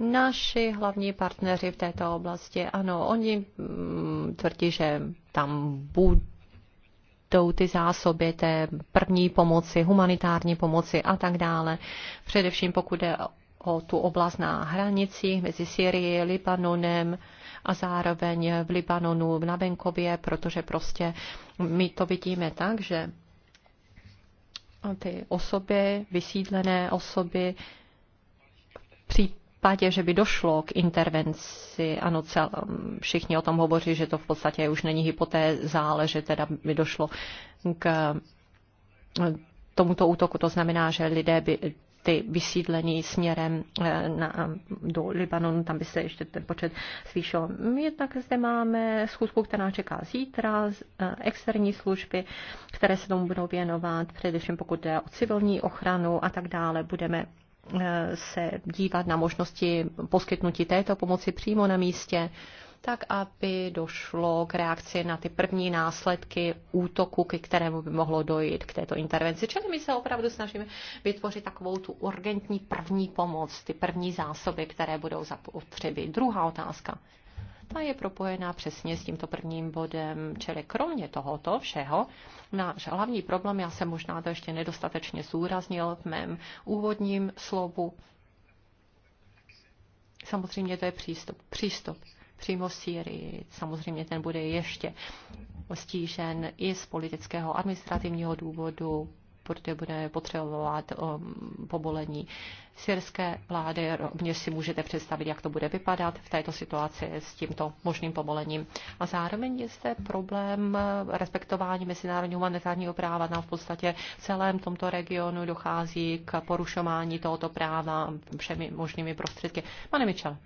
naši hlavní partneři v této oblasti, ano, oni mm, tvrdí, že tam budou jdou ty zásoby té první pomoci, humanitární pomoci a tak dále. Především pokud jde o tu oblast na hranicích mezi Syrií, Libanonem, a zároveň v Libanonu, na venkově, protože prostě my to vidíme tak, že ty osoby, vysídlené osoby, při případě, že by došlo k intervenci, ano, cel, všichni o tom hovoří, že to v podstatě už není hypotéza, ale že teda by došlo k tomuto útoku. To znamená, že lidé by ty vysídlení směrem eh, na, do Libanonu, tam by se ještě ten počet zvýšil. tak zde máme schůzku, která čeká zítra, eh, externí služby, které se tomu budou věnovat, především pokud jde o civilní ochranu a tak dále. Budeme eh, se dívat na možnosti poskytnutí této pomoci přímo na místě tak aby došlo k reakci na ty první následky útoku, ke kterému by mohlo dojít k této intervenci. Čili my se opravdu snažíme vytvořit takovou tu urgentní první pomoc, ty první zásoby, které budou zapotřeby. Druhá otázka. Ta je propojená přesně s tímto prvním bodem, čili kromě tohoto všeho, náš hlavní problém, já jsem možná to ještě nedostatečně zúraznil v mém úvodním slovu, Samozřejmě to je přístup. Přístup přímo v Sýrii. Samozřejmě ten bude ještě stížen i z politického administrativního důvodu, protože bude potřebovat um, povolení syrské vlády. Rovněž si můžete představit, jak to bude vypadat v této situaci s tímto možným povolením. A zároveň je zde problém uh, respektování mezinárodního humanitárního práva. na v podstatě v celém tomto regionu dochází k porušování tohoto práva všemi možnými prostředky. Pane Mičele.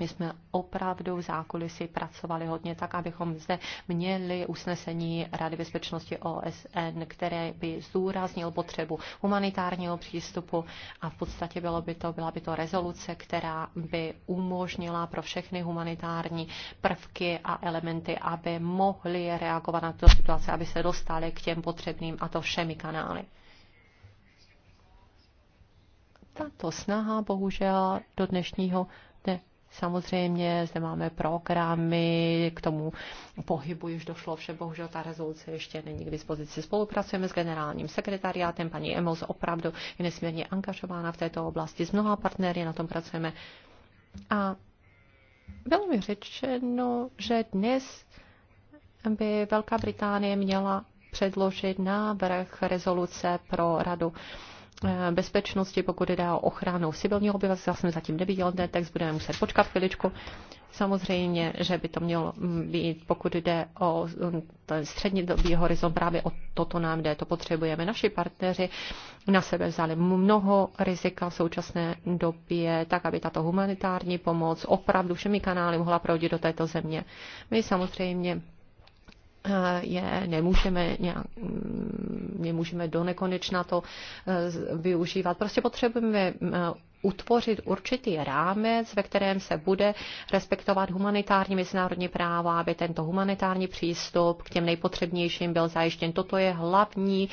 My jsme opravdu v zákulisí pracovali hodně tak, abychom zde měli usnesení Rady bezpečnosti OSN, které by zdůraznil potřebu humanitárního přístupu a v podstatě bylo by to, byla by to rezoluce, která by umožnila pro všechny humanitární prvky a elementy, aby mohly reagovat na tuto situaci, aby se dostali k těm potřebným a to všemi kanály tato snaha bohužel do dnešního Samozřejmě zde máme programy, k tomu pohybu již došlo, vše bohužel ta rezoluce ještě není k dispozici. Spolupracujeme s generálním sekretariátem, paní Emos opravdu je nesmírně angažována v této oblasti, s mnoha partnery na tom pracujeme. A bylo mi řečeno, že dnes by Velká Británie měla předložit návrh rezoluce pro radu Eh, bezpečnosti, pokud jde o ochranu civilního obyvatelstva, jsem zatím neviděl ten text, budeme muset počkat chviličku. Samozřejmě, že by to mělo být, pokud jde o mm, ten dobý horizont, právě o toto nám jde, to potřebujeme. Naši partneři na sebe vzali mnoho rizika v současné době, tak aby tato humanitární pomoc opravdu všemi kanály mohla proudit do této země. My samozřejmě Eh, je, nemůžeme, nějak, mm, nemůžeme do nekonečna to eh, využívat. Prostě potřebujeme eh, utvořit určitý rámec, ve kterém se bude respektovat humanitární mezinárodní práva, aby tento humanitární přístup k těm nejpotřebnějším byl zajištěn. Toto je hlavní uh,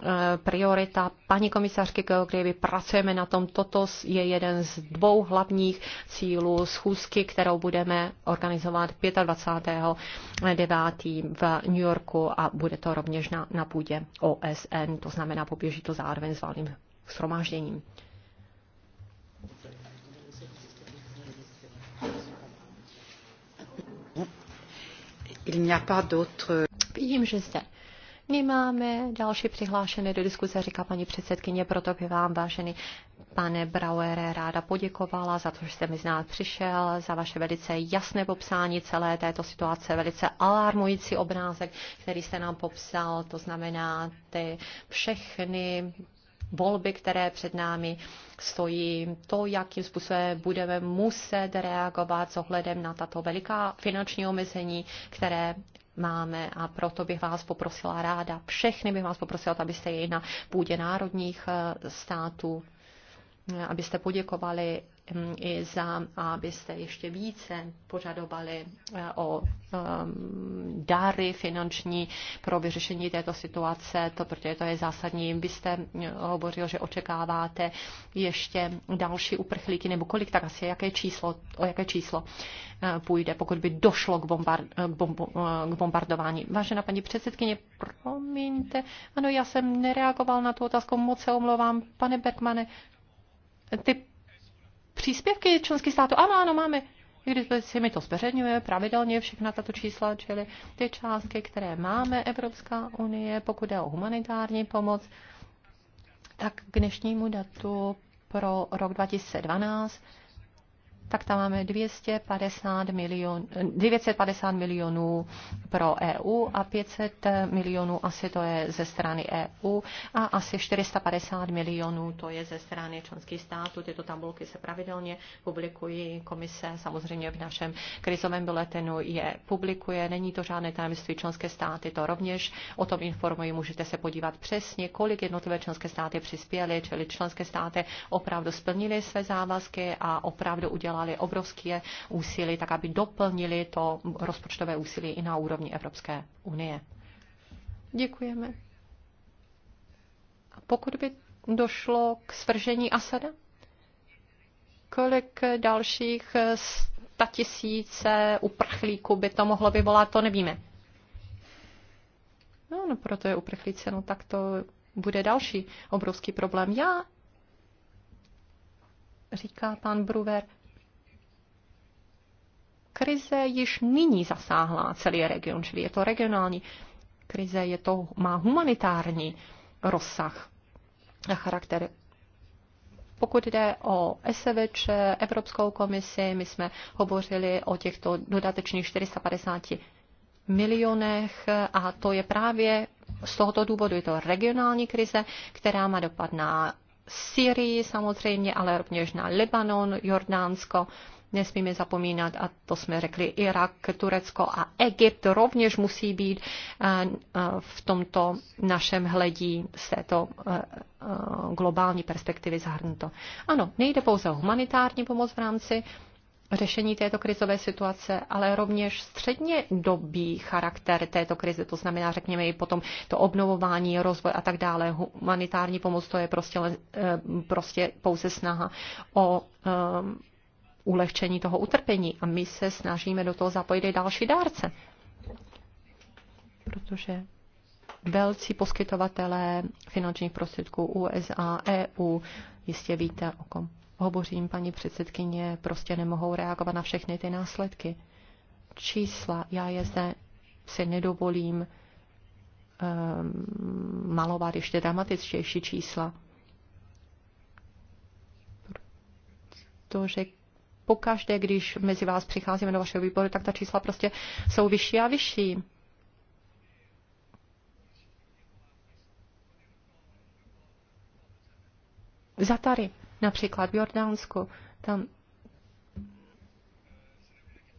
Eh, priorita paní komisařky by Pracujeme na tom. Toto je jeden z dvou hlavních cílů schůzky, kterou budeme organizovat 25.9. v New Yorku a bude to rovněž na, na půdě OSN, to znamená poběží to zároveň s valným shromážděním. Il n'y a pas d'autres. Vidím, že zde máme další přihlášené do diskuze, říká paní předsedkyně, proto by vám, vážený pane Brauere, ráda poděkovala za to, že jste mi z nás přišel, za vaše velice jasné popsání celé této situace, velice alarmující obrázek, který jste nám popsal, to znamená ty všechny volby, které před námi stojí, to, jakým způsobem budeme muset reagovat s ohledem na tato veliká finanční omezení, které máme a proto bych vás poprosila ráda, všechny bych vás poprosila, abyste jej na půdě národních eh, států eh, abyste poděkovali Mm, i za, abyste ještě více požadovali eh, o mm, dary finanční pro vyřešení této situace, to, protože to je zásadní. Vy jste mm, hovořil, že očekáváte ještě další uprchlíky, nebo kolik, tak asi jaké číslo, o jaké číslo eh, půjde, pokud by došlo k, bombard, eh, bomb, k bombardování. Vážená paní předsedkyně, promiňte, ano, já jsem nereagoval na tu otázku, moc se omlouvám. Pane Beckmane, ty příspěvky členských států. Ano, ano, máme. Když se mi to zveřejňuje pravidelně všechna tato čísla, čili ty částky, které máme Evropská unie, pokud je o humanitární pomoc, tak k dnešnímu datu pro rok 2012 tak tam máme 250 milion, 950 milionů pro EU a 500 milionů asi to je ze strany EU a asi 450 milionů to je ze strany členských států. Tyto tabulky se pravidelně publikují. Komise samozřejmě v našem krizovém biletenu je publikuje. Není to žádné tajemství. Členské státy to rovněž o tom informují. Můžete se podívat přesně, kolik jednotlivé členské státy přispěly, čili členské státy opravdu splnily své závazky a opravdu udělali věnovali obrovské úsilí, tak aby doplnili to rozpočtové úsilí i na úrovni Evropské unie. Děkujeme. A pokud by došlo k svržení Asada? Kolik dalších statisíce uprchlíků by to mohlo vyvolat, to nevíme. No, no proto je uprchlíce, no tak to bude další obrovský problém. Já, říká pan Bruver, krize již nyní zasáhla celý region, čili je to regionální krize, je to, má humanitární rozsah a charakter. Pokud jde o SVČ, Evropskou komisi, my jsme hovořili o těchto dodatečných 450 milionech a to je právě z tohoto důvodu je to regionální krize, která má dopad na Syrii samozřejmě, ale rovněž na Libanon, Jordánsko nesmíme zapomínat, a to jsme řekli, Irak, Turecko a Egypt rovněž musí být eh, eh, v tomto našem hledí z této eh, globální perspektivy zahrnuto. Ano, nejde pouze o humanitární pomoc v rámci řešení této krizové situace, ale rovněž středně dobý charakter této krize, to znamená, řekněme, i potom to obnovování, rozvoj a tak dále. Humanitární pomoc to je prostě, prostě pouze snaha o um, ulehčení toho utrpení. A my se snažíme do toho zapojit i další dárce. Protože velcí poskytovatelé finančních prostředků USA, EU, jistě víte, o kom hovořím, paní předsedkyně, prostě nemohou reagovat na všechny ty následky. Čísla, já je zde si nedovolím um, malovat ještě dramatičtější čísla. Protože pokaždé, když mezi vás přicházíme do vašeho výboru, tak ta čísla prostě jsou vyšší a vyšší. Zatary, například v Jordánsku, tam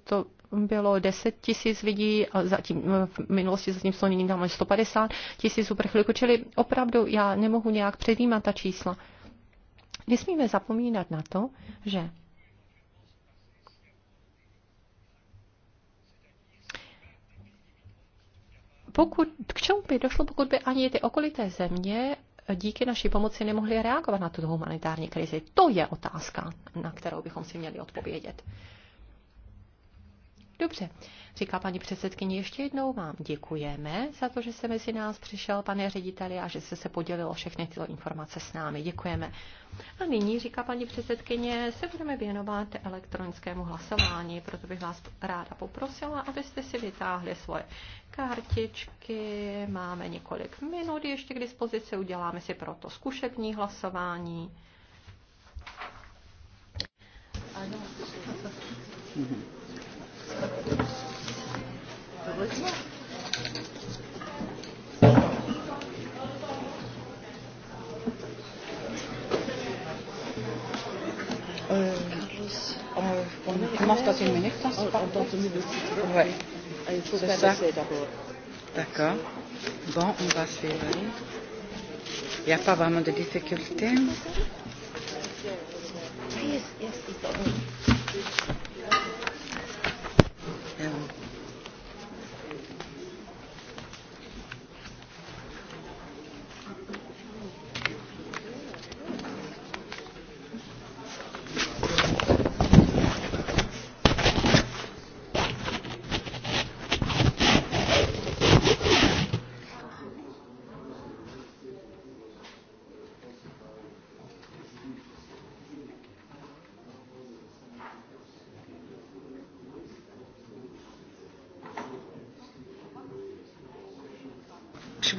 to bylo 10 tisíc lidí, a zatím, v minulosti zatím jsou nyní tam 150 tisíc uprchlíků, čili opravdu já nemohu nějak předjímat ta čísla. Nesmíme zapomínat na to, že pokud, k čemu by došlo, pokud by ani ty okolité země díky naší pomoci nemohly reagovat na tuto humanitární krizi? To je otázka, na kterou bychom si měli odpovědět. Dobře, říká paní předsedkyně, ještě jednou vám děkujeme za to, že jste mezi nás přišel, pane řediteli, a že jste se podělil o všechny tyto informace s námi. Děkujeme. A nyní, říká paní předsedkyně, se budeme věnovat elektronickému hlasování, proto bych vás ráda poprosila, abyste si vytáhli svoje kartičky. Máme několik minut ještě k dispozici, uděláme si proto zkušební hlasování. Mm-hmm. Euh, on commence dans une minute, hein, c'est pas Dans une minute, Ouais. Il faut faire ça. D'accord. Bon, on va suivre. Il n'y a pas vraiment de difficultés. Yes, yes, it's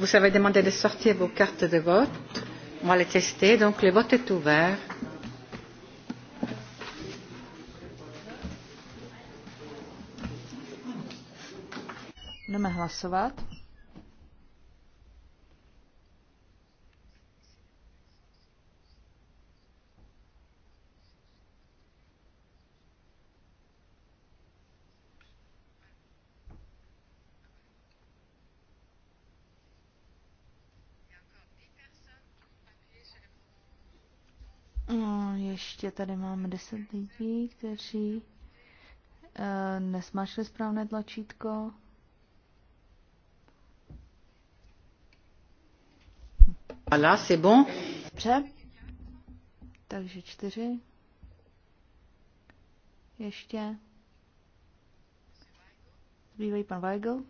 vous avez demandé de sortir vos cartes de vote. On va les tester. Donc le vote est ouvert. Jdeme hlasovat. Ještě tady máme 10 lidí, kteří uh, eh, nesmačili správné tlačítko. Voilà, c'est bon. Dobře. Takže čtyři. Ještě. Zbývají pan Weigl.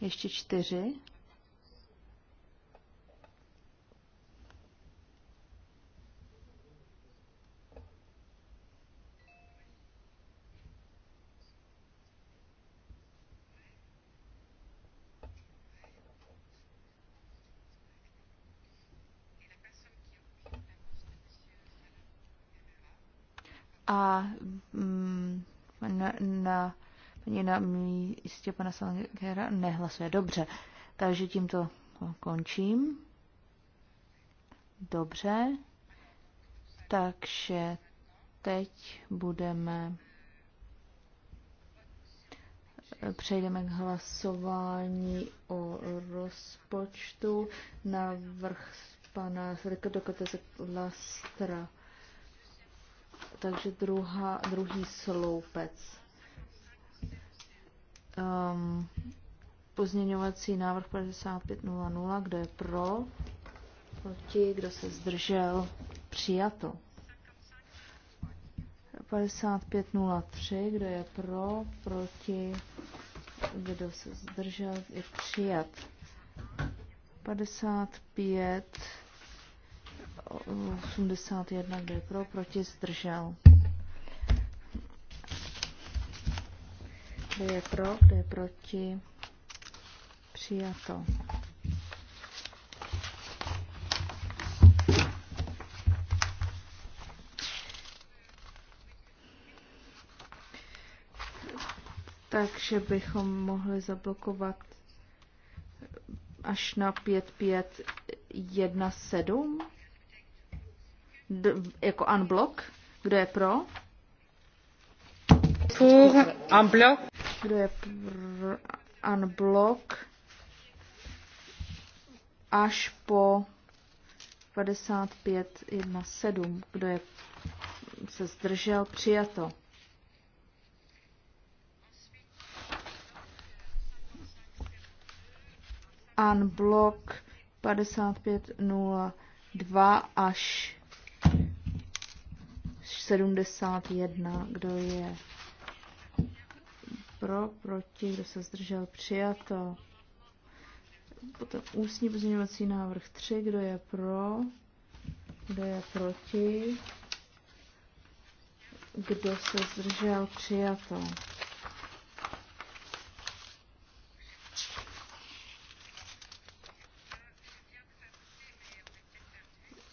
Ještě čtyři. A mm, na, na paní na místě pana Salangera nehlasuje. Dobře, takže tímto končím. Dobře, takže teď budeme přejdeme k hlasování o rozpočtu na vrch pana Srkadokateze Lastra. Takže druhá, druhý sloupec. Um, pozměňovací návrh 5500, kdo je pro, proti, kdo se zdržel, přijato. 5503, kdo je pro, proti, kdo se zdržel, je přijat. 55, 81, kdo je pro, proti, zdržel. Kdo je pro, kdo je proti? Přijato. Takže bychom mohli zablokovat až na 5517 D- jako unblock. Kdo je pro? Pour unblock kdo je pr- unblock až po 55.1.7. Kdo je se zdržel? Přijato. Unblock 55.02 až 71. Kdo je pro, proti, kdo se zdržel, přijato. Potom ústní pozměňovací návrh 3, kdo je pro, kdo je proti, kdo se zdržel, přijato.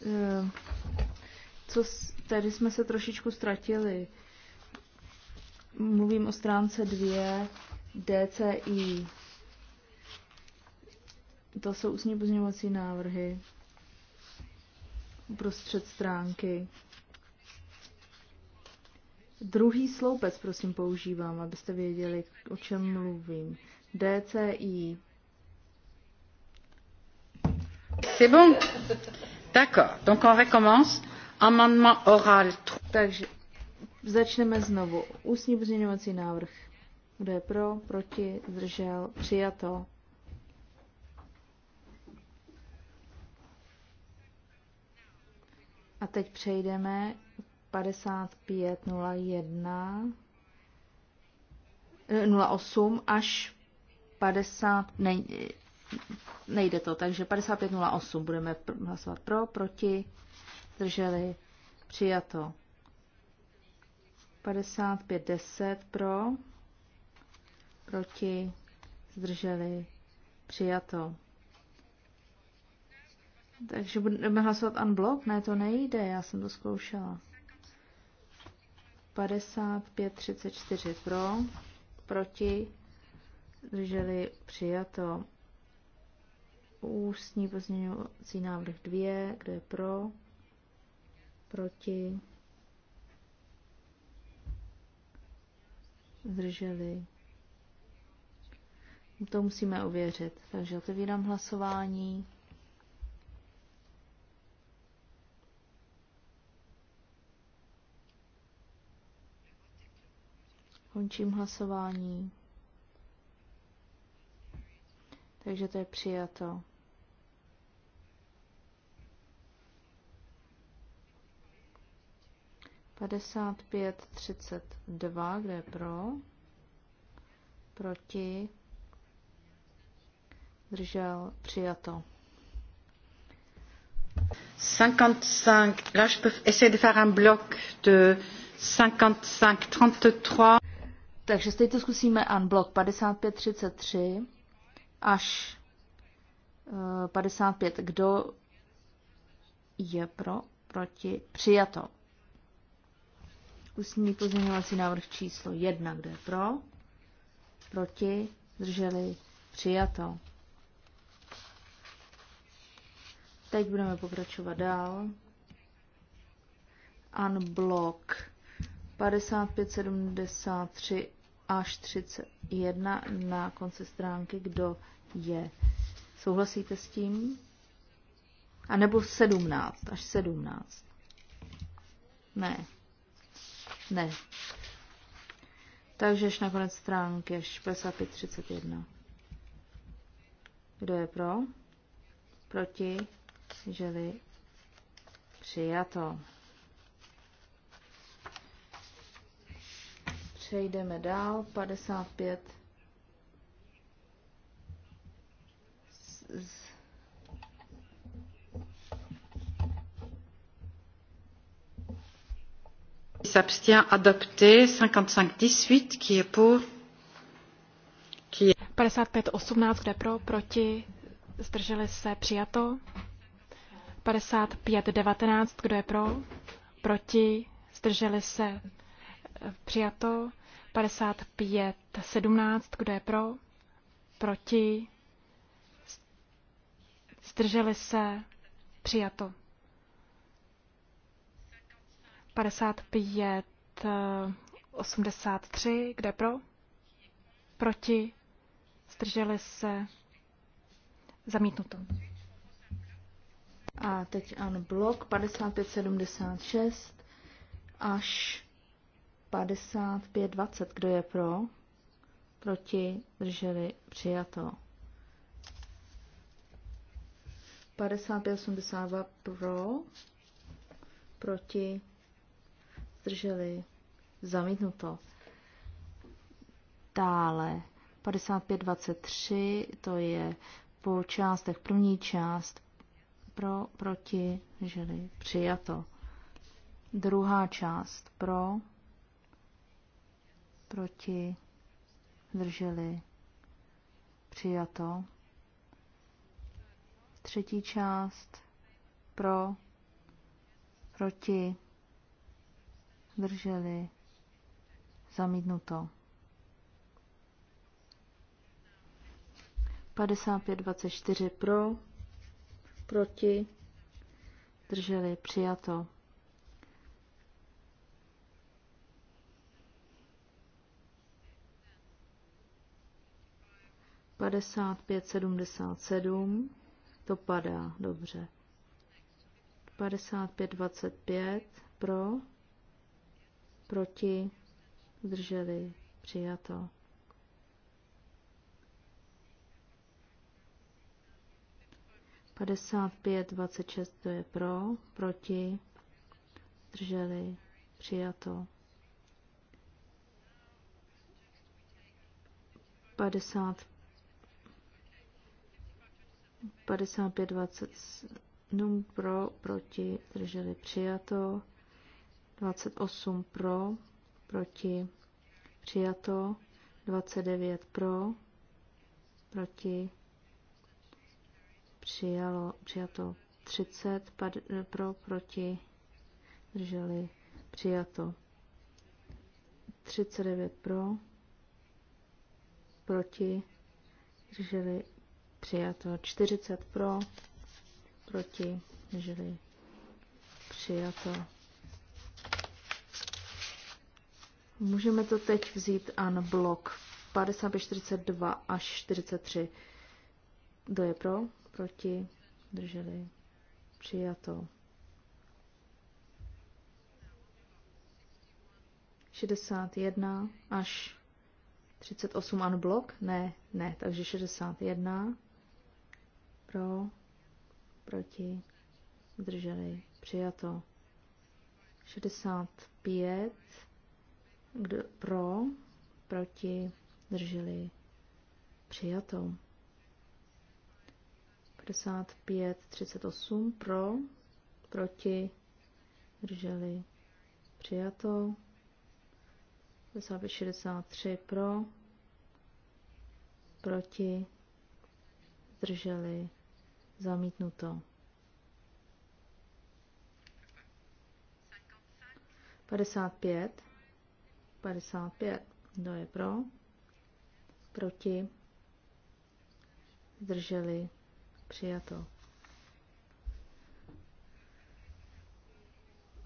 Eh, co, tady jsme se trošičku ztratili mluvím o stránce 2 DCI. To jsou ústní pozměňovací návrhy prostřed stránky. Druhý sloupec, prosím, používám, abyste věděli, o čem mluvím. DCI. C'est bon? D'accord. Donc on recommence. Amendement oral. Takže Začneme znovu. Ústní pozměňovací návrh. Kdo je pro, proti, zdržel, přijato. A teď přejdeme 5501 08 eh, až 50, ne, nejde to, takže 5508 budeme hlasovat pro, proti, zdrželi, přijato. 10 pro, proti, zdrželi, přijato. Takže budeme hlasovat unblock? Ne, to nejde, já jsem to zkoušela. 55 34 pro, proti, zdrželi, přijato. Ústní pozměňovací návrh 2, kdo je pro, proti, zdrželi. To musíme ověřit. Takže otevírám hlasování. Končím hlasování. Takže to je přijato. 55, 32, kde je pro, proti, držel, přijato. 55, là je peux essayer de faire un bloc de 55, 33. Takže teď to zkusíme unblock 55, 33 až 55. Eh, kdo je pro, proti, přijato. Ústní pozměňovací návrh číslo 1, kde je pro, proti, drželi, přijato. Teď budeme pokračovat dál. Unblock 5573 až 31 na konci stránky, kdo je. Souhlasíte s tím? A nebo 17 až 17. Ne, ne. Takže ještě na konec stránky, ještě 55, 31. Kdo je pro? Proti? Želi? Přijato. Přejdeme dál. 55. Qui s'abstient adopté. 55-18 qui est pour. Qui est... 55-18 kde pro, proti, zdrželi se, přijato. 55-19 kdo je pro, proti, zdrželi se, přijato. 55-17 kdo je pro, proti, zdrželi se, přijato. 55, 83, eh, kde pro? Proti? Zdrželi se? Zamítnuto. A teď ano, blok 5576 až 5520. Kdo je pro? Proti? Drželi? Přijato. 5582 pro? Proti? zdrželi, zamítnuto. Dále 5523, to je po částech první část pro, proti, želi, přijato. Druhá část pro, proti, drželi, přijato. Třetí část pro, proti, drželi zamítnuto. 55-24 pro, proti, drželi přijato. Padesát pět sedmdesát sedm, to padá, dobře. Padesát pět dvacet pět pro, proti, zdrželi, přijato. Padesát pět, dvacet šest, to je pro, proti, zdrželi, přijato. Padesát, 55, 20, no pro, proti, drželi přijato. 28 pro, proti, přijato, 29 pro, proti, přijalo, přijato, 30 pro, proti, drželi, přijato, 39 pro, proti, drželi, přijato, 40 pro, proti, drželi, přijato. Můžeme to teď vzít an blok 42 až 43. Kdo je pro? Proti? Drželi? Přijato. 61 až 38 an blok? Ne, ne, takže 61 pro, proti, drželi, přijato. 65 kdo pro, proti, drželi přijato. 55, 38 pro, proti, drželi přijato. 55, 63 pro, proti, drželi zamítnuto. 55 55. Kdo je pro? Proti? Zdrželi? Přijato.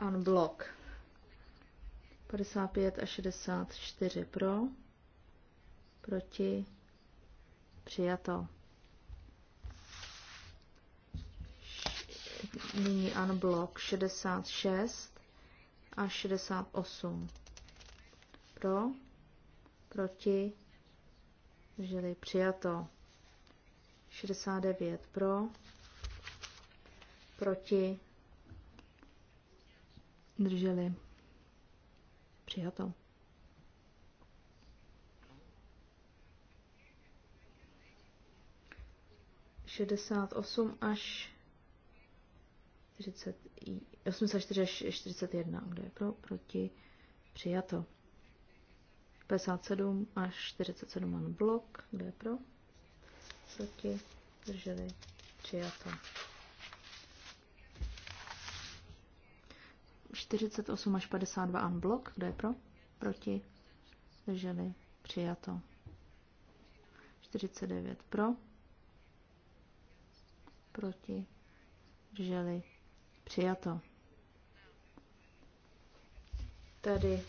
Unblock. 55 a 64 pro, proti, přijato. Nyní unblock 66 a 68 pro, proti, drželi přijato. 69 pro, proti, drželi přijato. Šedesát osm až 40, až 41, kde je pro, proti, přijato. 57 až 47 an blok. kde je pro? Proti? Drželi? Přijato. 48 až 52 an blok. kde je pro? Proti? Drželi? Přijato. 49 pro. Proti? Drželi? Přijato. Tady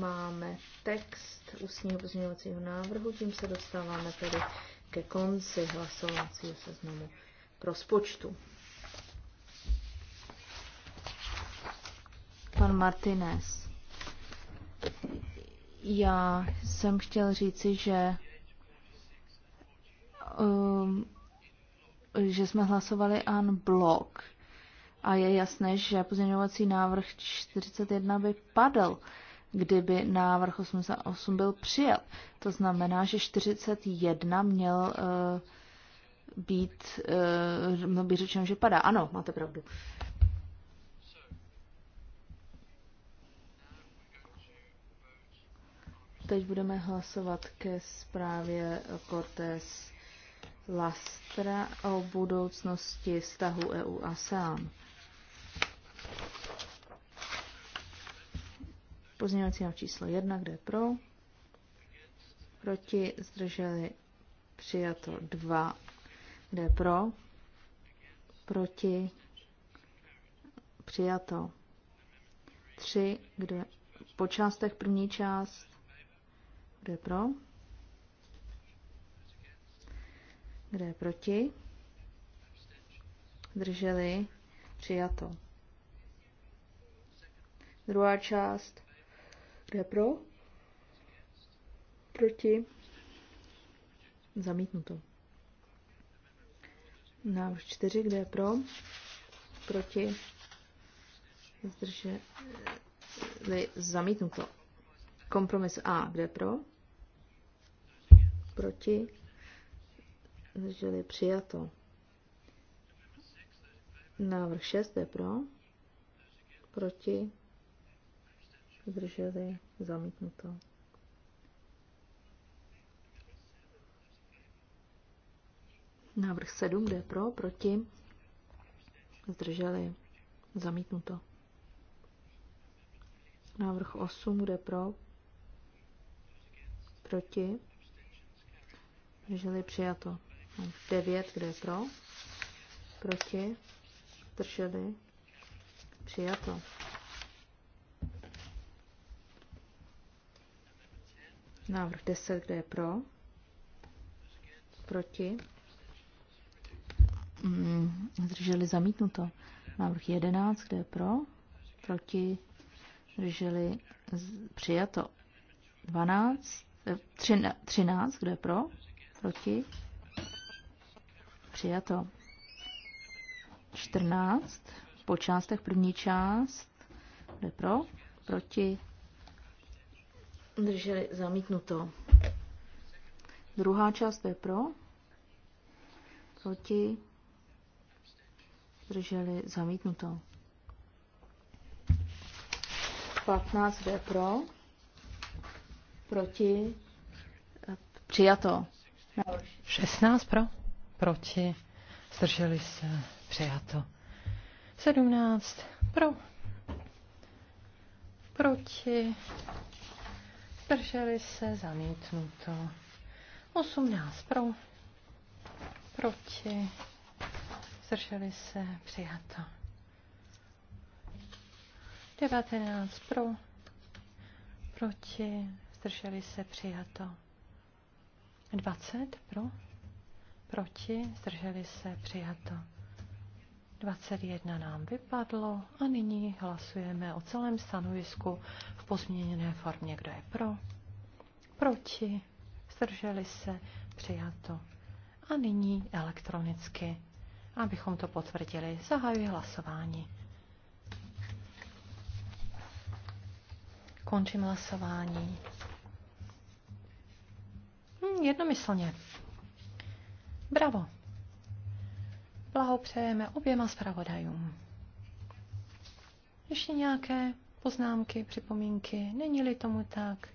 máme text ústního pozměňovacího návrhu, tím se dostáváme tedy ke konci hlasovacího seznamu k rozpočtu. Pan Martinez. Já jsem chtěl říci, že um, že jsme hlasovali an blok a je jasné, že pozměňovací návrh 41 by padl, kdyby návrh 88 byl přijat. To znamená, že 41 měl uh, být, uh, měl být řečeno, že padá. Ano, máte pravdu. Teď budeme hlasovat ke zprávě Cortés Lastra o budoucnosti vztahu eu a SEAN. Pozměňovací návrh číslo 1, kde je pro? Proti zdrželi přijato 2, kde je pro? Proti přijato 3, kde po částech první část, kde je pro? Kde je proti? Drželi přijato. Druhá část kdo je pro? Proti? Zamítnuto. Návrh čtyři, kde je pro? Proti? Zdrželi? Zamítnuto. Kompromis A, kde je pro? Proti? Zdrželi? Přijato. Návrh 6, kde je pro? Proti? zdrželi, zamítnuto. Návrh 7, kde pro, proti, zdrželi, zamítnuto. Návrh 8, kde pro, proti, zdrželi, přijato. 9, kde pro, proti, zdrželi, přijato. Návrh 10, kde mm, je pro? Proti? zdrželi zamítnuto. Návrh 11, kde je pro? Proti? Zdrželi přijato. 12, 13, kde je pro? Proti? Přijato. 14, po částech první část, kde je pro? Proti? Drželi zamítnuto. Druhá část je pro. Proti. Drželi zamítnuto. 15 je pro. Proti. Přijato. 16 pro. Proti. Zdrželi se. Přijato. 17 pro. Proti zdrželi se, zamítnuto. 18 pro, proti, zdrželi se, přijato. 19 pro, proti, zdrželi se, přijato. 20 pro, proti, zdrželi se, přijato. 21 nám vypadlo a nyní hlasujeme o celém stanovisku v pozměněné formě. Kdo je pro? Proti? Zdrželi se? Přijato. A nyní elektronicky. Abychom to potvrdili, zahajuji hlasování. Končím hlasování. Hm, jednomyslně. Bravo. Blahopřejeme oběma zpravodajům. Ještě nějaké poznámky, připomínky? Není-li tomu tak?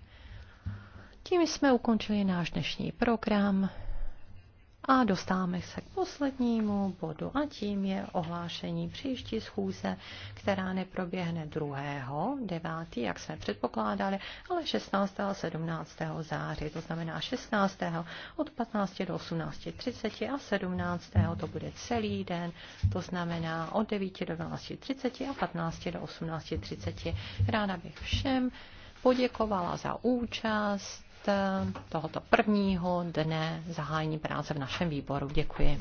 Tím jsme ukončili náš dnešní program. A dostáváme se k poslednímu bodu a tím je ohlášení příští schůze, která neproběhne 2. 9. jak jsme předpokládali, ale 16. a 17. září, to znamená 16. od 15. do 18.30 a 17. to bude celý den, to znamená od 9. do 12.30 a 15. do 18.30. Ráda bych všem poděkovala za účast tohoto prvního dne zahájení práce v našem výboru. Děkuji.